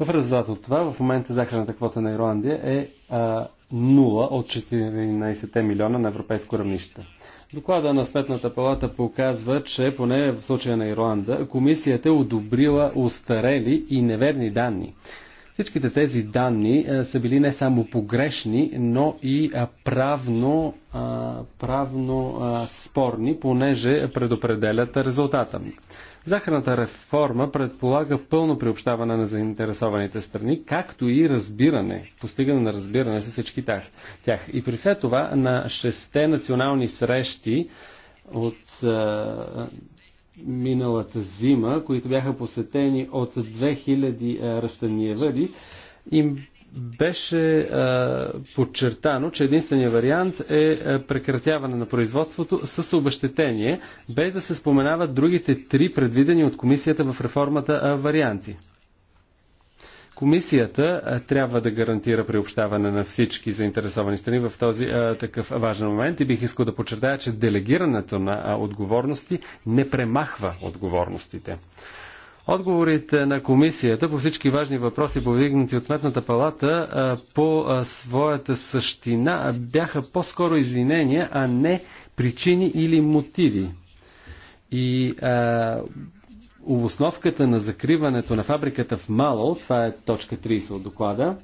В резултат от това, в момента захарната квота на Ирландия е а, 0 от 14 милиона на европейско равнище. Доклада на Сметната палата показва, че поне в случая на Ирланда, комисията е одобрила устарели и неверни данни Всичките тези данни е, са били не само погрешни, но и е, правно, е, правно спорни, понеже предопределят резултата. Захарната реформа предполага пълно приобщаване на заинтересованите страни, както и разбиране, постигане на разбиране с всички тях. И при все това на шесте национални срещи от миналата зима, които бяха посетени от 2000 растениевъди, им беше а, подчертано, че единствения вариант е прекратяване на производството с обещетение, без да се споменават другите три предвидени от комисията в реформата а, варианти. Комисията трябва да гарантира приобщаване на всички заинтересовани страни в този а, такъв важен момент и бих искал да подчертая, че делегирането на а, отговорности не премахва отговорностите. Отговорите на комисията по всички важни въпроси, повдигнати от Сметната палата, по своята същина бяха по-скоро извинения, а не причини или мотиви. И а, обосновката на закриването на фабриката в Мало, това е точка 30 от доклада,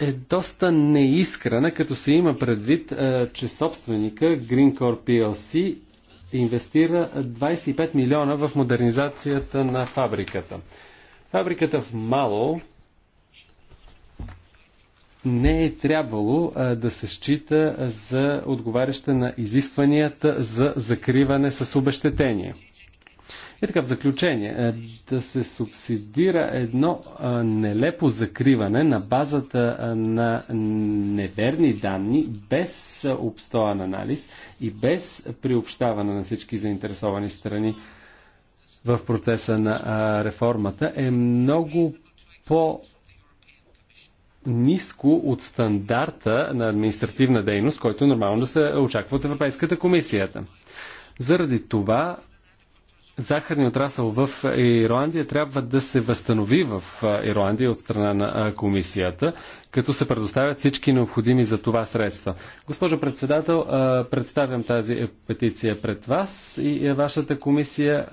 е доста неискрена, като се има предвид, че собственика Greencore PLC инвестира 25 милиона в модернизацията на фабриката. Фабриката в Мало не е трябвало а, да се счита за отговаряща на изискванията за закриване с обещетение. И е така в заключение, е, да се субсидира едно е, нелепо закриване на базата на неверни данни, без обстоен анализ и без приобщаване на всички заинтересовани страни в процеса на реформата, е много по- ниско от стандарта на административна дейност, който нормално да се очаква от Европейската комисията. Заради това захарния отрасъл в Ирландия трябва да се възстанови в Ирландия от страна на комисията, като се предоставят всички необходими за това средства. Госпожо председател, представям тази петиция пред вас и вашата комисия,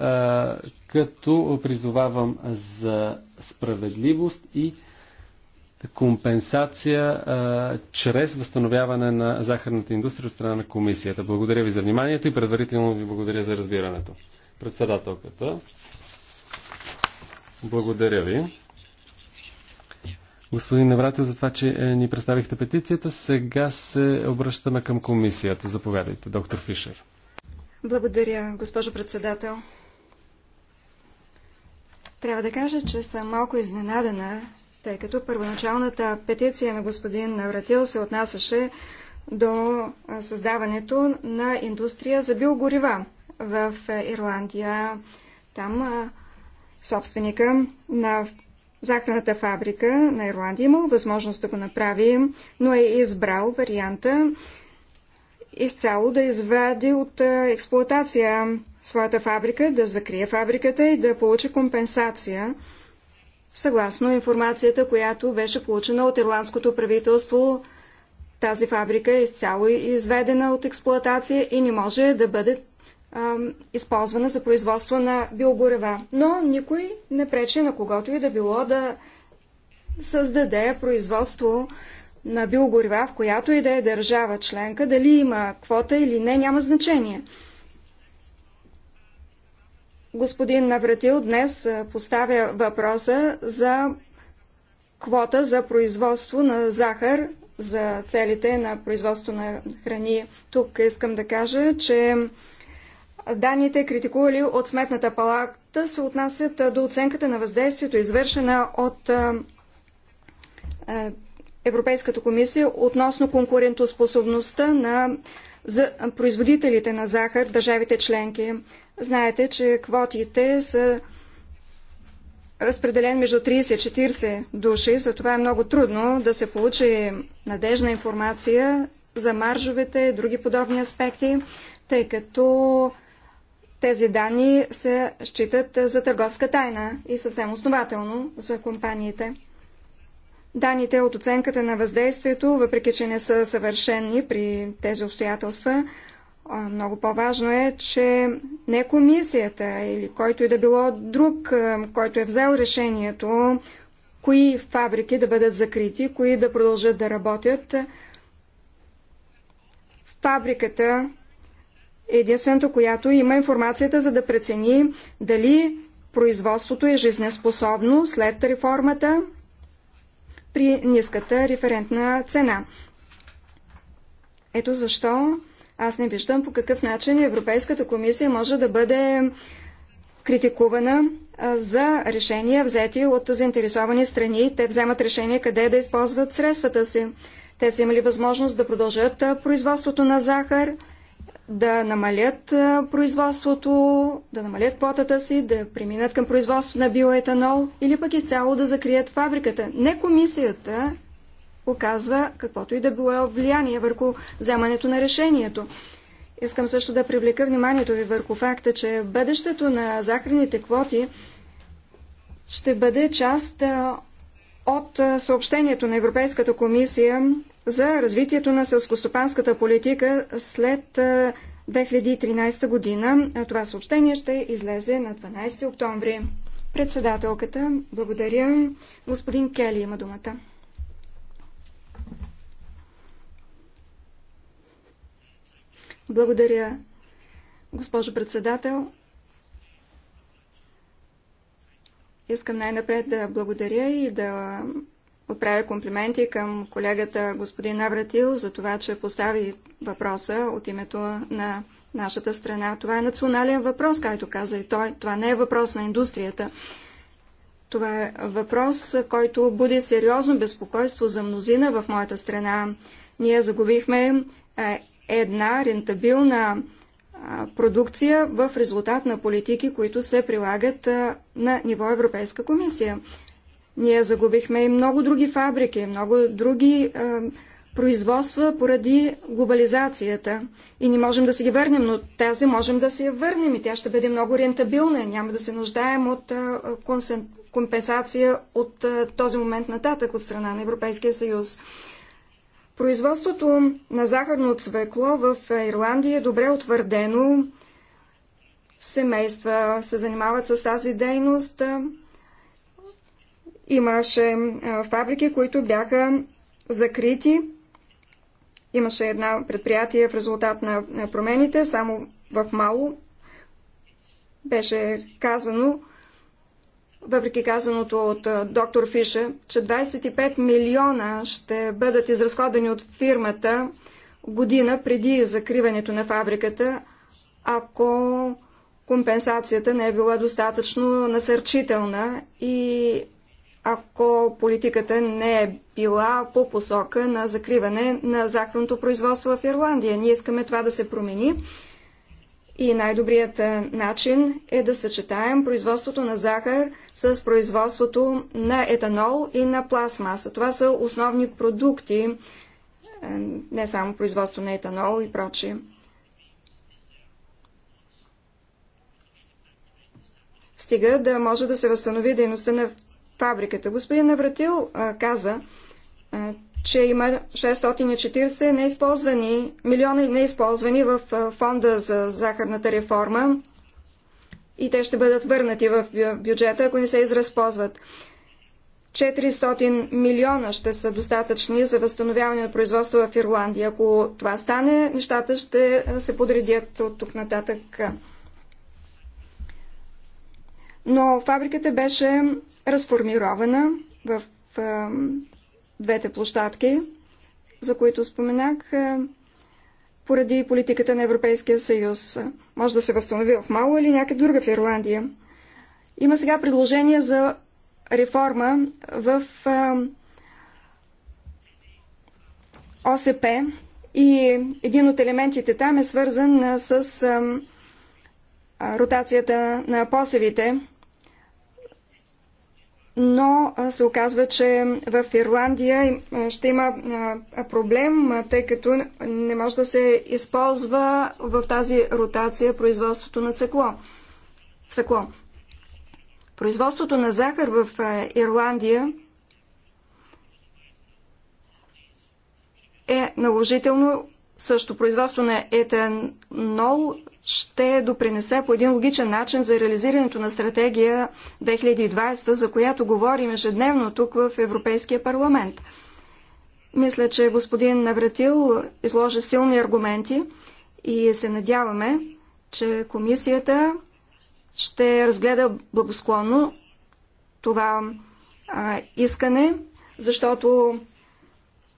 като призовавам за справедливост и компенсация чрез възстановяване на захарната индустрия от страна на комисията. Благодаря ви за вниманието и предварително ви благодаря за разбирането. Председателката. Благодаря ви. Господин Невратил, за това, че е, ни представихте петицията, сега се обръщаме към комисията. Заповядайте, доктор Фишер. Благодаря, госпожо председател. Трябва да кажа, че съм малко изненадена, тъй като първоначалната петиция на господин Навратил се отнасяше до създаването на индустрия за биогорива в Ирландия. Там собственика на захарната фабрика на Ирландия е имал възможност да го направи, но е избрал варианта изцяло да извади от експлоатация своята фабрика, да закрие фабриката и да получи компенсация, съгласно информацията, която беше получена от ирландското правителство тази фабрика е изцяло изведена от експлоатация и не може да бъде използвана за производство на биогорева. Но никой не пречи на когото и да било да създаде производство на биогорива, в която и да е държава членка, дали има квота или не, няма значение. Господин Навратил днес поставя въпроса за квота за производство на захар за целите на производство на храни. Тук искам да кажа, че Данните, критикували от Сметната палата, се отнасят до оценката на въздействието, извършена от Европейската комисия относно конкурентоспособността на за производителите на захар в държавите членки. Знаете, че квотите са разпределен между 30-40 души, затова е много трудно да се получи надежна информация за маржовете и други подобни аспекти, тъй като тези данни се считат за търговска тайна и съвсем основателно за компаниите. Даните от оценката на въздействието, въпреки че не са съвършени при тези обстоятелства, много по-важно е, че не комисията или който и да било друг, който е взел решението, кои фабрики да бъдат закрити, кои да продължат да работят. Фабриката единственото, която има информацията, за да прецени дали производството е жизнеспособно след реформата при ниската референтна цена. Ето защо аз не виждам по какъв начин Европейската комисия може да бъде критикувана за решения, взети от заинтересовани страни. Те вземат решение къде да използват средствата си. Те са имали възможност да продължат производството на захар, да намалят производството, да намалят потата си, да преминат към производство на биоетанол или пък изцяло да закрият фабриката. Не комисията оказва каквото и да било влияние върху вземането на решението. Искам също да привлека вниманието ви върху факта, че бъдещето на захарните квоти ще бъде част от съобщението на Европейската комисия за развитието на сълскостопанската политика след 2013 година. Това съобщение ще излезе на 12 октомври. Председателката, благодаря. Господин Кели има думата. Благодаря, госпожо председател. Искам най-напред да благодаря и да отправя комплименти към колегата господин Навратил за това, че постави въпроса от името на нашата страна. Това е национален въпрос, както каза и той. Това не е въпрос на индустрията. Това е въпрос, който буди сериозно безпокойство за мнозина в моята страна. Ние загубихме е, една рентабилна продукция в резултат на политики, които се прилагат на ниво Европейска комисия. Ние загубихме и много други фабрики, много други е, производства поради глобализацията. И не можем да си ги върнем, но тази можем да си я върнем и тя ще бъде много рентабилна. Няма да се нуждаем от е, консен... компенсация от е, този момент нататък от страна на Европейския съюз. Производството на захарно цвекло в Ирландия е добре утвърдено. Семейства се занимават с тази дейност. Имаше фабрики, които бяха закрити. Имаше една предприятие в резултат на промените, само в мало беше казано, въпреки казаното от доктор Фиша, че 25 милиона ще бъдат изразходени от фирмата година преди закриването на фабриката, ако компенсацията не е била достатъчно насърчителна и ако политиката не е била по посока на закриване на захарното производство в Ирландия. Ние искаме това да се промени. И най-добрият е, начин е да съчетаем производството на захар с производството на етанол и на пластмаса. Това са основни продукти, е, не само производство на етанол и прочие. Стига да може да се възстанови дейността на фабриката. Господин Навратил а, каза, а, че има 640 неизползвани, милиона неизползвани в а, фонда за захарната реформа и те ще бъдат върнати в бюджета, ако не се изразползват. 400 милиона ще са достатъчни за възстановяване на производство в Ирландия. Ако това стане, нещата ще се подредят от тук нататък. Но фабриката беше разформирована в двете площадки, за които споменах, поради политиката на Европейския съюз. Може да се възстанови в Мало или някъде друга в Ирландия. Има сега предложение за реформа в ОСП и един от елементите там е свързан с ротацията на посевите но се оказва, че в Ирландия ще има проблем, тъй като не може да се използва в тази ротация производството на цекло. цвекло. Производството на захар в Ирландия е наложително също производство на етанол ще допринесе по един логичен начин за реализирането на стратегия 2020, за която говорим ежедневно тук в Европейския парламент. Мисля, че господин Навратил изложи силни аргументи и се надяваме, че комисията ще разгледа благосклонно това а, искане, защото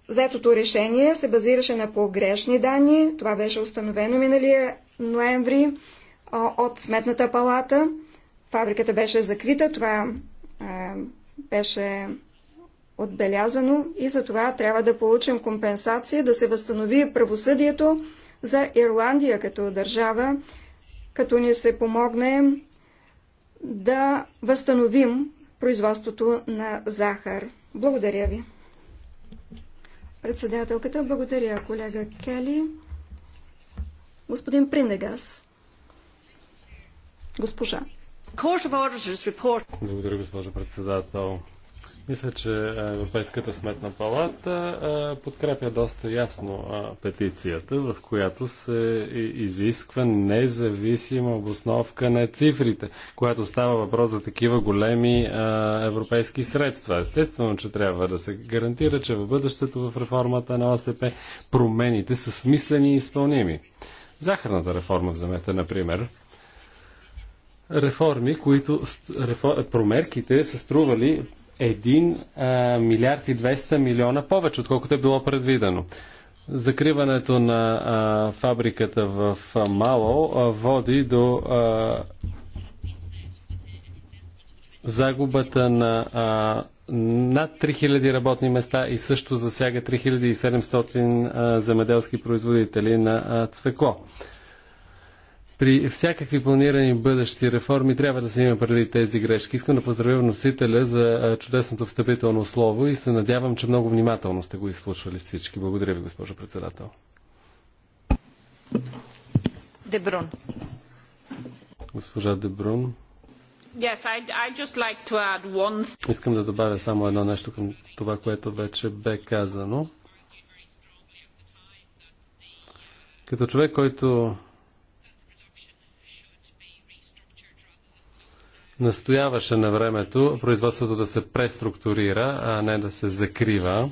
Взетото решение се базираше на погрешни данни, това беше установено миналия ноември от Сметната палата. Фабриката беше закрита, това беше отбелязано и за това трябва да получим компенсация, да се възстанови правосъдието за Ирландия като държава, като ни се помогне да възстановим производството на захар. Благодаря ви. Председателката, благодаря колега Кели. Господин Принегас. Госпожа. Благодаря, госпожо председател. Мисля, че Европейската сметна палата подкрепя доста ясно петицията, в която се изисква независима обосновка на цифрите, която става въпрос за такива големи европейски средства. Естествено, че трябва да се гарантира, че в бъдещето в реформата на ОСП промените са смислени и изпълними захарната реформа вземете, например. Реформи, които промерките са стрували 1 милиард и 200 милиона повече, отколкото е било предвидено. Закриването на а, фабриката в Мало а, води до а, загубата на а, над 3000 работни места и също засяга 3700 земеделски производители на цвекло. При всякакви планирани бъдещи реформи трябва да се има преди тези грешки. Искам да поздравя вносителя за чудесното встъпително слово и се надявам, че много внимателно сте го изслушвали всички. Благодаря ви, госпожо председател. Дебрун. Госпожа Дебрун. Искам да добавя само едно нещо към това, което вече бе казано. Като човек, който настояваше на времето производството да се преструктурира, а не да се закрива,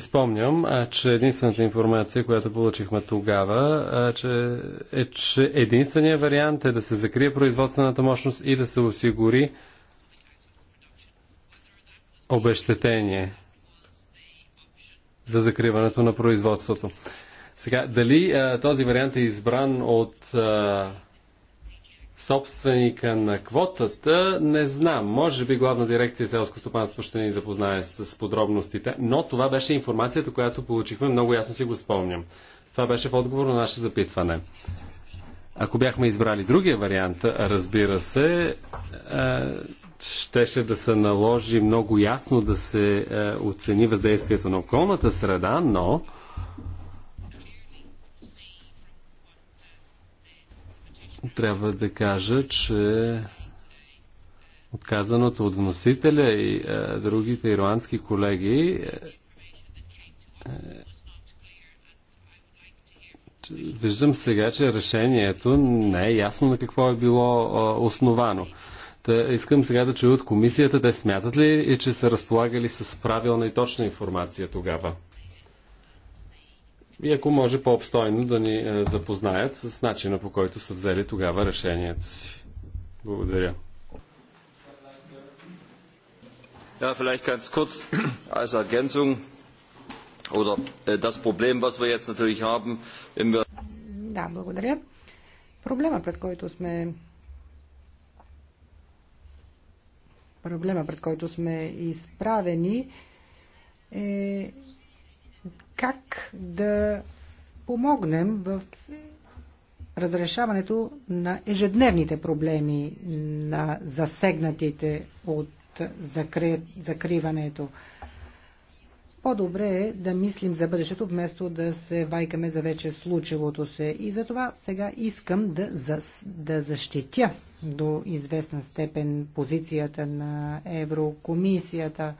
си спомням, а, че единствената информация, която получихме тогава, а, че, е, че единственият вариант е да се закрие производствената мощност и да се осигури обещетение за закриването на производството. Сега, дали а, този вариант е избран от а, собственика на квотата, не знам. Може би главна дирекция селско стопанство ще ни запознае с подробностите, но това беше информацията, която получихме, много ясно си го спомням. Това беше в отговор на наше запитване. Ако бяхме избрали другия вариант, разбира се, е, щеше да се наложи много ясно да се е, оцени въздействието на околната среда, но трябва да кажа, че отказаното от вносителя и е, другите ирландски колеги е, е, виждам сега, че решението не е ясно на какво е било е, основано. Та, искам сега да чуя от комисията, те смятат ли, е, че са разполагали с правилна и точна информация тогава? и ако може по-обстойно да ни е, запознаят с начина по който са взели тогава решението си. Благодаря. Ja, vielleicht ganz kurz als Ergänzung oder äh, das Problem, was wir jetzt natürlich haben, wenn wir. Да, благодаря. Проблема, пред който сме проблема, пред който сме изправени е как да помогнем в разрешаването на ежедневните проблеми на засегнатите от закри... закриването. По-добре е да мислим за бъдещето, вместо да се вайкаме за вече случилото се. И затова сега искам да, за... да защитя до известна степен позицията на Еврокомисията.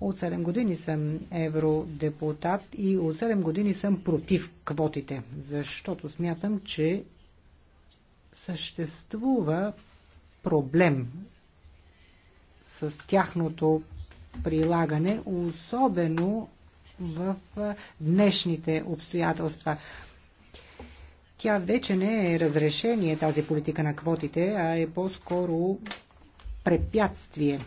От 7 години съм евродепутат и от 7 години съм против квотите, защото смятам, че съществува проблем с тяхното прилагане, особено в днешните обстоятелства. Тя вече не е разрешение, тази политика на квотите, а е по-скоро препятствие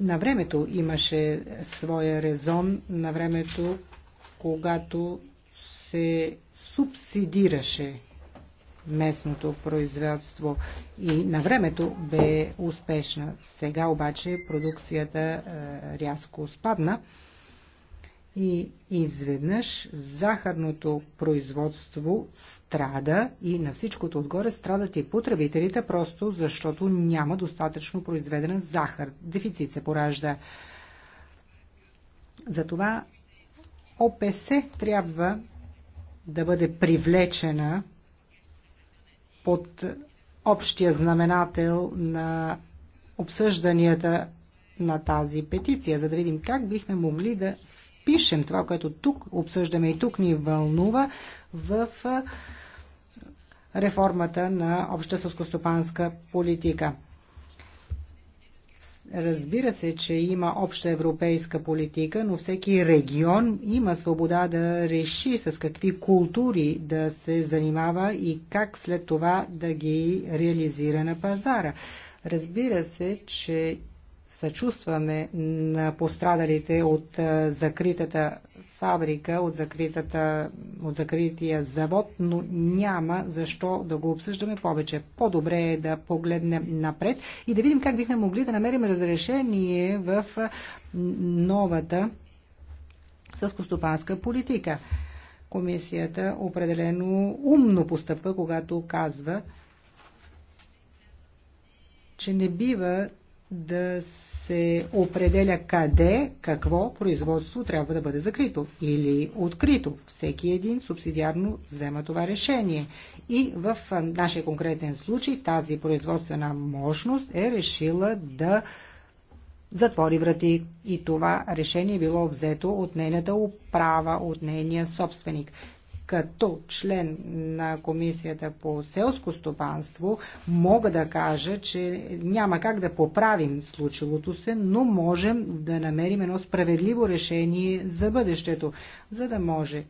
на времето имаше своя резон, на времето, когато се субсидираше местното производство и на времето бе успешна. Сега обаче продукцията е, рязко спадна и изведнъж захарното производство страда и на всичкото отгоре страдат и потребителите, просто защото няма достатъчно произведена захар. Дефицит се поражда. Затова ОПС трябва да бъде привлечена под общия знаменател на обсъжданията на тази петиция, за да видим как бихме могли да впишем това, което тук обсъждаме и тук ни вълнува в реформата на обща сълскостопанска политика. Разбира се, че има обща европейска политика, но всеки регион има свобода да реши с какви култури да се занимава и как след това да ги реализира на пазара. Разбира се, че съчувстваме на пострадалите от закритата фабрика, от, закритата, от закрития завод, но няма защо да го обсъждаме повече. По-добре е да погледнем напред и да видим как бихме могли да намерим разрешение в новата съскостопанска политика. Комисията определено умно постъпва, когато казва, че не бива да се определя къде, какво производство трябва да бъде закрито или открито. Всеки един субсидиарно взема това решение. И в нашия конкретен случай тази производствена мощност е решила да затвори врати. И това решение е било взето от нейната управа, от нейния собственик като член на Комисията по селско стопанство мога да кажа, че няма как да поправим случилото се, но можем да намерим едно справедливо решение за бъдещето, за да може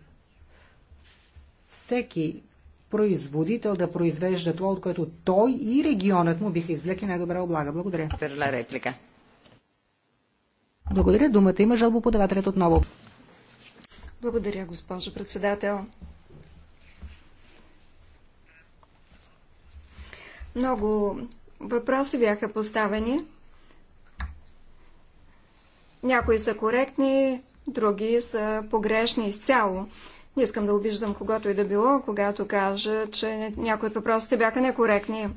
всеки производител да произвежда това, от което той и регионът му биха извлекли най-добра облага. Благодаря. Благодаря. Думата има жалбоподавателят отново. Благодаря, госпожо председател. Много въпроси бяха поставени. Някои са коректни, други са погрешни изцяло. Не искам да обиждам когато и да било, когато кажа, че някои от въпросите бяха некоректни.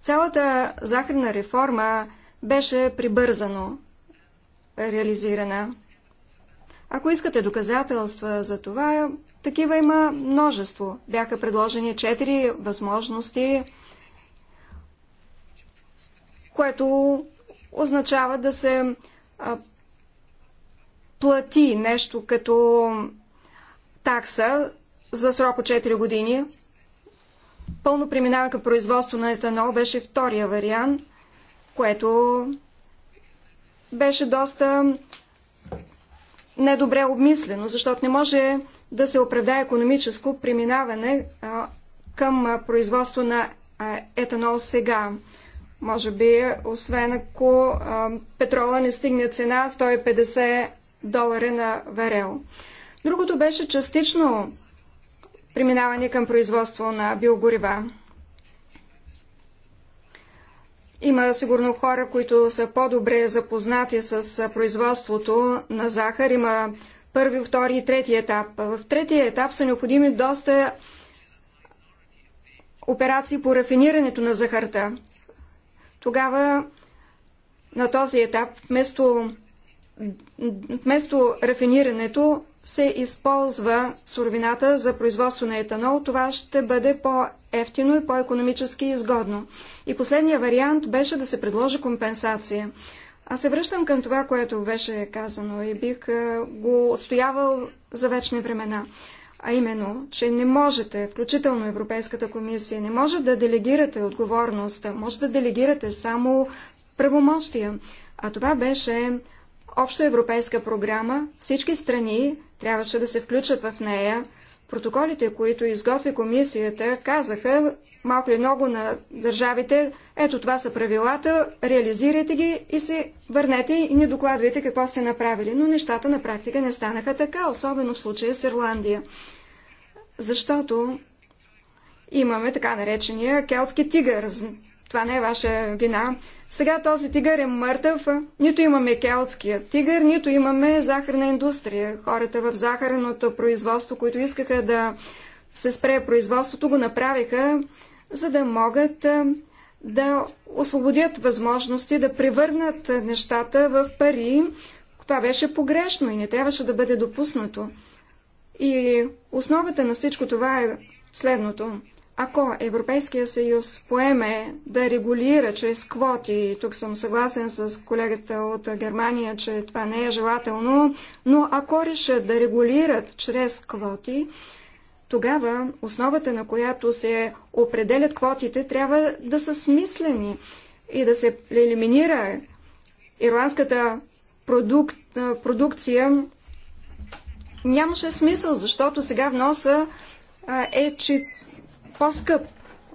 Цялата захарна реформа беше прибързано реализирана. Ако искате доказателства за това, такива има множество. Бяха предложени четири възможности, което означава да се а, плати нещо като такса за срок от 4 години. Пълно преминаване към производство на етанол беше втория вариант, което беше доста недобре обмислено, защото не може да се оправдае економическо преминаване към производство на етанол сега. Може би, освен ако петрола не стигне цена 150 долара на варел. Другото беше частично преминаване към производство на биогорива. Има сигурно хора, които са по-добре запознати с производството на захар. Има първи, втори и трети етап. В третия етап са необходими доста операции по рафинирането на захарта. Тогава на този етап вместо, вместо рафинирането се използва суровината за производство на етанол, това ще бъде по-ефтино и по-економически изгодно. И последния вариант беше да се предложи компенсация. Аз се връщам към това, което беше казано и бих е, го отстоявал за вечни времена. А именно, че не можете, включително Европейската комисия, не може да делегирате отговорността, може да делегирате само правомощия. А това беше общоевропейска програма, всички страни трябваше да се включат в нея. Протоколите, които изготви комисията, казаха малко и много на държавите, ето това са правилата, реализирайте ги и се върнете и не докладвайте какво сте направили. Но нещата на практика не станаха така, особено в случая с Ирландия. Защото имаме така наречения келтски тигър. Това не е ваша вина. Сега този тигър е мъртъв. Нито имаме келтския тигър, нито имаме захарна индустрия. Хората в захарното производство, които искаха да се спре производството, го направиха, за да могат да освободят възможности, да превърнат нещата в пари. Това беше погрешно и не трябваше да бъде допуснато. И основата на всичко това е следното. Ако Европейския съюз поеме да регулира чрез квоти, тук съм съгласен с колегата от Германия, че това не е желателно, но ако решат да регулират чрез квоти, тогава основата, на която се определят квотите, трябва да са смислени и да се елиминира ирландската продук... продукция. Нямаше смисъл, защото сега вноса е по-скъп.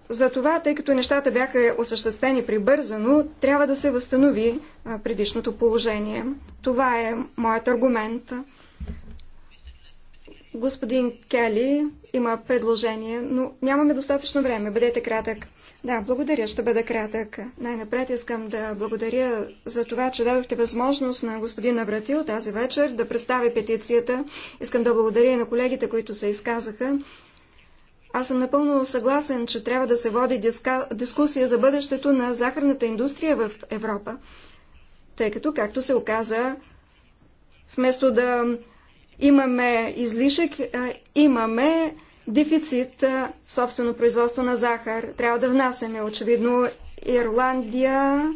Затова, тъй като нещата бяха осъществени прибързано, трябва да се възстанови предишното положение. Това е моят аргумент. Господин Кели има предложение, но нямаме достатъчно време. Бъдете кратък. Да, благодаря, ще бъда кратък. Най-напред искам да благодаря за това, че дадохте възможност на господин Навратил тази вечер да представи петицията. Искам да благодаря и на колегите, които се изказаха. Аз съм напълно съгласен, че трябва да се води диска... дискусия за бъдещето на захарната индустрия в Европа, тъй като, както се оказа, вместо да имаме излишък, имаме дефицит собствено производство на захар. Трябва да внасяме. Очевидно, Ирландия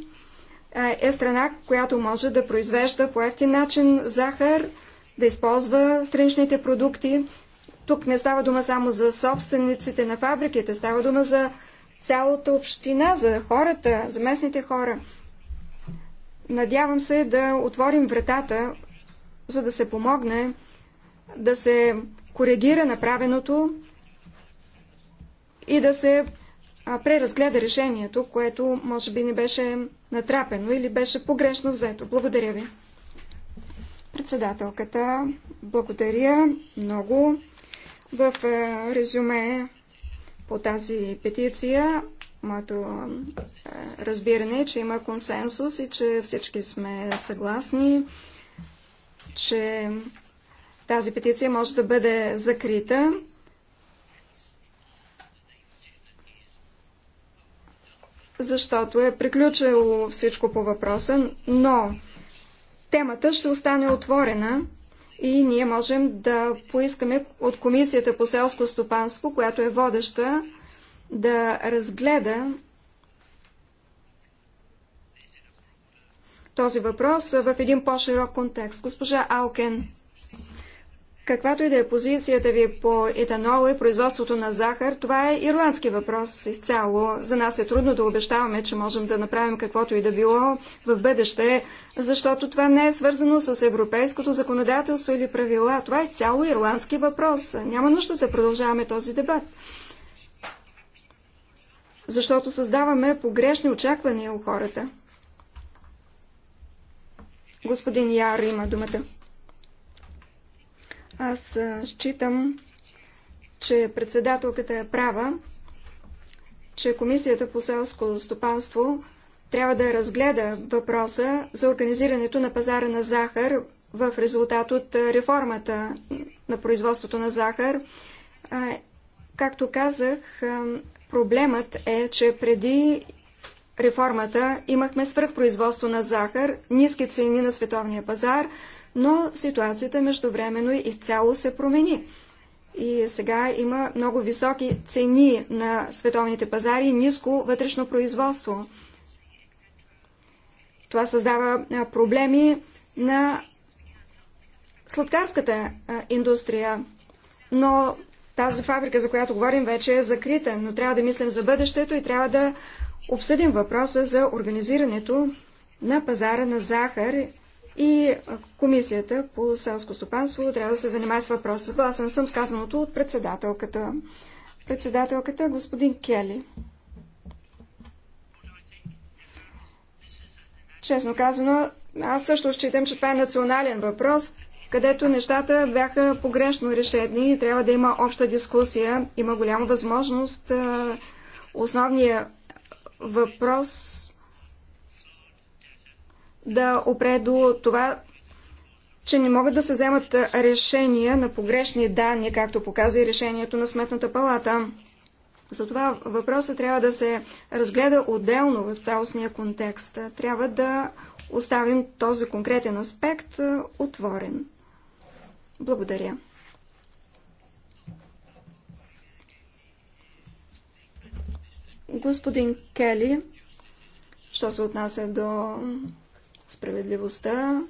е страна, която може да произвежда по ефтин начин захар, да използва страничните продукти. Тук не става дума само за собствениците на фабриките, става дума за цялата община, за хората, за местните хора. Надявам се да отворим вратата, за да се помогне да се коригира направеното и да се преразгледа решението, което може би не беше натрапено или беше погрешно взето. Благодаря ви. Председателката, благодаря много. В е, резюме по тази петиция моето е, разбиране е, че има консенсус и че всички сме съгласни, че тази петиция може да бъде закрита. защото е приключило всичко по въпроса, но темата ще остане отворена и ние можем да поискаме от Комисията по селско стопанство, която е водеща, да разгледа този въпрос в един по-широк контекст. Госпожа Алкен. Каквато и да е позицията ви по етанола и производството на захар, това е ирландски въпрос изцяло. За нас е трудно да обещаваме, че можем да направим каквото и да било в бъдеще, защото това не е свързано с европейското законодателство или правила. Това е изцяло ирландски въпрос. Няма нужда да продължаваме този дебат. Защото създаваме погрешни очаквания у хората. Господин Яр има думата. Аз считам, че председателката е права, че Комисията по селско стопанство трябва да разгледа въпроса за организирането на пазара на захар в резултат от реформата на производството на захар. Както казах, проблемът е, че преди реформата имахме свръхпроизводство на захар, ниски цени на световния пазар, но ситуацията междувременно изцяло се промени. И сега има много високи цени на световните пазари и ниско вътрешно производство. Това създава проблеми на сладкарската индустрия. Но тази фабрика, за която говорим, вече е закрита, но трябва да мислим за бъдещето и трябва да обсъдим въпроса за организирането на пазара на захар и Комисията по селско стопанство трябва да се занимае с въпроса. Съгласен съм с казаното от председателката. Председателката господин Кели. Честно казано, аз също считам, че това е национален въпрос, където нещата бяха погрешно решени и трябва да има обща дискусия. Има голяма възможност основният въпрос да опре до това, че не могат да се вземат решения на погрешни данни, както показа и решението на Сметната палата. Затова въпросът трябва да се разгледа отделно в цялостния контекст. Трябва да оставим този конкретен аспект отворен. Благодаря. Господин Кели, що се отнася до справедливостта.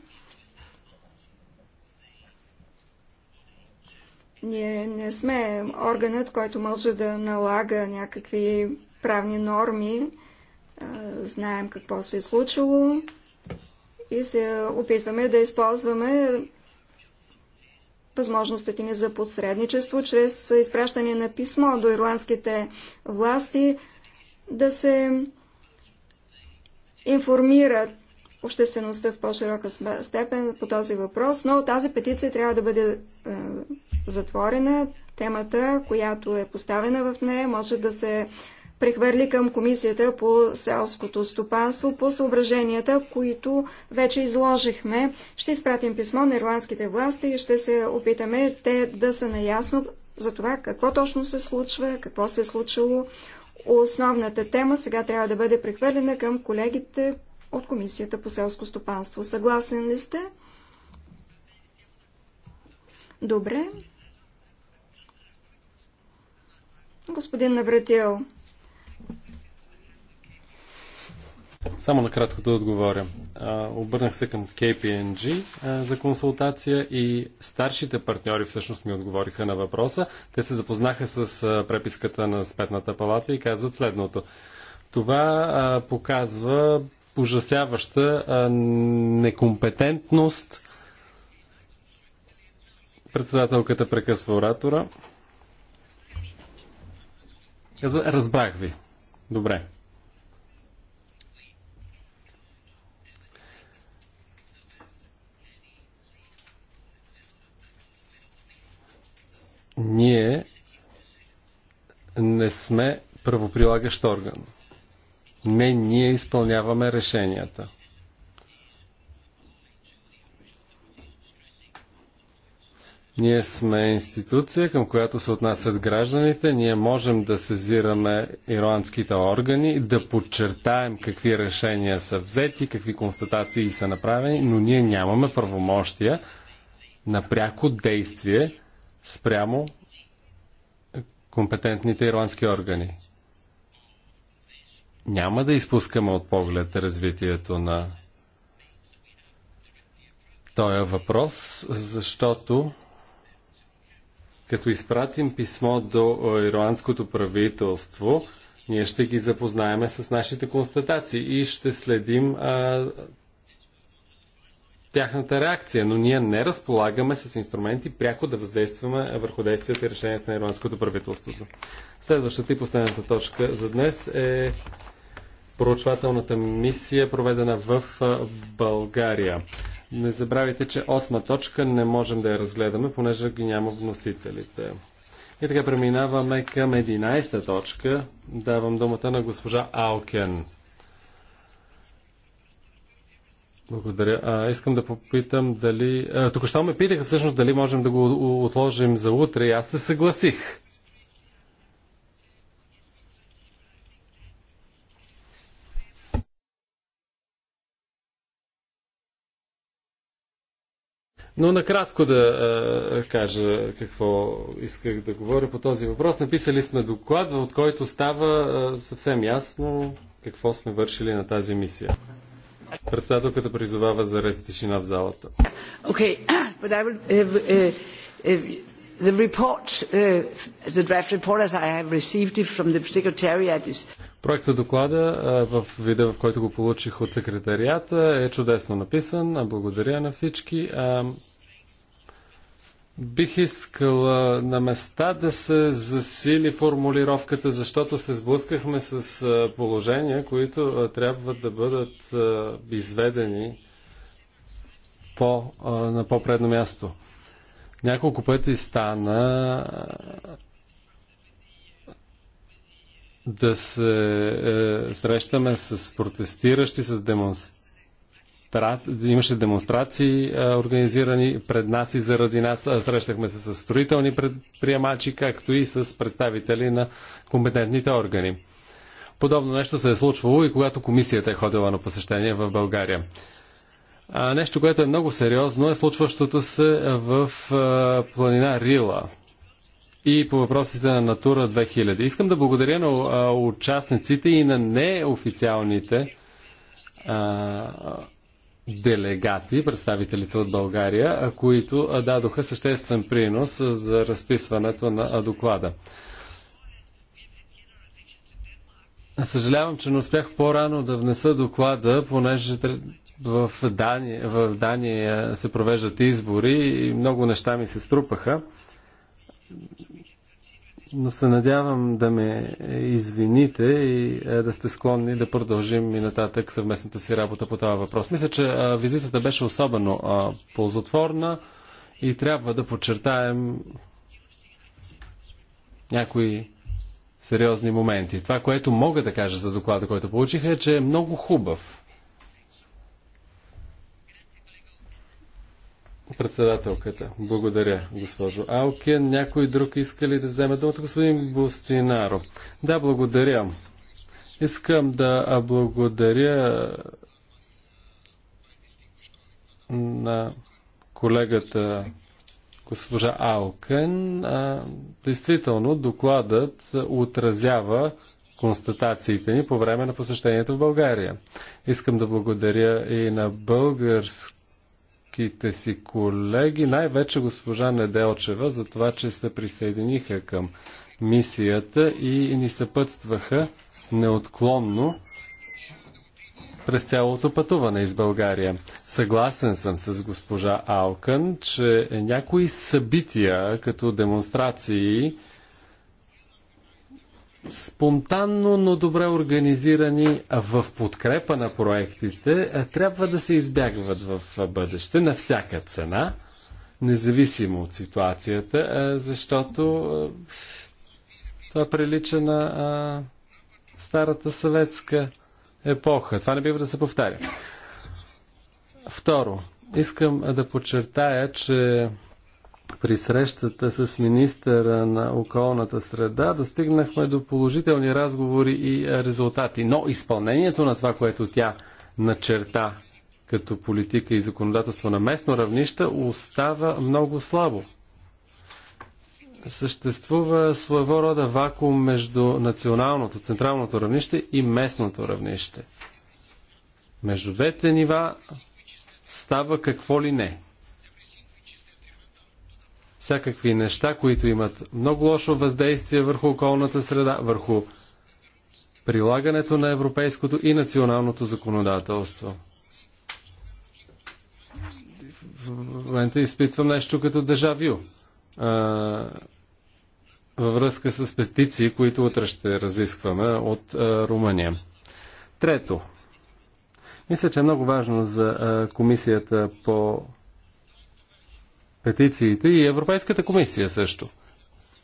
Ние не сме органът, който може да налага някакви правни норми. Знаем какво се е случило и се опитваме да използваме възможностите ни за посредничество чрез изпращане на писмо до ирландските власти да се информират обществеността в по-широка степен по този въпрос, но тази петиция трябва да бъде е, затворена. Темата, която е поставена в нея, може да се прехвърли към Комисията по селското стопанство по съображенията, които вече изложихме. Ще изпратим писмо на ирландските власти и ще се опитаме те да са наясно за това какво точно се случва, какво се е случило. Основната тема сега трябва да бъде прехвърлена към колегите от Комисията по селско стопанство. Съгласен ли сте? Добре. Господин Навратил. Само накратко да отговоря. Обърнах се към KPNG за консултация и старшите партньори всъщност ми отговориха на въпроса. Те се запознаха с преписката на Спетната палата и казват следното. Това показва ужасяваща некомпетентност. Председателката прекъсва оратора. Разбрах ви. Добре. Ние не сме правоприлагащ орган. Не ние изпълняваме решенията. Ние сме институция, към която се отнасят гражданите. Ние можем да сезираме ирландските органи, да подчертаем какви решения са взети, какви констатации са направени, но ние нямаме правомощия на пряко действие спрямо компетентните ирландски органи няма да изпускаме от поглед развитието на този въпрос, защото като изпратим писмо до ирландското правителство, ние ще ги запознаеме с нашите констатации и ще следим а, тяхната реакция. Но ние не разполагаме с инструменти пряко да въздействаме върху действията и решението на ирландското правителство. Следващата и последната точка за днес е проучвателната мисия, проведена в България. Не забравяйте, че осма точка не можем да я разгледаме, понеже ги няма вносителите. И така преминаваме към 11-та точка. Давам думата на госпожа Алкен. Благодаря. А, искам да попитам дали... Тук що ме питаха всъщност дали можем да го отложим за утре и аз се съгласих. Но накратко да а, кажа какво исках да говоря по този въпрос. Написали сме доклад, от който става а, съвсем ясно какво сме вършили на тази мисия. Председателката призовава за ред и тишина в залата. Okay, but I will, uh, uh, uh, the report, uh, the draft report as I have received it from the secretariat is... Uh, Проектът доклада в вида, в който го получих от секретарията, е чудесно написан. Благодаря на всички. Бих искал на места да се засили формулировката, защото се сблъскахме с положения, които трябва да бъдат изведени по, на по-предно място. Няколко пъти стана да се е, срещаме с протестиращи, с демонстрации. Имаше демонстрации е, организирани пред нас и заради нас. Е, срещахме се с строителни предприемачи, както и с представители на компетентните органи. Подобно нещо се е случвало и когато комисията е ходила на посещение в България. А, нещо, което е много сериозно, е случващото се в е, планина Рила и по въпросите на Натура 2000. Искам да благодаря на участниците и на неофициалните а, делегати, представителите от България, които дадоха съществен принос за разписването на доклада. Съжалявам, че не успях по-рано да внеса доклада, понеже в Дания, в Дания се провеждат избори и много неща ми се струпаха но се надявам да ме извините и е, да сте склонни да продължим и нататък съвместната си работа по това въпрос. Мисля, че визитата беше особено ползотворна и трябва да подчертаем някои сериозни моменти. Това, което мога да кажа за доклада, който получиха, е, че е много хубав. Председателката. Благодаря, госпожо Алкен. Някой друг иска ли да вземе думата? Господин Бустинаро. Да, благодаря. Искам да благодаря на колегата госпожа Алкен. Действително, докладът отразява констатациите ни по време на посещението в България. Искам да благодаря и на български българските си колеги, най-вече госпожа Неделчева, за това, че се присъединиха към мисията и ни съпътстваха неотклонно през цялото пътуване из България. Съгласен съм с госпожа Алкън, че някои събития, като демонстрации, спонтанно, но добре организирани в подкрепа на проектите, трябва да се избягват в бъдеще на всяка цена, независимо от ситуацията, защото това прилича на старата съветска епоха. Това не бива да се повтаря. Второ, искам да подчертая, че при срещата с министъра на околната среда достигнахме до положителни разговори и е, резултати. Но изпълнението на това, което тя начерта като политика и законодателство на местно равнище, остава много слабо. Съществува своего рода вакуум между националното, централното равнище и местното равнище. Между двете нива става какво ли не всякакви неща, които имат много лошо въздействие върху околната среда, върху прилагането на европейското и националното законодателство. В момента изпитвам нещо като дежавю във връзка с петиции, които утре ще разискваме от а, Румъния. Трето. Мисля, че е много важно за а, комисията по петициите и Европейската комисия също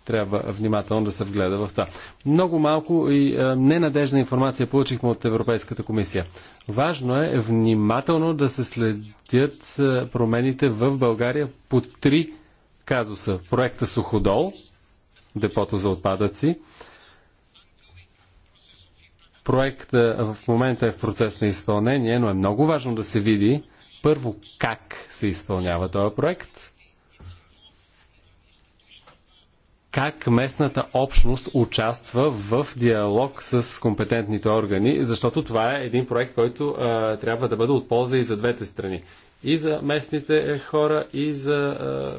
трябва внимателно да се вгледа в това. Много малко и ненадежна информация получихме от Европейската комисия. Важно е внимателно да се следят промените в България по три казуса. Проекта Суходол, депото за отпадъци. Проектът в момента е в процес на изпълнение, но е много важно да се види първо как се изпълнява този проект – как местната общност участва в диалог с компетентните органи, защото това е един проект, който а, трябва да бъде от полза и за двете страни. И за местните хора, и за а,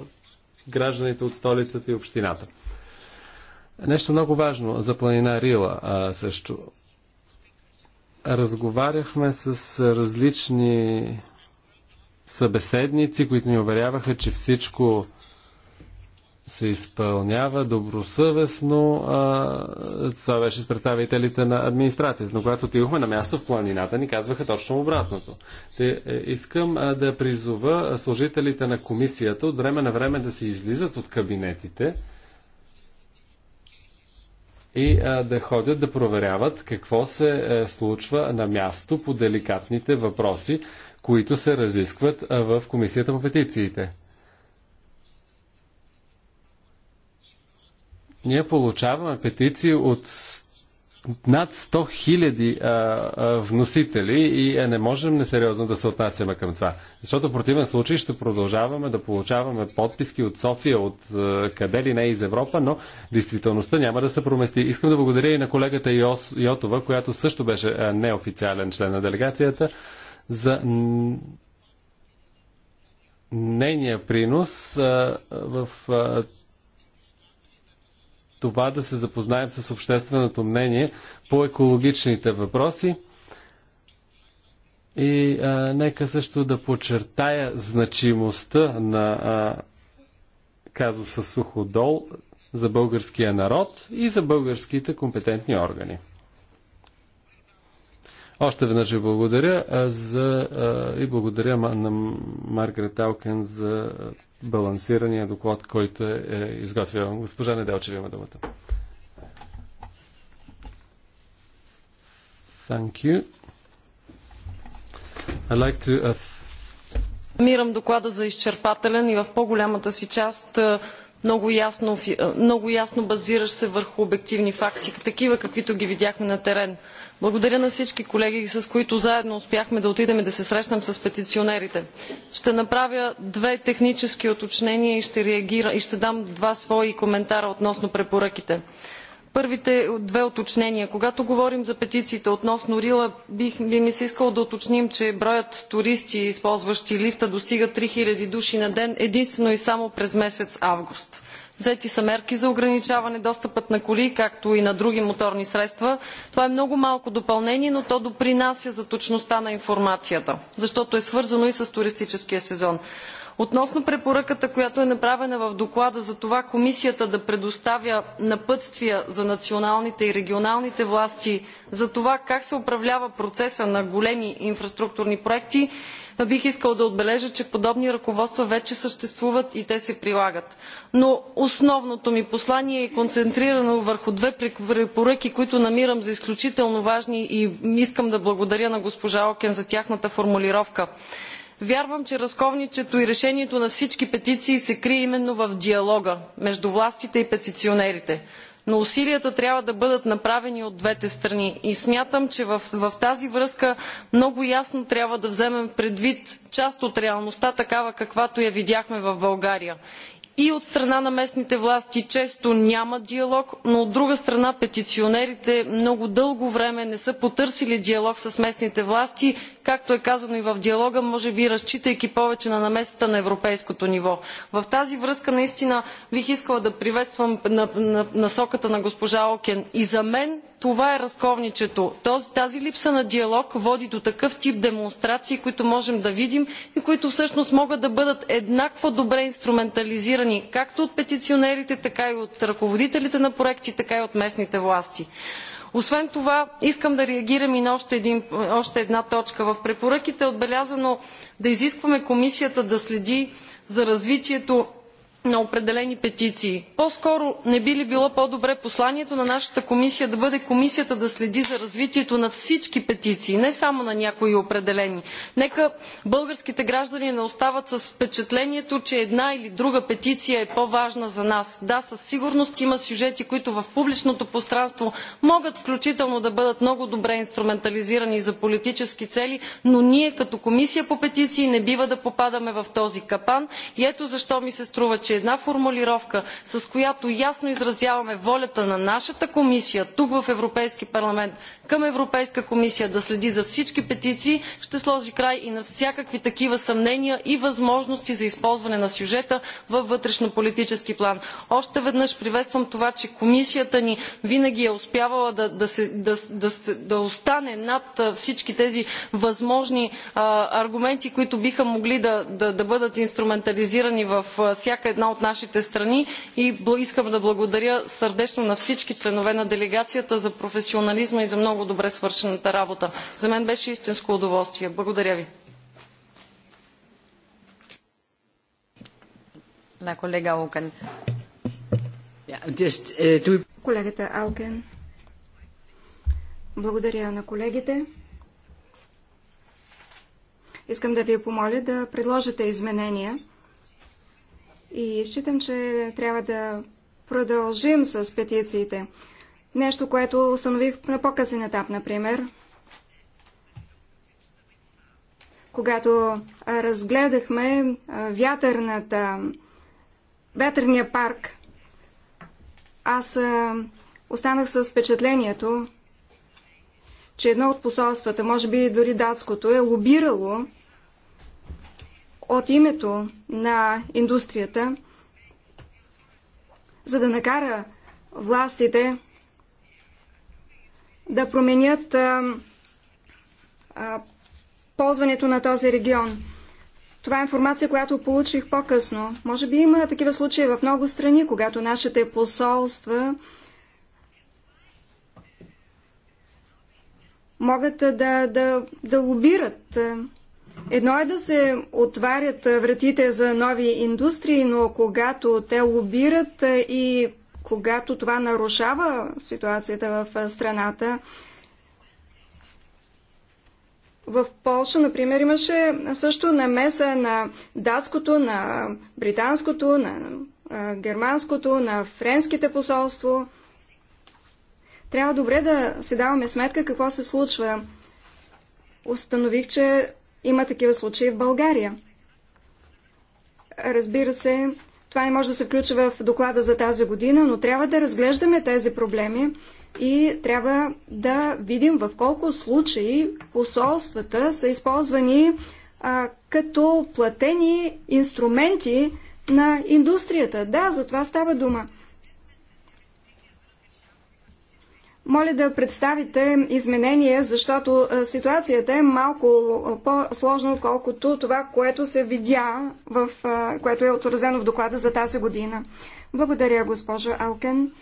гражданите от столицата и общината. Нещо много важно за планина Рила а, също. Разговаряхме с различни събеседници, които ни уверяваха, че всичко се изпълнява добросъвестно. А, това беше с представителите на администрацията. Но когато отидохме на място в планината, ни казваха точно обратното. Те, е, искам а, да призова служителите на комисията от време на време да се излизат от кабинетите и а, да ходят да проверяват какво се е, случва на място по деликатните въпроси, които се разискват а, в комисията по петициите. ние получаваме петиции от над 100 хиляди вносители и е, не можем несериозно да се отнасяме към това. Защото в противен случай ще продължаваме да получаваме подписки от София, от а, е, къде ли не из Европа, но действителността няма да се промести. Искам да благодаря и на колегата Йос, Йотова, която също беше а, е, неофициален член на делегацията, за нейния принос а, е, в това да се запознаем с общественото мнение по екологичните въпроси. И а, нека също да подчертая значимостта на а, казуса Суходол за българския народ и за българските компетентни органи. Още веднъж ви благодаря а, за, а, и благодаря на Маргарет Алкен за балансирания доклад, който е, е изготвил. Госпожа Неделчева има думата. Thank you. I'd like to... Uh, Мирам доклада за изчерпателен и в по-голямата си част е, много ясно, е, много ясно базираш се върху обективни факти, такива каквито ги видяхме на терен. Благодаря на всички колеги, с които заедно успяхме да отидем и да се срещнем с петиционерите. Ще направя две технически оточнения и ще, реагира, и ще дам два свои коментара относно препоръките. Първите две оточнения Когато говорим за петициите относно Рила, бих, би ми се искало да уточним, че броят туристи, използващи лифта, достига 3000 души на ден единствено и само през месец август. Взети са мерки за ограничаване достъпът на коли, както и на други моторни средства. Това е много малко допълнение, но то допринася за точността на информацията, защото е свързано и с туристическия сезон. Относно препоръката, която е направена в доклада за това комисията да предоставя напътствия за националните и регионалните власти за това как се управлява процеса на големи инфраструктурни проекти, бих искала да отбележа, че подобни ръководства вече съществуват и те се прилагат. Но основното ми послание е концентрирано върху две препоръки, които намирам за изключително важни и искам да благодаря на госпожа Окен за тяхната формулировка. Вярвам, че разковничето и решението на всички петиции се крие именно в диалога между властите и петиционерите. Но усилията трябва да бъдат направени от двете страни. И смятам, че в, в тази връзка много ясно трябва да вземем предвид част от реалността, такава каквато я видяхме в България и от страна на местните власти често няма диалог, но от друга страна петиционерите много дълго време не са потърсили диалог с местните власти, както е казано и в диалога, може би разчитайки повече на намесата на европейското ниво. В тази връзка наистина бих искала да приветствам насоката на госпожа Окен. И за мен това е разковничето. Тази липса на диалог води до такъв тип демонстрации, които можем да видим и които всъщност могат да бъдат еднакво добре инструментализирани както от петиционерите, така и от ръководителите на проекти, така и от местните власти. Освен това, искам да реагирам и на още, един, още една точка. В препоръките е отбелязано да изискваме комисията да следи за развитието на определени петиции. По-скоро не би ли било по-добре посланието на нашата комисия да бъде комисията да следи за развитието на всички петиции, не само на някои определени. Нека българските граждани не остават с впечатлението, че една или друга петиция е по-важна за нас. Да, със сигурност има сюжети, които в публичното пространство могат включително да бъдат много добре инструментализирани за политически цели, но ние като комисия по петиции не бива да попадаме в този капан и ето защо ми се струва, че че една формулировка, с която ясно изразяваме волята на нашата комисия тук в Европейския парламент към Европейската комисия да следи за всички петиции, ще сложи край и на всякакви такива съмнения и възможности за използване на сюжета във вътрешнополитически план. Още веднъж приветствам това, че комисията ни винаги е успявала да, да, се, да, да остане над всички тези възможни а, аргументи, които биха могли да бъдат инструментализирани във всяка една една от нашите страни и искам да благодаря сърдечно на всички членове на делегацията за професионализма и за много добре свършената работа. За мен беше истинско удоволствие. Благодаря ви. на колега uh, Колегата Алкен. Благодаря на колегите. Искам да ви помоля да предложите изменения. И считам, че трябва да продължим с петициите. Нещо, което установих на по-късен етап, например. Когато разгледахме вятърната, вятърния парк, аз останах с впечатлението, че едно от посолствата, може би дори датското, е лобирало от името на индустрията, за да накара властите да променят а, а, ползването на този регион. Това е информация, която получих по-късно. Може би има такива случаи в много страни, когато нашите посолства могат да, да, да лобират Едно е да се отварят вратите за нови индустрии, но когато те лобират и когато това нарушава ситуацията в страната, в Польша, например, имаше също намеса на датското, на британското, на германското, на френските посолство. Трябва добре да си даваме сметка какво се случва. Установих, че има такива случаи в България. Разбира се, това не може да се включи в доклада за тази година, но трябва да разглеждаме тези проблеми и трябва да видим в колко случаи посолствата са използвани а, като платени инструменти на индустрията. Да, за това става дума. Моля да представите изменения, защото ситуацията е малко по-сложна, отколкото това, което се видя, в, което е отразено в доклада за тази година. Благодаря, госпожа Алкен.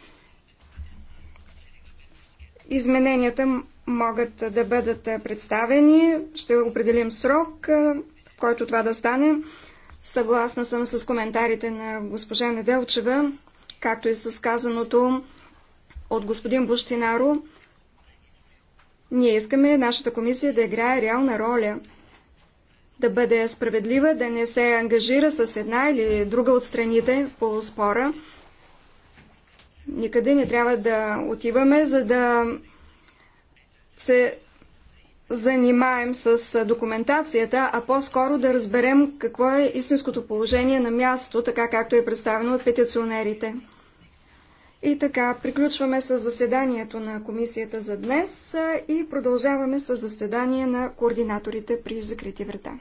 Измененията могат да бъдат представени. Ще определим срок, в който това да стане. Съгласна съм с коментарите на госпожа Неделчева, както и с казаното от господин Буштинаро. Ние искаме нашата комисия да играе реална роля, да бъде справедлива, да не се ангажира с една или друга от страните по спора. Никъде не трябва да отиваме, за да се занимаем с документацията, а по-скоро да разберем какво е истинското положение на място, така както е представено от петиционерите. И така, приключваме с заседанието на комисията за днес и продължаваме с заседание на координаторите при закрити врата.